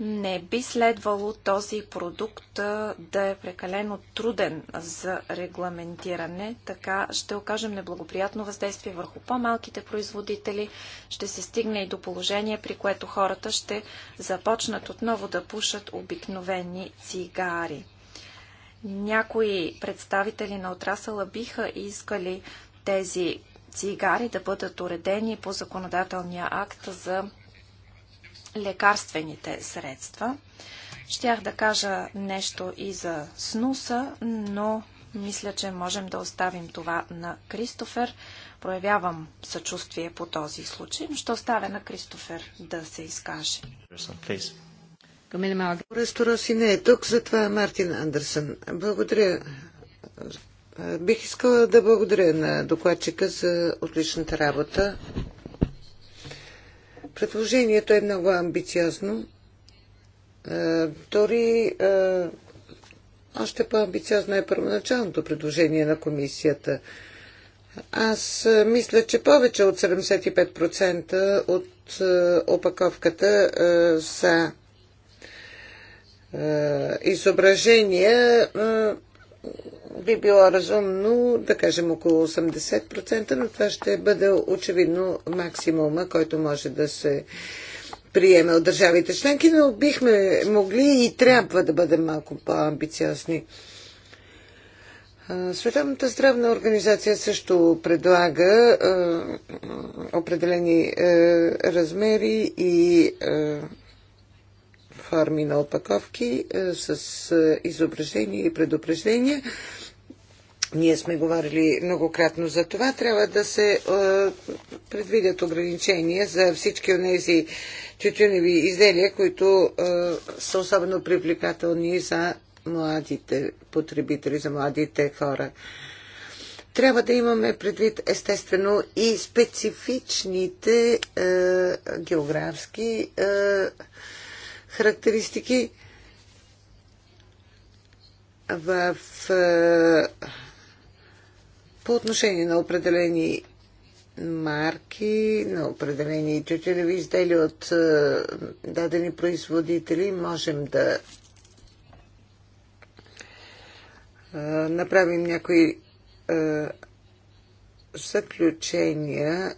Не би следвало този продукт да е прекалено труден за регламентиране, така ще окажем неблагоприятно въздействие върху по-малките производители, ще се стигне и до положение, при което хората ще започнат отново да пушат обикновени цигари. Някои представители на отрасъла биха искали тези цигари да бъдат уредени по законодателния акт за лекарствените средства. Щях да кажа нещо и за снуса, но мисля, че можем да оставим това на Кристофер. Проявявам съчувствие по този случай, но ще оставя на Кристофер да се изкаже. Ресторан си не е тук, затова Мартин Андерсън. Благодаря. Бих искала да благодаря на докладчика за отличната работа Предложението е много амбициозно. Е, дори е, още по-амбициозно е първоначалното предложение на комисията. Аз е, мисля, че повече от 75% от опаковката са изображения, би било разумно, да кажем около 80%, но това ще бъде очевидно максимума, който може да се приеме от държавите членки, но бихме могли и трябва да бъдем малко по-амбициозни. Световната здравна организация също предлага е, определени е, размери и е, форми на опаковки е, с изображения и предупреждения. Ние сме говорили многократно за това. Трябва да се е, предвидят ограничения за всички от тези тютюневи изделия, които е, са особено привлекателни за младите потребители, за младите хора. Трябва да имаме предвид естествено и специфичните е, географски е, характеристики в. Е, по отношение на определени марки, на определени тютюневи изделия от е, дадени производители можем да е, направим някои е, заключения,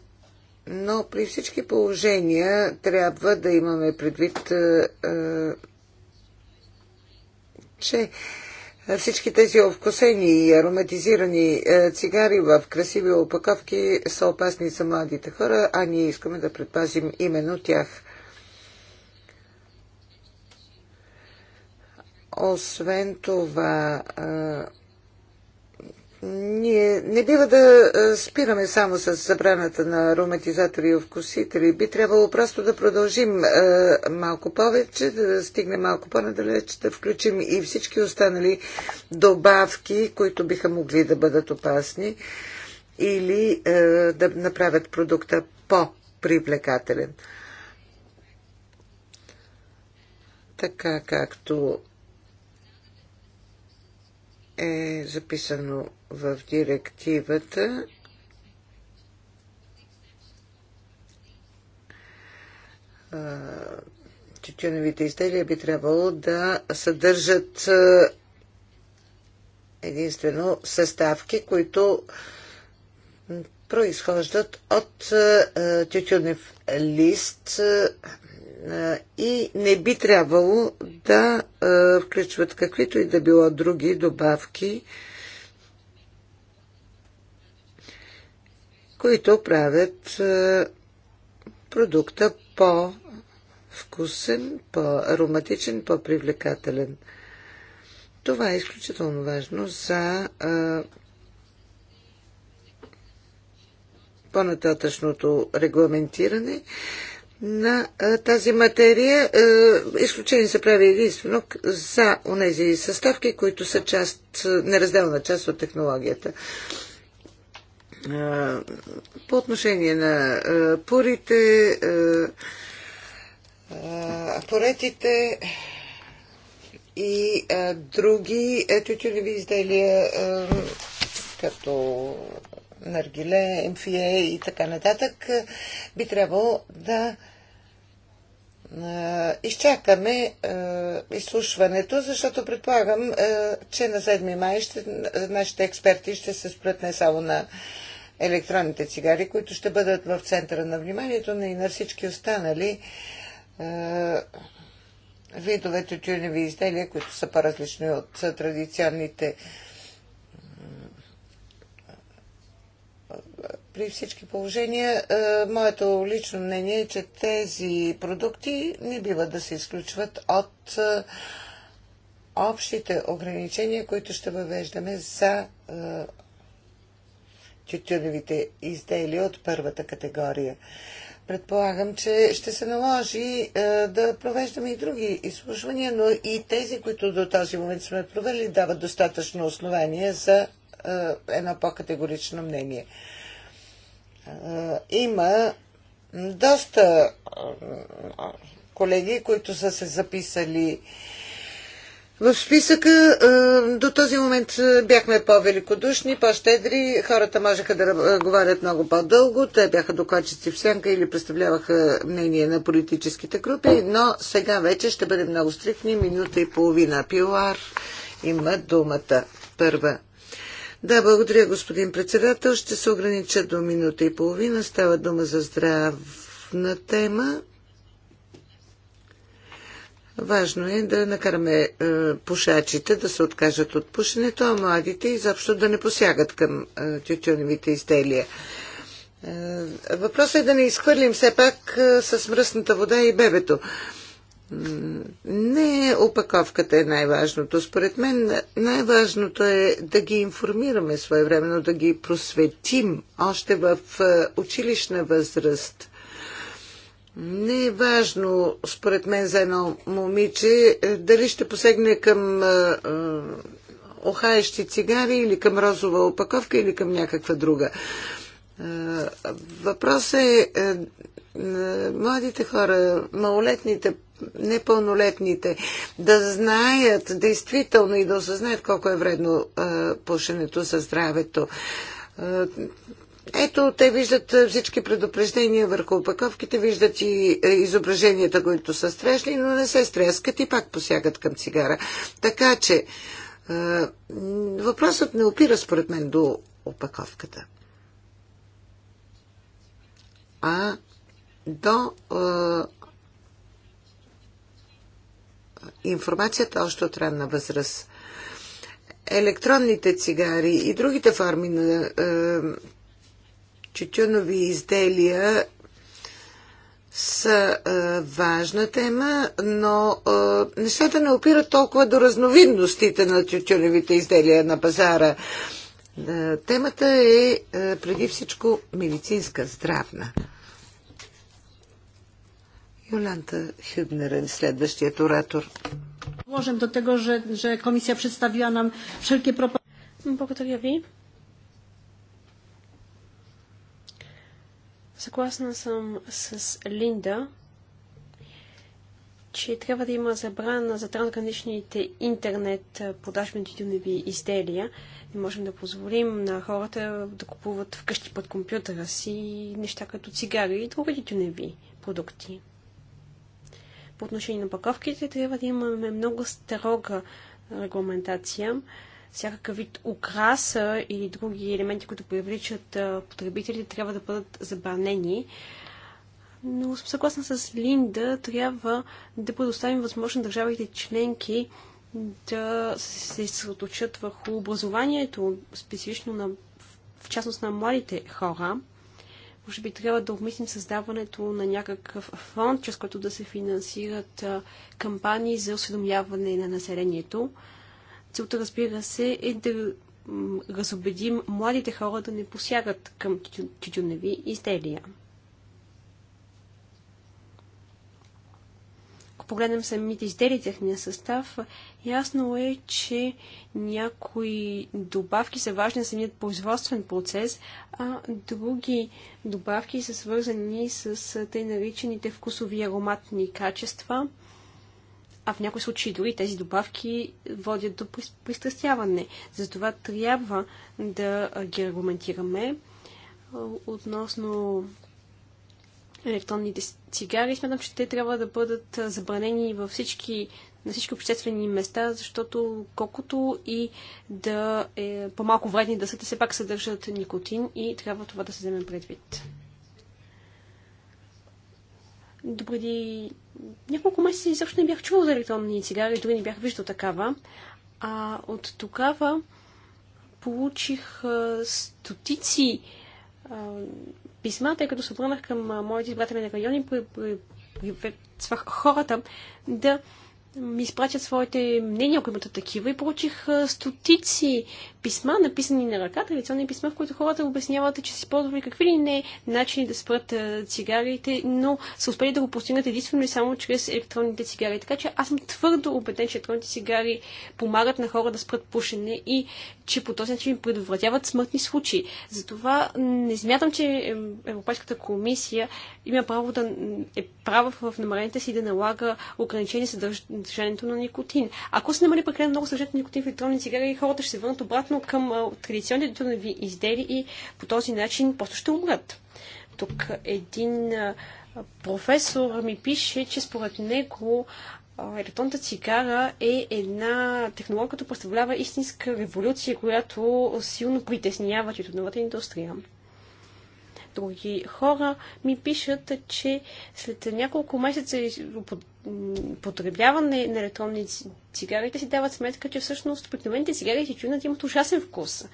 но при всички положения трябва да имаме предвид, че всички тези овкусени и ароматизирани е, цигари в красиви опаковки са опасни за младите хора, а ние искаме да предпазим именно тях. Освен това, е, ние не бива да е, спираме само с забраната на ароматизатори и овкусители. Би трябвало просто да продължим е, малко повече, да стигнем малко по-надалеч, да включим и всички останали добавки, които биха могли да бъдат опасни или е, да направят продукта по-привлекателен. Така както е записано в директивата, тютюневите изделия би трябвало да съдържат единствено съставки, които произхождат от тютюнев лист, и не би трябвало да включват каквито и да било други добавки, които правят продукта по-вкусен, по-ароматичен, по-привлекателен. Това е изключително важно за по-нататъчното регламентиране на тази материя. Изключение се прави единствено за онези съставки, които са част, неразделна част от технологията. По отношение на пурите, поретите и други тютюневи изделия, като наргиле, МФИЕ и така нататък, е, би трябвало да е, изчакаме е, изслушването, защото предполагам, че на 7 май ще, нашите експерти ще се спрат не само на електронните цигари, които ще бъдат в центъра на вниманието, но и на всички останали видове тютюневи изделия, които са по-различни от традиционните при всички положения, е, моето лично мнение е, че тези продукти не бива да се изключват от е, общите ограничения, които ще въвеждаме за е, тютюневите изделия от първата категория. Предполагам, че ще се наложи да провеждаме и други изслушвания, но и тези, които до този момент сме провели, дават достатъчно основание за едно по-категорично мнение. Е, има доста колеги, които са се записали в списъка. Е, до този момент е, бяхме по-великодушни, по-щедри. Хората можеха да говорят много по-дълго. Те бяха докладчици в сянка или представляваха мнение на политическите групи, но сега вече ще бъдем много стрикни. Минута и половина. Пилар има думата първа. Да, благодаря, господин председател. Ще се огранича до минута и половина. Става дума за здравна тема. Важно е да накараме е, пушачите да се откажат от пушенето, а младите изобщо да не посягат към е, тютюневите изделия. Е, въпросът е да не изхвърлим все пак е, с мръсната вода и бебето. Е, не опаковката е най-важното. Според мен най-важното е да ги информираме своевременно, да ги просветим още в е, училищна възраст. Не е важно, според мен, за едно момиче е, дали ще посегне към е, охаещи цигари или към розова опаковка или към някаква друга. Въпросът е младите хора, малолетните, непълнолетните, да знаят действително и да осъзнаят колко е вредно пушенето за здравето. Ето, те виждат всички предупреждения върху опаковките, виждат и изображенията, които са стрешни, но не се стрескат и пак посягат към цигара. Така че, въпросът не опира според мен до опаковката, а до информацията още от ранна възраст. Електронните цигари и другите форми на тютюнови изделия са е, важна тема, но е, нещата не опират толкова до разновидностите на тютюневите изделия на пазара. темата е преди всичко медицинска, здравна. Jolanta Hübner е следващият оратор. Можем до tego, że, że komisja przedstawiła nam wszelkie propozycje. Благодаря ви. Съгласна съм с Линда, че трябва да има забрана за трансграничните интернет продажби на тютюневи изделия. Не можем да позволим на хората да купуват вкъщи под компютъра си неща като цигари и други тютюневи продукти. По отношение на паковките, трябва да имаме много строга регламентация. Всякакъв вид украса или други елементи, които привличат потребителите, трябва да бъдат забранени. Но съм съгласна с Линда, трябва да предоставим възможност държавите членки да се съсредоточат върху образованието, специфично на, в частност на младите хора. Може би трябва да обмислим създаването на някакъв фонд, чрез който да се финансират кампании за осведомяване на населението. Целта, разбира се, е да разобедим младите хора да не посягат към тютюневи изделия. погледнем самите изделия техния състав, ясно е, че някои добавки са важни за самият производствен процес, а други добавки са свързани с тъй наричаните вкусови ароматни качества, а в някои случаи дори тези добавки водят до пристрастяване. Затова трябва да ги аргументираме относно електронните цигари. Смятам, че те трябва да бъдат забранени във всички, на всички обществени места, защото колкото и да е по-малко вредни да са, те все пак съдържат никотин и трябва това да се вземе предвид. Допреди няколко месеца изобщо не бях чувал за електронни цигари, дори не бях виждал такава. А от тогава получих а, стотици писма, тъй като се обърнах към моите избирателни райони, при, при, при, при хората да ми изпратят своите мнения, ако имат такива, и получих стотици писма, написани на ръка, традиционни писма, в които хората обясняват, че са използвали какви ли не начини да спрат цигарите, но са успели да го постигнат единствено и само чрез електронните цигари. Така че аз съм твърдо убеден, че електронните цигари помагат на хора да спрат пушене и че по този начин предотвратяват смъртни случаи. Затова не смятам, че е, Европейската комисия има право да е права в намерените си да налага ограничения съдържания съдържанието на никотин. Ако се намали прекалено много съжението на никотин в електронни цигари, хората ще се върнат обратно към традиционните тютюневи изделия и по този начин просто ще умрат. Тук един професор ми пише, че според него електронната цигара е една технология, която представлява истинска революция, която силно притеснява тютюновата индустрия други хора ми пишат, че след няколко месеца потребяване на електронни цигари, те си дават сметка, че всъщност обикновените цигари си чуят имат ужасен вкус.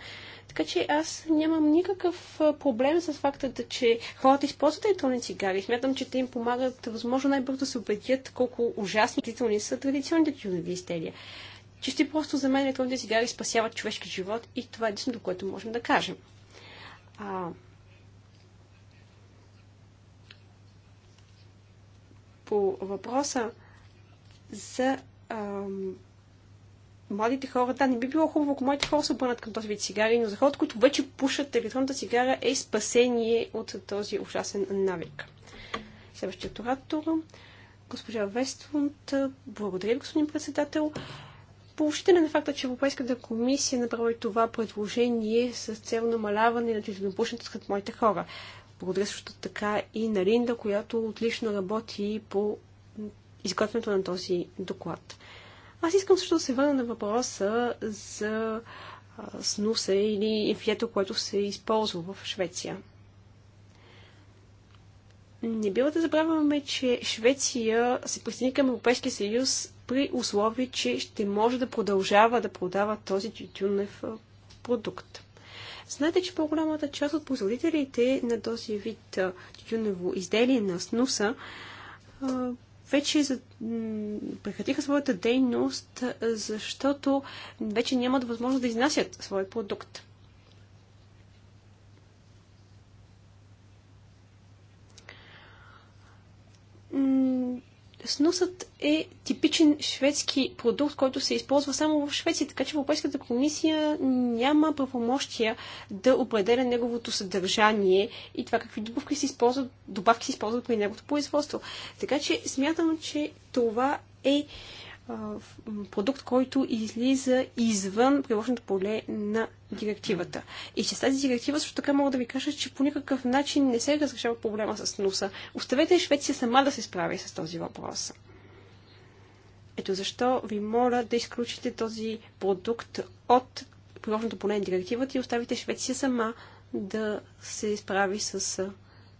Така че аз нямам никакъв проблем с факта, че хората използват електронни цигари. Смятам, че те им помагат възможно най-бързо да се убедят колко ужасни тютюни са традиционните тютюнови изделия. Чисти просто за мен електронните цигари спасяват човешки живот и това е единственото, което можем да кажем. А, по въпроса за ам, младите хора, да, не би било хубаво, ако младите хора се обърнат към този вид цигари, но за хората, които вече пушат електронната цигара, е спасение от този ужасен навик. Следващият оратор, госпожа Вестлунд, благодаря ви, господин председател. Положителен на факта, че Европейската комисия направи това предложение с цел намаляване на тютюнопушенето сред моите хора. Благодаря също така и на Линда, която отлично работи по изготвянето на този доклад. Аз искам също да се върна на въпроса за снуса или инфието, което се използва в Швеция. Не бива да забравяме, че Швеция се присъедини към Европейския съюз при условие, че ще може да продължава да продава този тютюнев продукт. Знаете, че по-голямата част от производителите на този вид тютюнево изделие на снуса вече прекратиха своята дейност, защото вече нямат възможност да изнасят свой продукт снусът е типичен шведски продукт, който се използва само в Швеция, така че Европейската комисия няма правомощия да определя неговото съдържание и това какви добавки се използват, добавки се използват при неговото производство. Така че смятам, че това е продукт, който излиза извън приложното поле на директивата. И че с тази директива също така мога да ви кажа, че по никакъв начин не се разрешава проблема с носа. Оставете Швеция сама да се справи с този въпрос. Ето защо ви моля да изключите този продукт от приложното поле на директивата и оставите Швеция сама да се справи с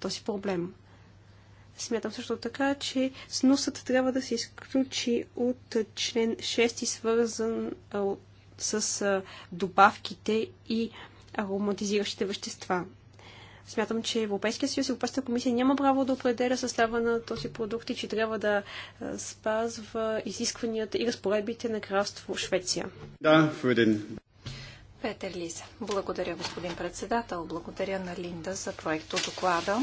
този проблем. Смятам също така, че сносът трябва да се изключи от член 6, свързан с добавките и ароматизиращите вещества. Смятам, че Европейския съюз и Европейската комисия няма право да определя състава на този продукт и че трябва да спазва изискванията и разпоредбите на кралство Швеция. Да, Фруден. Петър Лиза. Благодаря, господин председател. Благодаря на Линда за проекто доклада.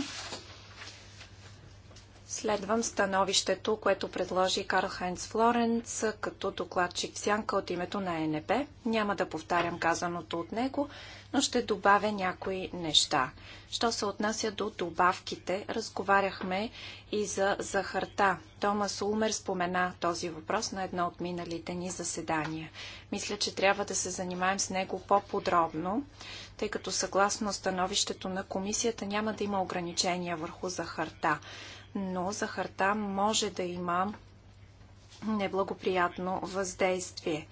Следвам становището, което предложи Карл Хайнц Флоренц като докладчик в сянка от името на ЕНП. Няма да повтарям казаното от него, но ще добавя някои неща. Що се отнася до добавките, разговаряхме и за захарта. Томас Улмер спомена този въпрос на едно от миналите ни заседания. Мисля, че трябва да се занимаем с него по-подробно, тъй като съгласно становището на комисията няма да има ограничения върху захарта но захарта може да има неблагоприятно въздействие.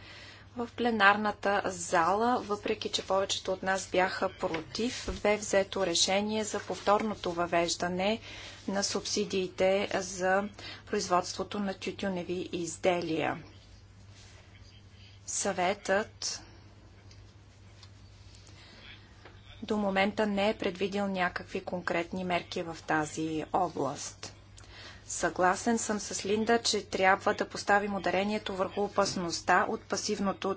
В пленарната зала, въпреки че повечето от нас бяха против, бе взето решение за повторното въвеждане на субсидиите за производството на тютюневи изделия. Съветът до момента не е предвидил някакви конкретни мерки в тази област. Съгласен съм с Линда, че трябва да поставим ударението върху опасността от пасивното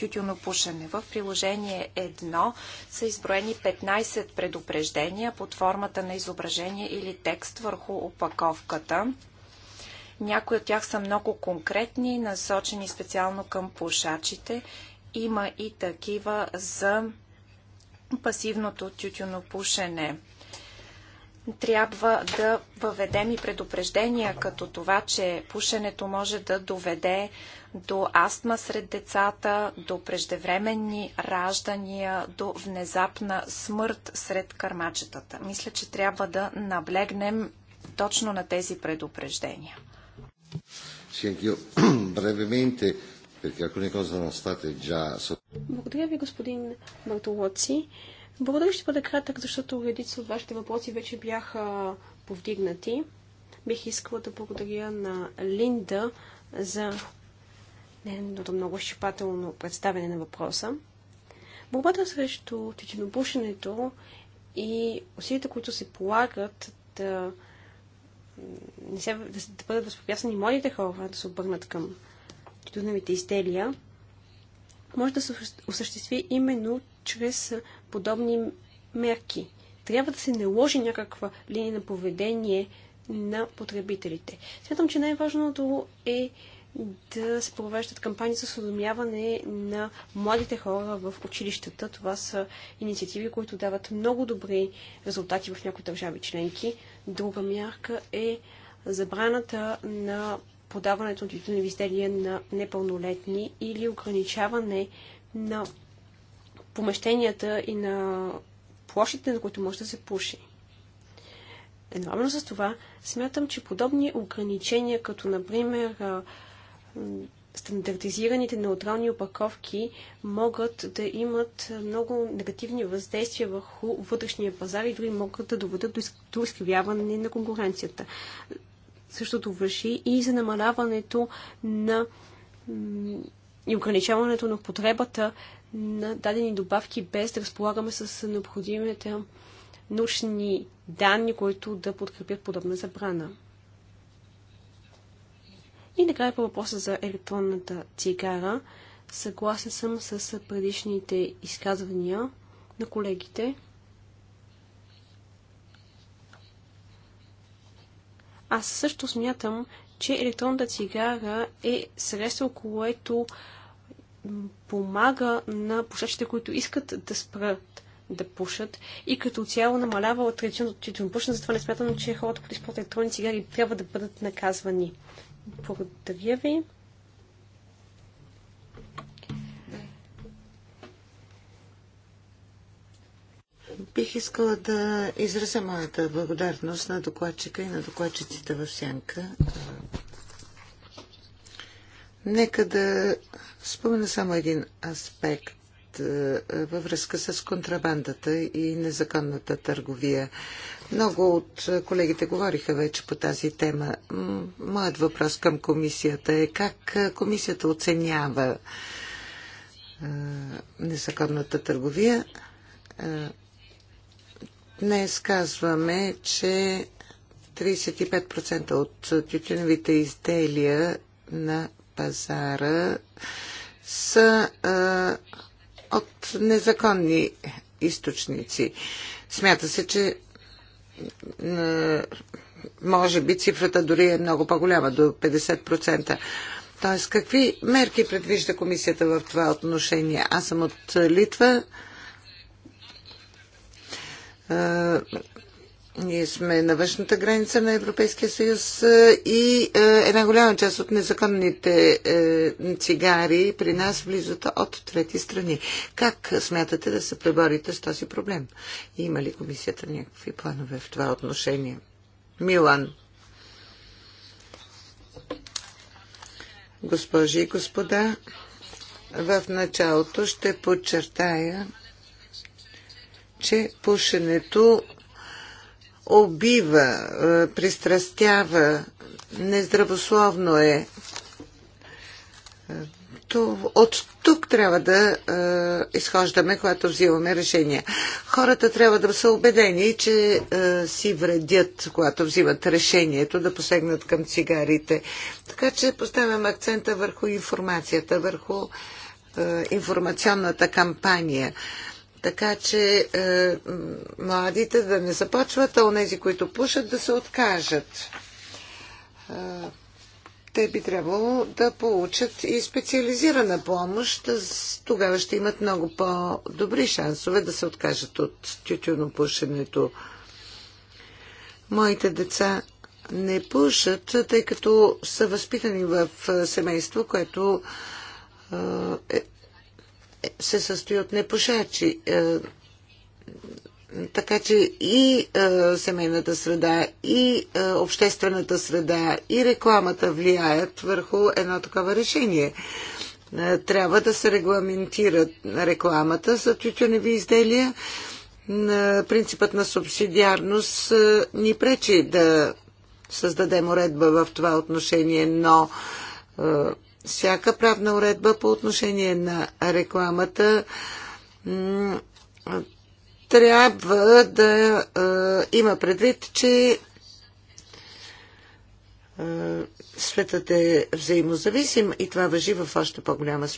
тютюнопушене. В приложение 1 са изброени 15 предупреждения под формата на изображение или текст върху опаковката. Някои от тях са много конкретни, насочени специално към пушачите. Има и такива за пасивното тютюнопушене. Трябва да въведем и предупреждения като това, че пушенето може да доведе до астма сред децата, до преждевременни раждания, до внезапна смърт сред кърмачетата. Мисля, че трябва да наблегнем точно на тези предупреждения. Sì, anch'io <clears throat> brevemente благодаря ви, господин Мартолоци. Благодаря, ще бъда кратък, защото редица от вашите въпроси вече бяха повдигнати. Бих искала да благодаря на Линда за нейното много щипателно представяне на въпроса. Борбата срещу теченобушенето и усилията, които се полагат да, не се, да, да бъдат възпрепятствани младите хора да се обърнат към тютюневите изделия, може да се осъществи именно чрез подобни мерки. Трябва да се наложи някаква линия на поведение на потребителите. Смятам, че най-важното е да се провеждат кампании за осведомяване на младите хора в училищата. Това са инициативи, които дават много добри резултати в някои държави членки. Друга мярка е забраната на подаването на тютюнови изделия на непълнолетни или ограничаване на помещенията и на площите, на които може да се пуши. Едновременно с това, смятам, че подобни ограничения, като например стандартизираните неутрални опаковки, могат да имат много негативни въздействия върху вътрешния пазар и дори могат да доведат до изкривяване на конкуренцията. Същото върши и за намаляването на и ограничаването на потребата на дадени добавки, без да разполагаме с необходимите научни данни, които да подкрепят подобна забрана. И накрая по въпроса за електронната цигара. Съгласен съм с предишните изказвания на колегите. Аз също смятам, че електронната цигара е средство, което помага на пушачите, които искат да спрат да пушат и като цяло намалява от традиционното тютюнопушене, затова не смятам, че хората, които използват електронни цигари, трябва да бъдат наказвани. Благодаря ви. Бих искала да изразя моята благодарност на докладчика и на докладчиците в Сянка. Нека да спомена само един аспект е, във връзка с контрабандата и незаконната търговия. Много от колегите говориха вече по тази тема. Моят въпрос към комисията е как комисията оценява е, незаконната търговия е, Днес казваме, че 35% от тютюневите изделия на пазара са а, от незаконни източници. Смята се, че а, може би цифрата дори е много по-голяма, до 50%. Тоест, какви мерки предвижда комисията в това отношение? Аз съм от Литва ние сме на външната граница на Европейския съюз и една голяма част от незаконните е, цигари при нас влизат от трети страни. Как смятате да се преборите с този проблем? Има ли комисията някакви планове в това отношение? Милан. Госпожи и господа, в началото ще подчертая, че пушенето убива, е, пристрастява, нездравословно е. е. То, от тук трябва да е, изхождаме, когато взимаме решения. Хората трябва да са убедени, че е, си вредят, когато взимат решението да посегнат към цигарите. Така че поставям акцента върху информацията, върху е, информационната кампания. Така че е, младите да не започват, а онези, които пушат, да се откажат. Е, те би трябвало да получат и специализирана помощ. Тогава ще имат много по-добри шансове да се откажат от тютюнопушенето. Моите деца не пушат, тъй като са възпитани в е, семейство, което е, е, се състои от непушачи. Е, така че и е, семейната среда, и е, обществената среда, и рекламата влияят върху едно такова решение. трябва да се регламентира рекламата за тютюневи изделия. Е, принципът на субсидиарност ни пречи да създадем уредба в това отношение, но всяка правна уредба по отношение на рекламата трябва да има предвид, че светът е взаимозависим и това въжи в още по-голяма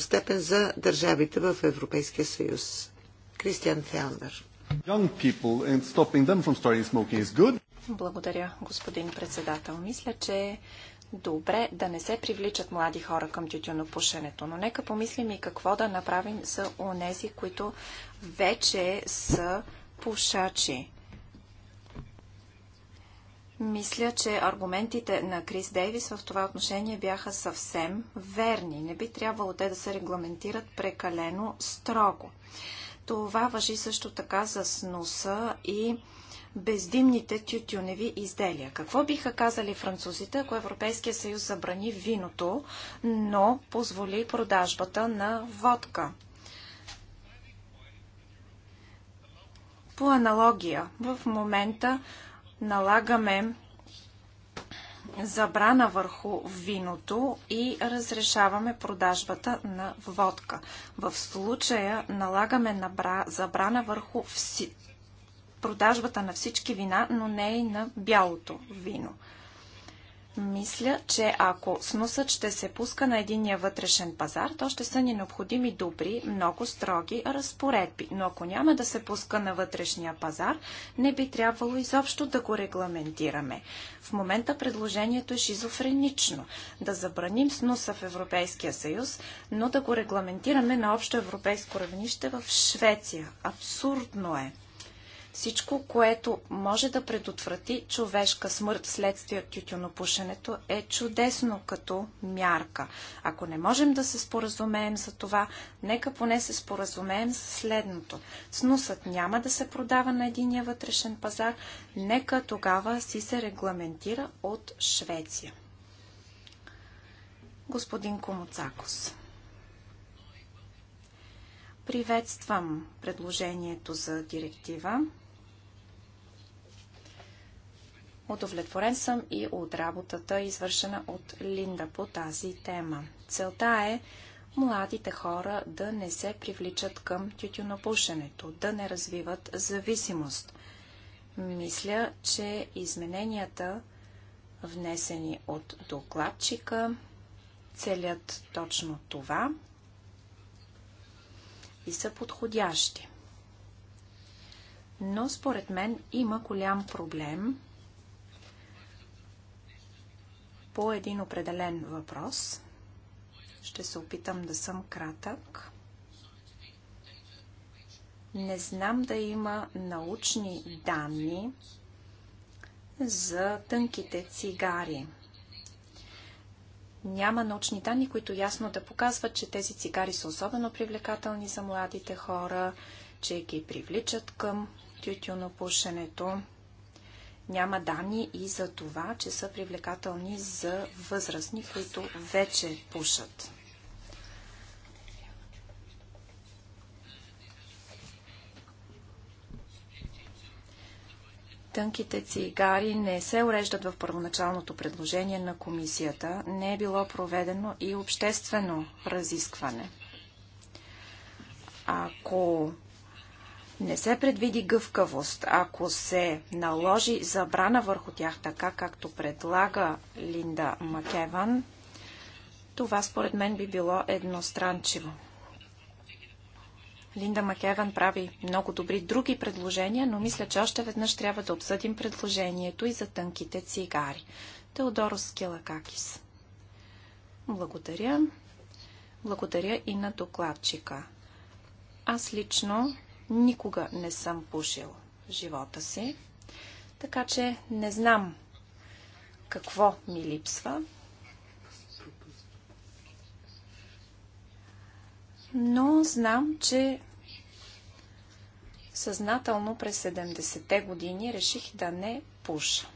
степен за държавите в Европейския съюз. Кристиан Фелнер. Благодаря, господин председател. Мисля, че добре да не се привличат млади хора към тютюнопушенето, но нека помислим и какво да направим за онези, които вече са пушачи. Мисля, че аргументите на Крис Дейвис в това отношение бяха съвсем верни. Не би трябвало те да се регламентират прекалено строго. Това въжи също така за сноса и бездимните тютюневи изделия. Какво биха казали французите, ако Европейския съюз забрани виното, но позволи продажбата на водка? По аналогия, в момента налагаме забрана върху виното и разрешаваме продажбата на водка. В случая налагаме набра, забрана върху всички продажбата на всички вина, но не и на бялото вино. Мисля, че ако снусът ще се пуска на единия вътрешен пазар, то ще са ни необходими добри, много строги разпоредби. Но ако няма да се пуска на вътрешния пазар, не би трябвало изобщо да го регламентираме. В момента предложението е шизофренично. Да забраним снуса в Европейския съюз, но да го регламентираме на общо европейско равнище в Швеция. Абсурдно е. Всичко, което може да предотврати човешка смърт вследствие от тютюнопушенето е чудесно като мярка. Ако не можем да се споразумеем за това, нека поне се споразумеем за следното. Снусът няма да се продава на единия вътрешен пазар, нека тогава си се регламентира от Швеция. Господин Комоцакос приветствам предложението за директива. Удовлетворен съм и от работата, извършена от Линда по тази тема. Целта е младите хора да не се привличат към тютюнопушенето, да не развиват зависимост. Мисля, че измененията, внесени от докладчика, целят точно това и са подходящи. Но според мен има голям проблем – по един определен въпрос. Ще се опитам да съм кратък. Не знам да има научни данни за тънките цигари. Няма научни данни, които ясно да показват, че тези цигари са особено привлекателни за младите хора, че ги привличат към тютюнопушенето. пушенето. Няма данни и за това, че са привлекателни за възрастни, които вече пушат. тънките цигари не се уреждат в първоначалното предложение на комисията. Не е било проведено и обществено разискване. Ако не се предвиди гъвкавост. Ако се наложи забрана върху тях, така както предлага Линда Макеван, това според мен би било едностранчиво. Линда Макеван прави много добри други предложения, но мисля, че още веднъж трябва да обсъдим предложението и за тънките цигари. Теодорос Скилакакис. Благодаря. Благодаря и на докладчика. Аз лично Никога не съм пушил в живота си, така че не знам какво ми липсва. Но знам, че съзнателно през 70-те години реших да не пуша.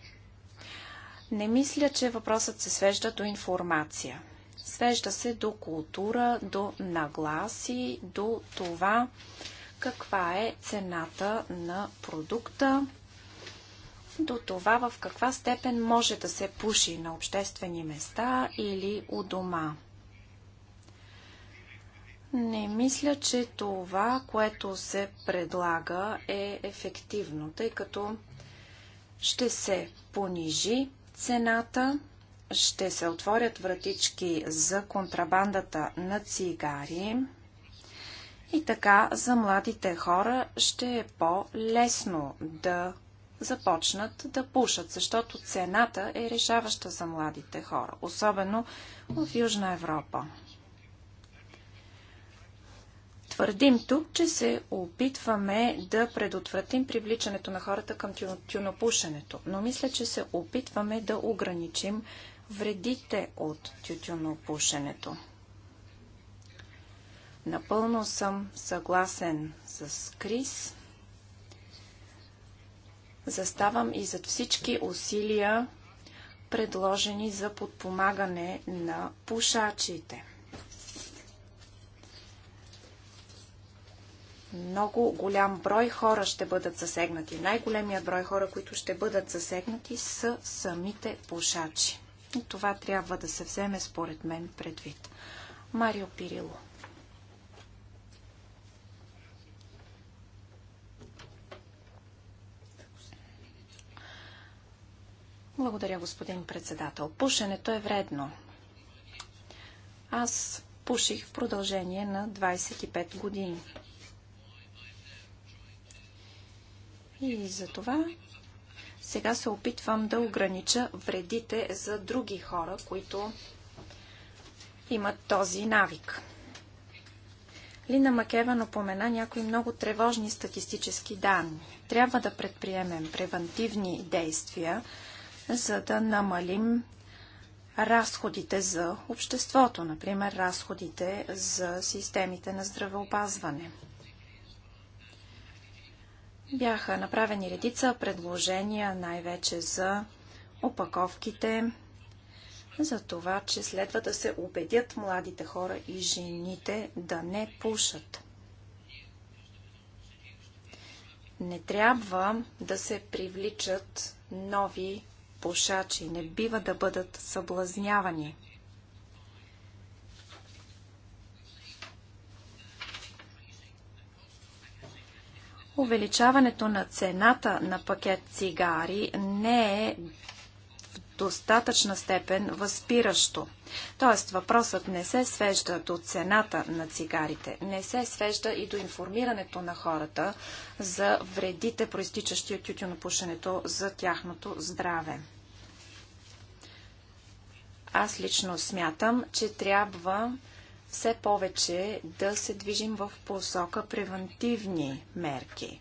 Не мисля, че въпросът се свежда до информация. Свежда се до култура, до нагласи, до това каква е цената на продукта, до това в каква степен може да се пуши на обществени места или у дома. Не мисля, че това, което се предлага е ефективно, тъй като ще се понижи цената, ще се отворят вратички за контрабандата на цигари, и така за младите хора ще е по-лесно да започнат да пушат, защото цената е решаваща за младите хора, особено в Южна Европа. Твърдим тук, че се опитваме да предотвратим привличането на хората към тюнопушенето, но мисля, че се опитваме да ограничим вредите от тютюнопушенето. Напълно съм съгласен с Крис. Заставам и зад всички усилия, предложени за подпомагане на пушачите. Много голям брой хора ще бъдат засегнати. Най-големият брой хора, които ще бъдат засегнати, са самите пушачи. И това трябва да се вземе, според мен, предвид. Марио Пирило. Благодаря, господин председател. Пушенето е вредно. Аз пуших в продължение на 25 години. И за това сега се опитвам да огранича вредите за други хора, които имат този навик. Лина Макева напомена някои много тревожни статистически данни. Трябва да предприемем превантивни действия, за да намалим разходите за обществото, например разходите за системите на здравеопазване. Бяха направени редица предложения, най-вече за опаковките, за това, че следва да се убедят младите хора и жените да не пушат. Не трябва да се привличат нови пушачи. Не бива да бъдат съблазнявани. Увеличаването на цената на пакет цигари не е в достатъчна степен възпиращо. Тоест въпросът не се свежда до цената на цигарите, не се свежда и до информирането на хората за вредите, проистичащи от тютюнопушенето за тяхното здраве. Аз лично смятам, че трябва все повече да се движим в посока превентивни мерки.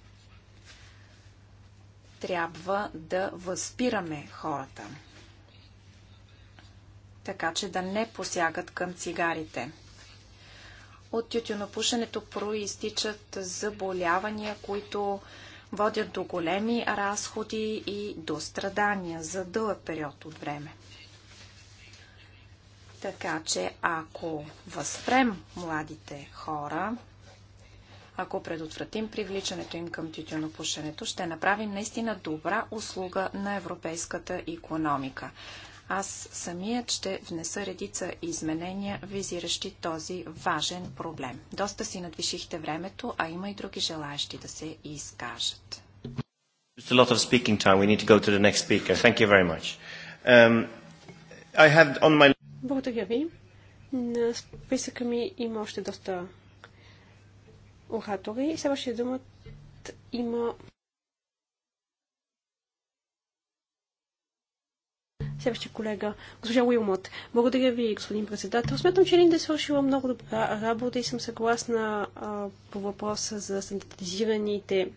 Трябва да възпираме хората, така че да не посягат към цигарите. От тютюнопушенето проистичат заболявания, които водят до големи разходи и до страдания за дълъг период от време. Така че ако възпрем младите хора, ако предотвратим привличането им към тютюнопушенето, ще направим наистина добра услуга на европейската економика. Аз самият ще внеса редица изменения, визиращи този важен проблем. Доста си надвишихте времето, а има и други желаящи да се изкажат. a lot of speaking time. We need to go to the next speaker. Thank you very much. Um, I have on my благодаря ви. На списъка ми има още доста оратори. И следващия думат има следващия колега, госпожа Уилмот. Благодаря ви, господин председател. Смятам, че Линда е свършила много добра работа и съм съгласна а, по въпроса за стандартизираните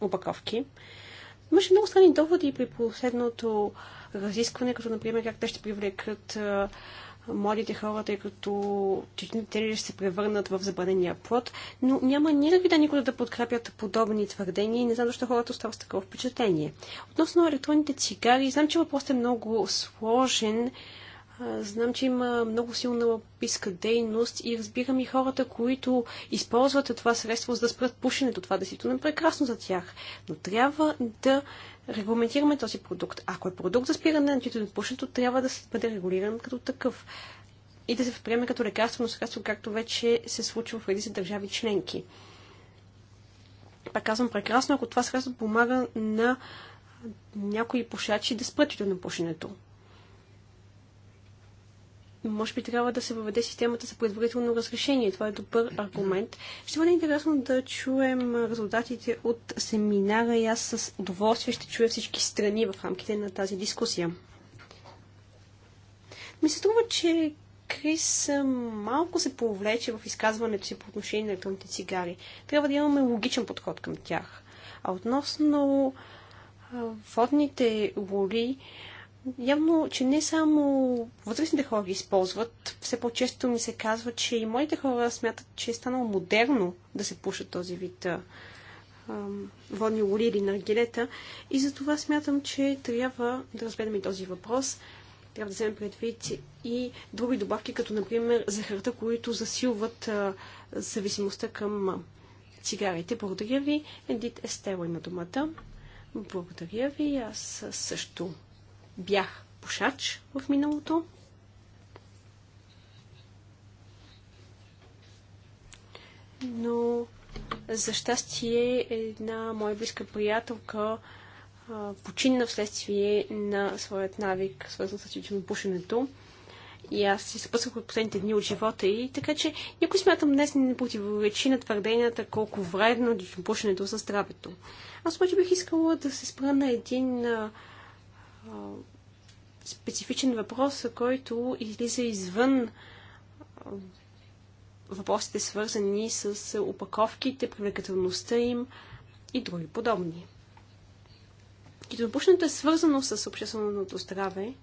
упаковки. Имаше много странни доводи при последното разискване, като например как те ще привлекат младите хора, тъй като те ще се превърнат в забранения плод, но няма никакви да никога да подкрепят подобни твърдения и не знам защо хората остават с такова впечатление. Относно електронните цигари, знам, че въпросът е много сложен Знам, че има много силна лобистка дейност и разбирам и хората, които използват това средство, за да спрат пушенето. Това да си е прекрасно за тях. Но трябва да регламентираме този продукт. Ако е продукт за спиране на пушенето, трябва да се бъде регулиран като такъв и да се приеме като лекарствено средство, както вече се случва в редица държави членки. Пак казвам, прекрасно, ако това средство помага на някои пушачи да спрат на пушенето може би трябва да се въведе системата за предварително разрешение. Това е добър аргумент. Ще бъде интересно да чуем резултатите от семинара и аз с удоволствие ще чуя всички страни в рамките на тази дискусия. Ми се струва, че Крис малко се повлече в изказването си по отношение на електронните цигари. Трябва да имаме логичен подход към тях. А относно водните лоли, явно, че не само възрастните хора ги използват, все по-често ми се казва, че и моите хора смятат, че е станало модерно да се пушат този вид а, водни лоли или наргилета. И за това смятам, че трябва да разгледаме и този въпрос. Трябва да вземем предвид и други добавки, като например захарта, които засилват а, зависимостта към а, цигарите. Благодаря ви. Едит Естела има думата. Благодаря ви. Аз също бях пушач в миналото. Но за щастие една моя близка приятелка а, почина вследствие на своят навик, свързан с пушенето. И аз си съпъсвах от последните дни от живота и така че някой смятам днес не противоречи на твърденията колко вредно е пушенето за здравето. Аз обаче бих искала да се спра на един а, специфичен въпрос, който излиза извън въпросите свързани с опаковките, привлекателността им и други подобни. Китопушното е свързано с общественото здраве,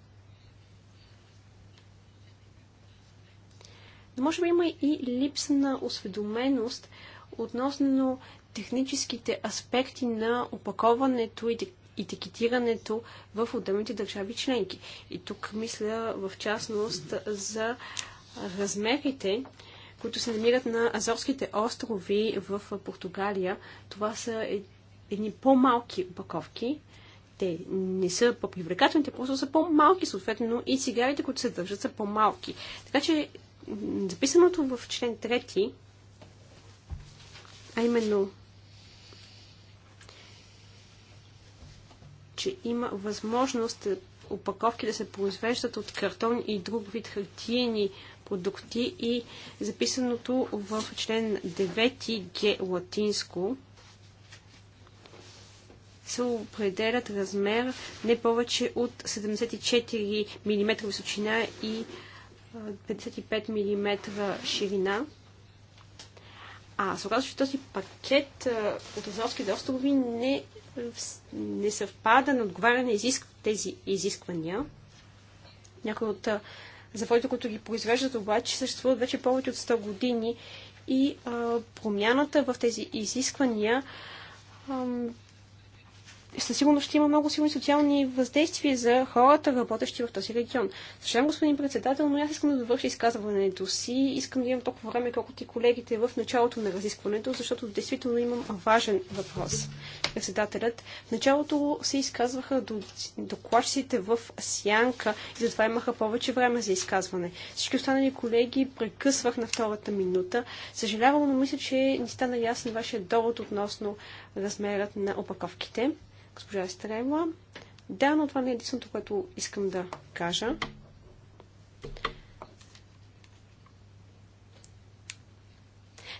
но може би има и липса на осведоменост относно техническите аспекти на опаковането и етикетирането в отделните държави членки. И тук мисля в частност за размерите, които се намират на Азорските острови в Португалия. Това са е, едни по-малки упаковки. Те не са по-привлекателни, те просто са по-малки, съответно и цигарите, които се държат, са по-малки. Така че записаното в член 3, а именно че има възможност опаковки е, да се произвеждат от картон и друг вид хартиени продукти и записаното в член 9 г латинско се определят размер не повече от 74 мм височина и 55 мм ширина. А съгласно, че този пакет от азовски острови не не съвпада, не отговаря на изиск... тези изисквания. Някои от заводите, които ги произвеждат, обаче съществуват вече повече от 100 години и а, промяната в тези изисквания а, със сигурност ще има много силни социални въздействия за хората, работещи в този регион. Съжалявам, господин председател, но аз искам да довърша изказването си. Искам да имам толкова време, колкото и колегите в началото на разискването, защото действително имам важен въпрос. Председателят. В началото се изказваха докладчиците в сянка и затова имаха повече време за изказване. Всички останали колеги прекъсвах на втората минута. Съжалявам, но мисля, че не стана ясен вашия довод относно размерът на опаковките. Госпожа Стрела. Да, но това не е единственото, което искам да кажа.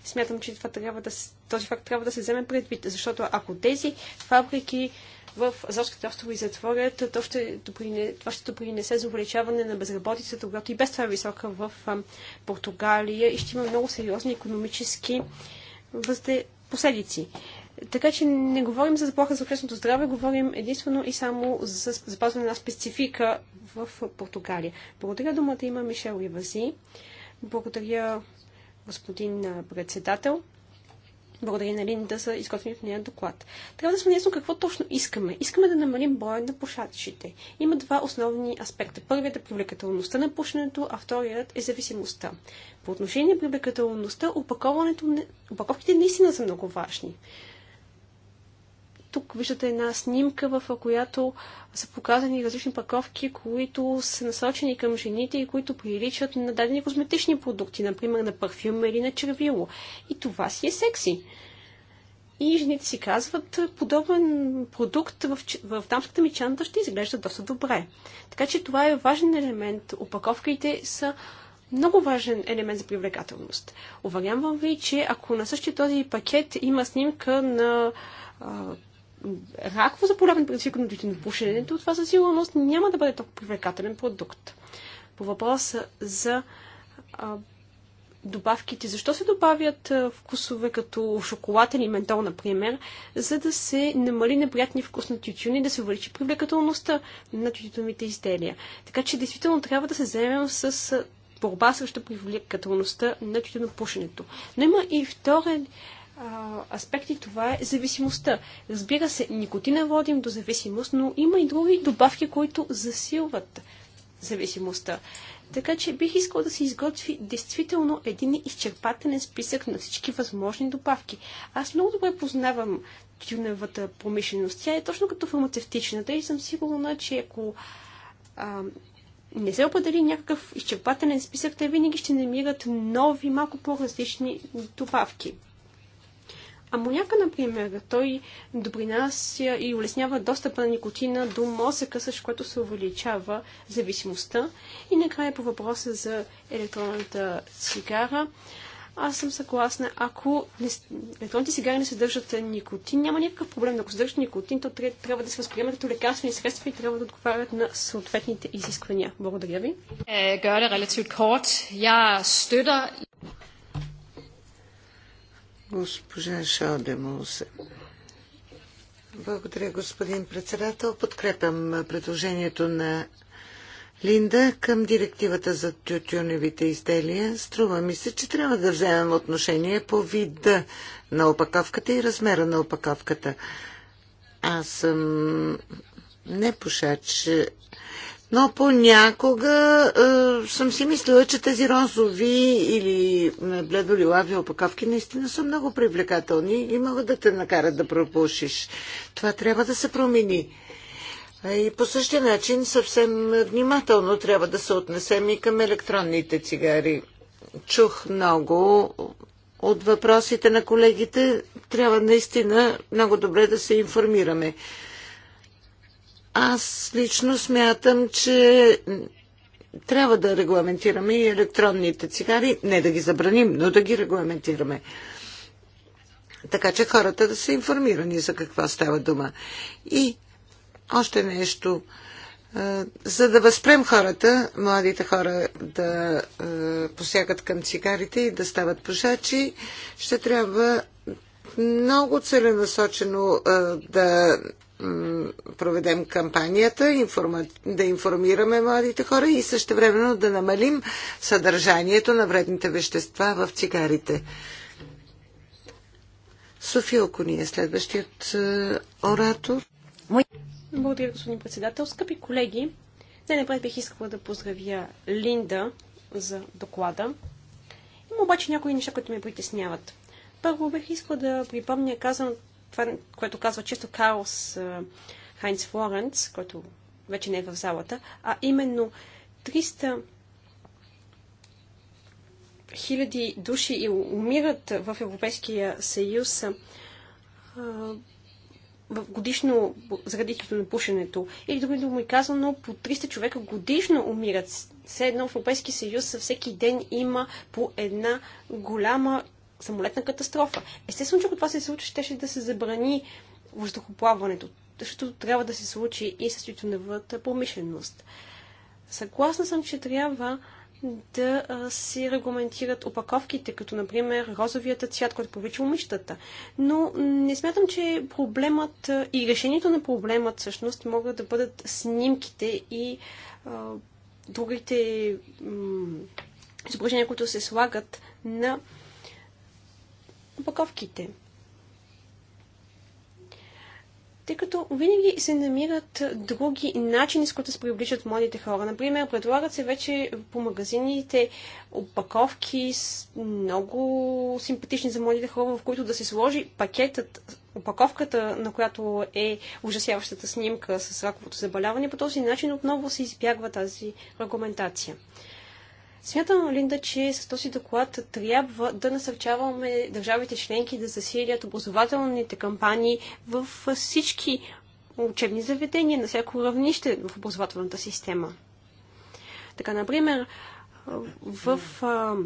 Смятам, че това трябва да, този факт трябва да се вземе предвид, защото ако тези фабрики в Азорските острови затворят, то ще допринес, това ще допринесе за увеличаване на безработицата, когато и без това е висока в Португалия и ще има много сериозни економически възде... последици. Така че не говорим за заплаха за общественото здраве, говорим единствено и само за запазване на специфика в Португалия. Благодаря думата има Мишел Ивази. Благодаря господин председател. Благодаря на Линда за изготвянето нея доклад. Трябва да сме ясно какво точно искаме. Искаме да намалим броя на пушачите. Има два основни аспекта. Първият е привлекателността на пушенето, а вторият е зависимостта. По отношение на привлекателността, опаковките наистина са много важни. Тук виждате една снимка, в която са показани различни паковки, които са насочени към жените и които приличат на дадени козметични продукти, например на парфюм или на червило. И това си е секси. И жените си казват, подобен продукт в, в дамската ми чанта ще изглежда доста добре. Така че това е важен елемент. Опаковките са много важен елемент за привлекателност. Уверявам ви, че ако на същия този пакет има снимка на раково заболяване, предизвикано от пушенето, това със сигурност няма да бъде толкова привлекателен продукт. По въпроса за а, добавките, защо се добавят а, вкусове като шоколад или ментол, например, за да се намали неприятния вкус на тютюн и да се увеличи привлекателността на тютюновите изделия. Така че действително трябва да се заемем с борба срещу привлекателността на тютюнопушенето. Но има и вторен аспекти, това е зависимостта. Разбира се, никотина водим до зависимост, но има и други добавки, които засилват зависимостта. Така че бих искал да се изготви действително един изчерпателен списък на всички възможни добавки. Аз много добре познавам тюневата промишленост. Тя е точно като фармацевтичната и съм сигурна, че ако а, не се определи някакъв изчерпателен списък, те винаги ще намират нови, малко по-различни добавки амоняка, например, той допринася и улеснява достъпа на никотина до мозъка, също което се увеличава зависимостта. И накрая по въпроса за електронната цигара. Аз съм съгласна, ако електронните сигари не съдържат никотин, няма никакъв проблем. Ако съдържат никотин, то трябва да се възприемат като лекарствени средства и трябва да отговарят на съответните изисквания. Благодаря ви. Е, Госпожа Шалдемоусе. Благодаря, господин председател. Подкрепям предложението на Линда към директивата за тютюневите изделия. Струва ми се, че трябва да вземем отношение по вида на опаковката и размера на опаковката. Аз съм не пушач но понякога е, съм си мислила, че тези розови или е, бледолилави опаковки наистина са много привлекателни и могат да те накарат да пропушиш. Това трябва да се промени. Е, и по същия начин съвсем внимателно трябва да се отнесем и към електронните цигари. Чух много от въпросите на колегите. Трябва наистина много добре да се информираме. Аз лично смятам, че трябва да регламентираме и електронните цигари. Не да ги забраним, но да ги регламентираме. Така че хората да са информирани за каква става дума. И още нещо. Е, за да възпрем хората, младите хора да е, посягат към цигарите и да стават пушачи, ще трябва много целенасочено е, да проведем кампанията, да информираме младите хора и също времено да намалим съдържанието на вредните вещества в цигарите. София Окуни е следващият е, оратор. Благодаря, господин председател. Скъпи колеги, най-напред бих искала да поздравя Линда за доклада. Има обаче някои неща, които ме притесняват. Първо бих искала да припомня казаното това, което казва често Карлс Хайнц Флоренц, който вече не е в залата, а именно 300 хиляди души и умират в Европейския съюз а, годишно заради тютюнопушенето. Или други думи казано, по 300 човека годишно умират. Все едно в Европейския съюз всеки ден има по една голяма самолетна катастрофа. Естествено, че ако това се случи, ще, ще да се забрани въздухоплаването. Защото трябва да се случи и с тютюневата промишленост. Съгласна съм, че трябва да се регламентират опаковките, като например розовията цвят, който повича момичетата. Но не смятам, че проблемът и решението на проблемът всъщност могат да бъдат снимките и а, другите изображения, които се слагат на опаковките. Тъй като винаги се намират други начини, с които се привличат младите хора. Например, предлагат се вече по магазините опаковки с много симпатични за младите хора, в които да се сложи пакетът опаковката, на която е ужасяващата снимка с раковото заболяване, по този начин отново се избягва тази аргументация. Смятам, Линда, че с този доклад трябва да насърчаваме държавите членки да засилят образователните кампании в всички учебни заведения на всяко равнище в образователната система. Така, например, в а,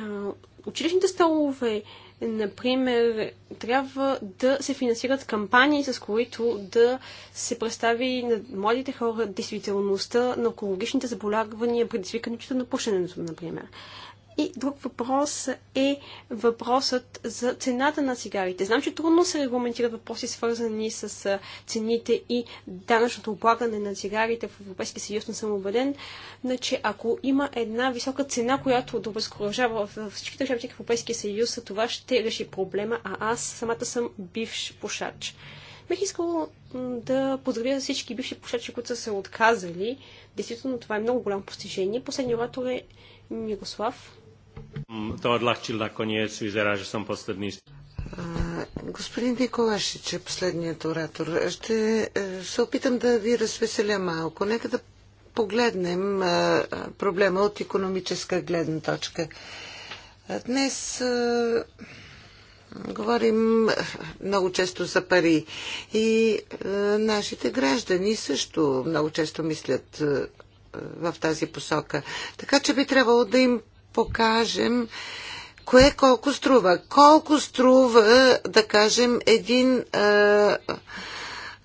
а, училищните столове Например, трябва да се финансират кампании, с които да се представи на младите хора действителността на екологичните заболявания, предизвикани на пушенето, например. И друг въпрос е въпросът за цената на цигарите. Знам, че трудно се регламентират въпроси, свързани с цените и данъчното облагане на цигарите в Европейския съюз, но съм убеден, че ако има една висока цена, която да възкоръжава във всички държави в Европейския съюз, това ще реши проблема, а аз самата съм бивш пушач. Бих искала да поздравя всички бивши пушачи, които са се отказали. Действително, това е много голямо постижение. Последният оратор е Мирослав. To odľahčil nakoniec, vyzerá, že som posledný. Господин Николашич е последният оратор. Ще е, се опитам да ви развеселя малко. Нека да погледнем е, проблема от економическа гледна точка. Днес е, говорим много често за пари и нашите граждани също много често мислят в тази посока. Така че би трябвало да им покажем кое колко струва. Колко струва, да кажем, един а, е,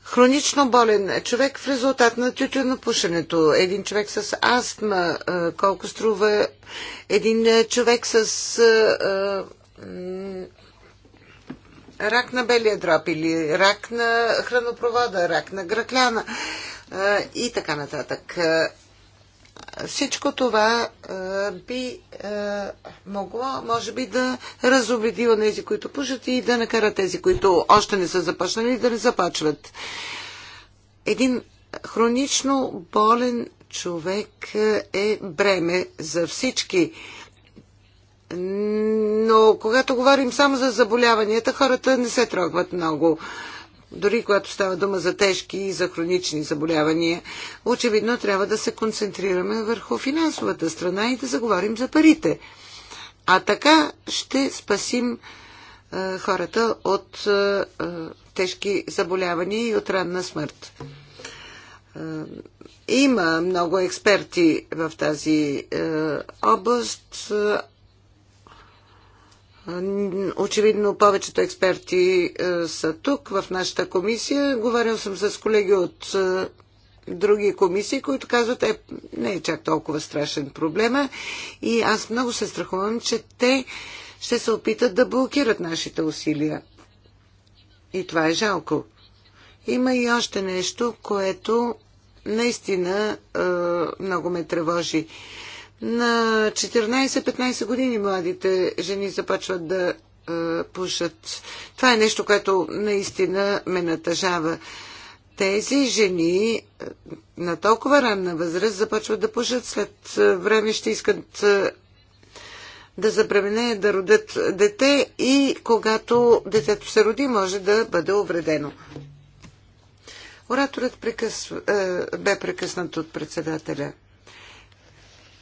хронично болен човек в резултат на тютюнопушенето, един човек с астма, а, е, колко струва един е, човек с а, е, е, рак на белия дроб или рак на хранопровода, рак на гракляна е, и така нататък. Всичко това би могло, може би, да разобеди тези, които пушат и да накара тези, които още не са започнали, да не започват. Един хронично болен човек е бреме за всички. Но когато говорим само за заболяванията, хората не се трогват много дори когато става дума за тежки и за хронични заболявания, очевидно трябва да се концентрираме върху финансовата страна и да заговорим за парите. А така ще спасим е, хората от е, е тежки заболявания и от ранна смърт. Е, има много експерти в тази е, област. Очевидно повечето експерти е, са тук в нашата комисия. Говорил съм с колеги от е, други комисии, които казват, е, не е чак толкова страшен проблема и аз много се страхувам, че те ще се опитат да блокират нашите усилия. И това е жалко. Има и още нещо, което наистина е, много ме тревожи. На 14-15 години младите жени започват да е, пушат. Това е нещо, което наистина ме натъжава. Тези жени е, на толкова ранна възраст започват да пушат. След е, време ще искат е, да забременеят да родят дете и когато детето се роди, може да бъде увредено. Ораторът прекъс... бе прекъснат от председателя.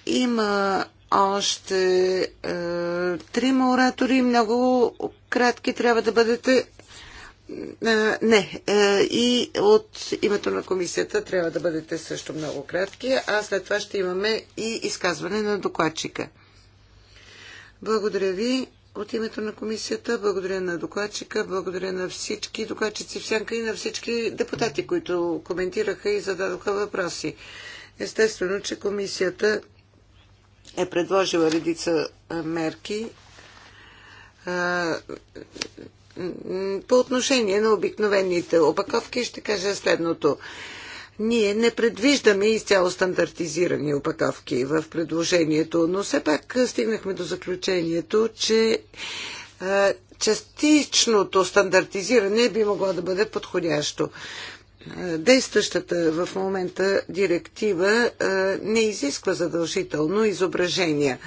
Има още е, трима оратори. Много кратки трябва да бъдете. Е, не. Е, и от името на комисията трябва да бъдете също много кратки, а след това ще имаме и изказване на докладчика. Благодаря ви от името на комисията, благодаря на докладчика, благодаря на всички докладчици в сянка и на всички депутати, които коментираха и зададоха въпроси. Естествено, че комисията е предложила редица мерки по отношение на обикновените опаковки ще кажа следното. Ние не предвиждаме изцяло стандартизирани опаковки в предложението, но все пак стигнахме до заключението, че частичното стандартизиране би могло да бъде подходящо. Действащата в момента директива не изисква задължително изображения.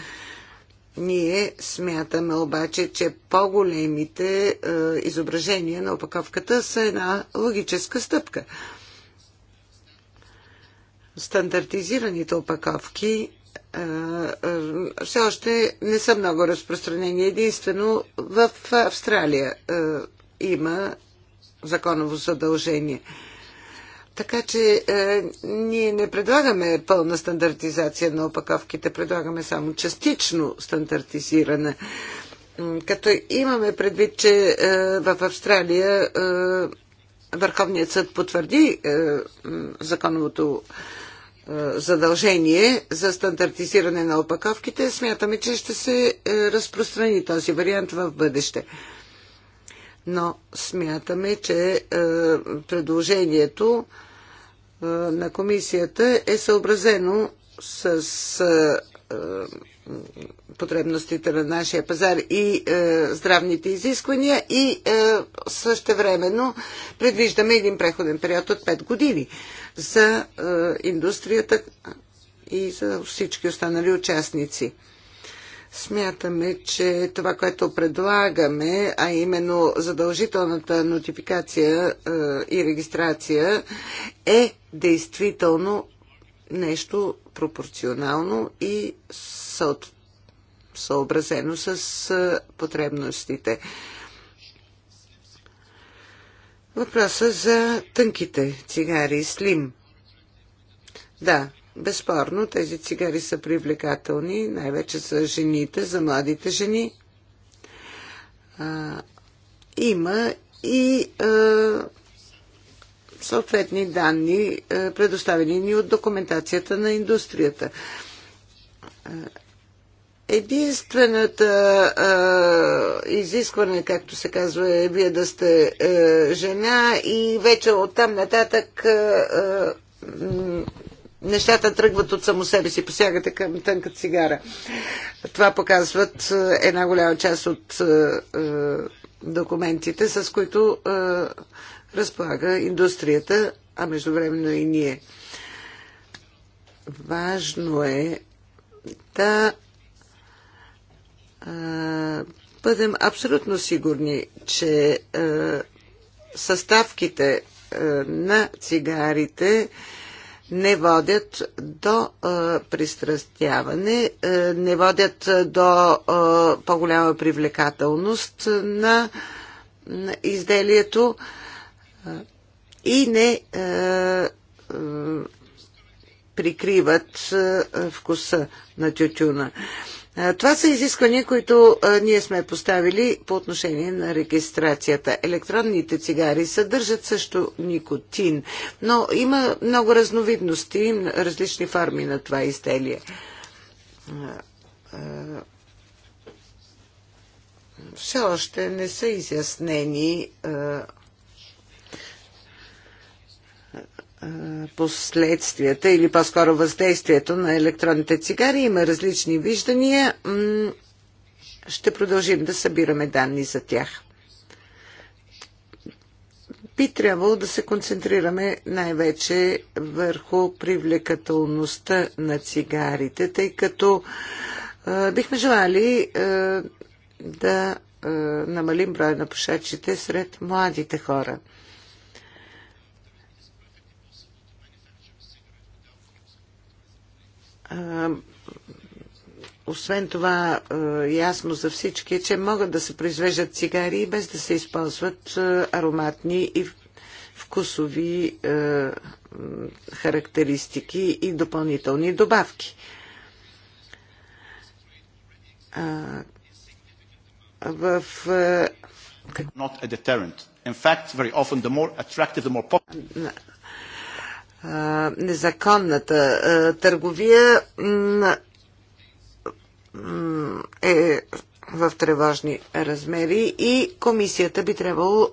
Ние смятаме обаче, че по-големите изображения на опаковката са една логическа стъпка. Стандартизираните опаковки все още не са много разпространени. Единствено в Австралия има законово задължение. Така че е, ние не предлагаме пълна стандартизация на опаковките, предлагаме само частично стандартизиране. Като имаме предвид, че е, в Австралия е, Върховният съд потвърди е, законовото е, задължение за стандартизиране на опаковките, смятаме, че ще се е, разпространи този вариант в бъдеще но смятаме, че е, предложението е, на комисията е съобразено с потребностите на нашия пазар и здравните изисквания и същевременно предвиждаме един преходен период от 5 години за индустрията и за всички останали участници. Смятаме, че това, което предлагаме, а именно задължителната нотификация и регистрация, е действително нещо пропорционално и съобразено с потребностите. Въпроса за тънките цигари, слим. Да, Безспорно, тези цигари са привлекателни, най-вече за жените, за младите жени. А, има и а, съответни данни, а, предоставени ни от документацията на индустрията. Единствената а, изискване, както се казва, е вие да сте а, жена и вече оттам нататък а, а, нещата тръгват от само себе си, посягате към тънка цигара. Това показват е, една голяма част от е, е, документите, с които разполага индустрията, а междувременно и ние. Важно е да бъдем абсолютно сигурни, че съставките на цигарите не водят до а, пристрастяване, а, не водят до а, по-голяма привлекателност на, на изделието а, и не а, а, прикриват а, вкуса на тютюна. А, това са изисквания, които ние сме поставили по отношение на регистрацията. Електронните цигари съдържат също никотин, но има много разновидности, различни форми на това изделие. Все още не са изяснени последствията или по-скоро въздействието на електронните цигари. Има различни виждания. Ще продължим да събираме данни за тях. Би трябвало да се концентрираме най-вече върху привлекателността на цигарите, тъй като е, бихме желали е, да е, намалим броя на пушачите сред младите хора. освен това ясно за всички е, че могат да се произвеждат цигари без да се използват ароматни и вкусови характеристики и допълнителни добавки. В not a deterrent. In fact, very often the more attractive, the more popular незаконната търговия е в тревожни размери и комисията би трябвало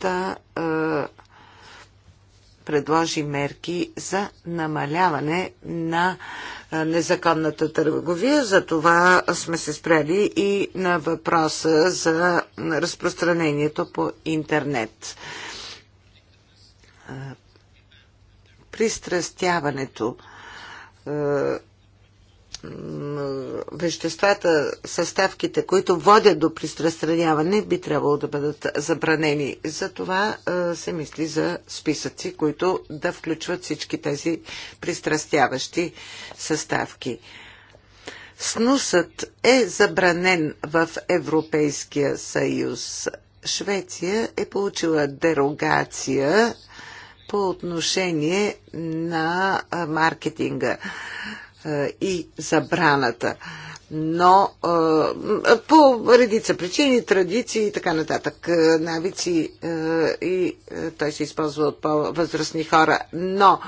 да предложи мерки за намаляване на незаконната търговия. За това сме се спрели и на въпроса за разпространението по интернет пристрастяването. Е, веществата, съставките, които водят до пристрастраняване, би трябвало да бъдат забранени. Затова е, се мисли за списъци, които да включват всички тези пристрастяващи съставки. Снусът е забранен в Европейския съюз. Швеция е получила дерогация по отношение на маркетинга и забраната. Но по редица причини, традиции и така нататък, навици и той се използва от по-възрастни хора. Но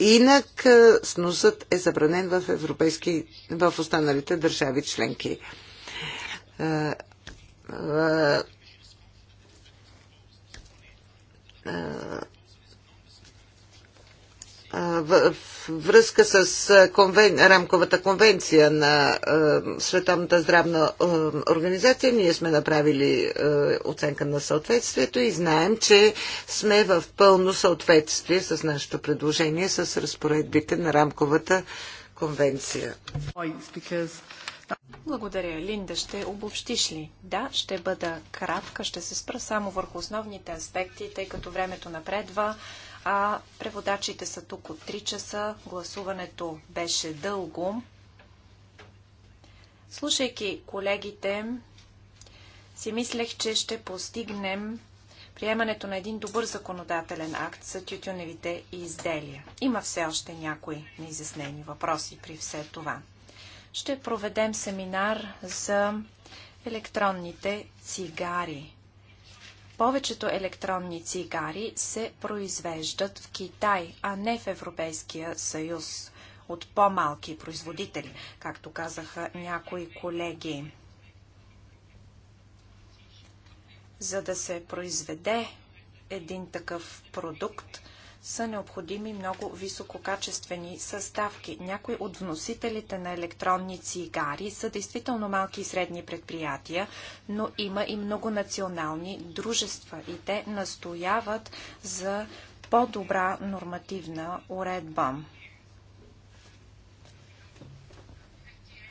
инак сносът е забранен в, европейски, в останалите държави членки в връзка с конвен... рамковата конвенция на Световната здравна организация, ние сме направили оценка на съответствието и знаем, че сме в пълно съответствие с нашето предложение с разпоредбите на рамковата конвенция. Благодаря, Линда. Ще обобщиш ли? Да, ще бъда кратка, ще се спра само върху основните аспекти, тъй като времето напредва, а преводачите са тук от 3 часа, гласуването беше дълго. Слушайки колегите, си мислех, че ще постигнем приемането на един добър законодателен акт за тютюневите изделия. Има все още някои неизяснени въпроси при все това ще проведем семинар за електронните цигари. Повечето електронни цигари се произвеждат в Китай, а не в Европейския съюз от по-малки производители, както казаха някои колеги. За да се произведе един такъв продукт, са необходими много висококачествени съставки. Някои от вносителите на електронни цигари са действително малки и средни предприятия, но има и многонационални дружества и те настояват за по-добра нормативна уредба.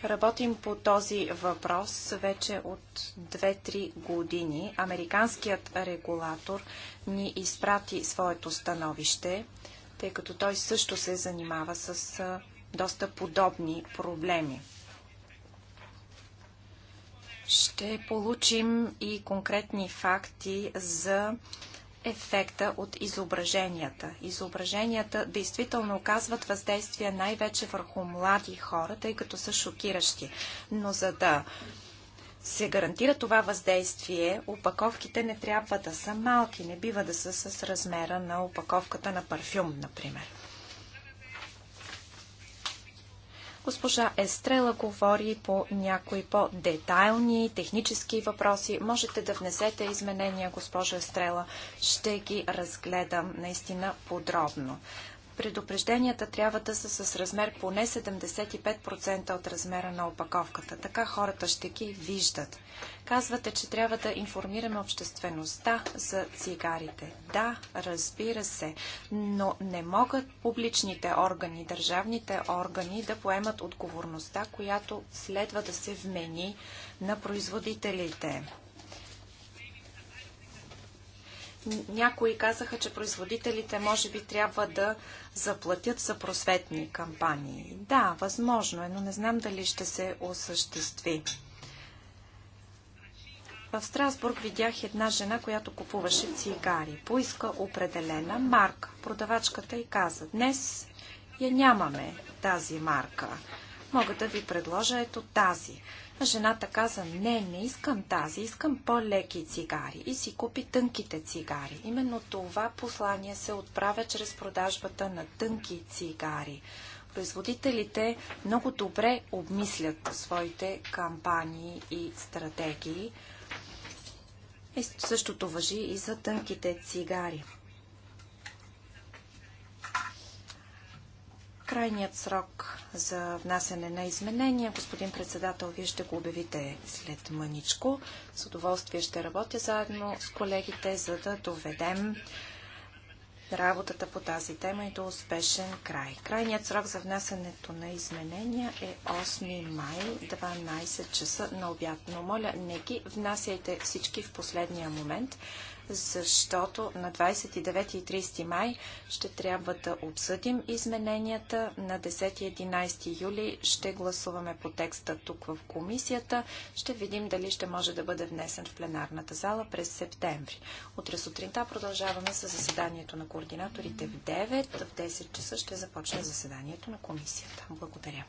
Работим по този въпрос вече от 2-3 години. Американският регулатор ни изпрати своето становище, тъй като той също се занимава с доста подобни проблеми. Ще получим и конкретни факти за ефекта от изображенията. Изображенията действително оказват въздействие най-вече върху млади хора, тъй като са шокиращи. Но за да се гарантира това въздействие, опаковките не трябва да са малки, не бива да са с размера на опаковката на парфюм, например. Госпожа Естрела говори по някои по-детайлни технически въпроси. Можете да внесете изменения, госпожа Естрела. Ще ги разгледам наистина подробно предупрежденията трябва да са с размер поне 75% от размера на опаковката. Така хората ще ги виждат. Казвате, че трябва да информираме обществеността за цигарите. Да, разбира се, но не могат публичните органи, държавните органи да поемат отговорността, която следва да се вмени на производителите. Някои казаха, че производителите може би трябва да заплатят за просветни кампании. Да, възможно е, но не знам дали ще се осъществи. В Страсбург видях една жена, която купуваше цигари. Поиска определена марка. Продавачката й каза, днес я нямаме тази марка. Мога да ви предложа ето тази жената каза, не, не искам тази, искам по-леки цигари. И си купи тънките цигари. Именно това послание се отправя чрез продажбата на тънки цигари. Производителите много добре обмислят своите кампании и стратегии. И същото въжи и за тънките цигари. Крайният срок за внасене на изменения, господин председател, вие ще го обявите след мъничко. С удоволствие ще работя заедно с колегите, за да доведем работата по тази тема и до успешен край. Крайният срок за внасенето на изменения е 8 май, 12 часа на обяд. Но моля, не ги внасяйте всички в последния момент, защото на 29 и 30 май ще трябва да обсъдим измененията. На 10 и 11 юли ще гласуваме по текста тук в комисията. Ще видим дали ще може да бъде внесен в пленарната зала през септември. Утре сутринта продължаваме с заседанието на координаторите в 9. В 10 часа ще започне заседанието на комисията. Благодаря.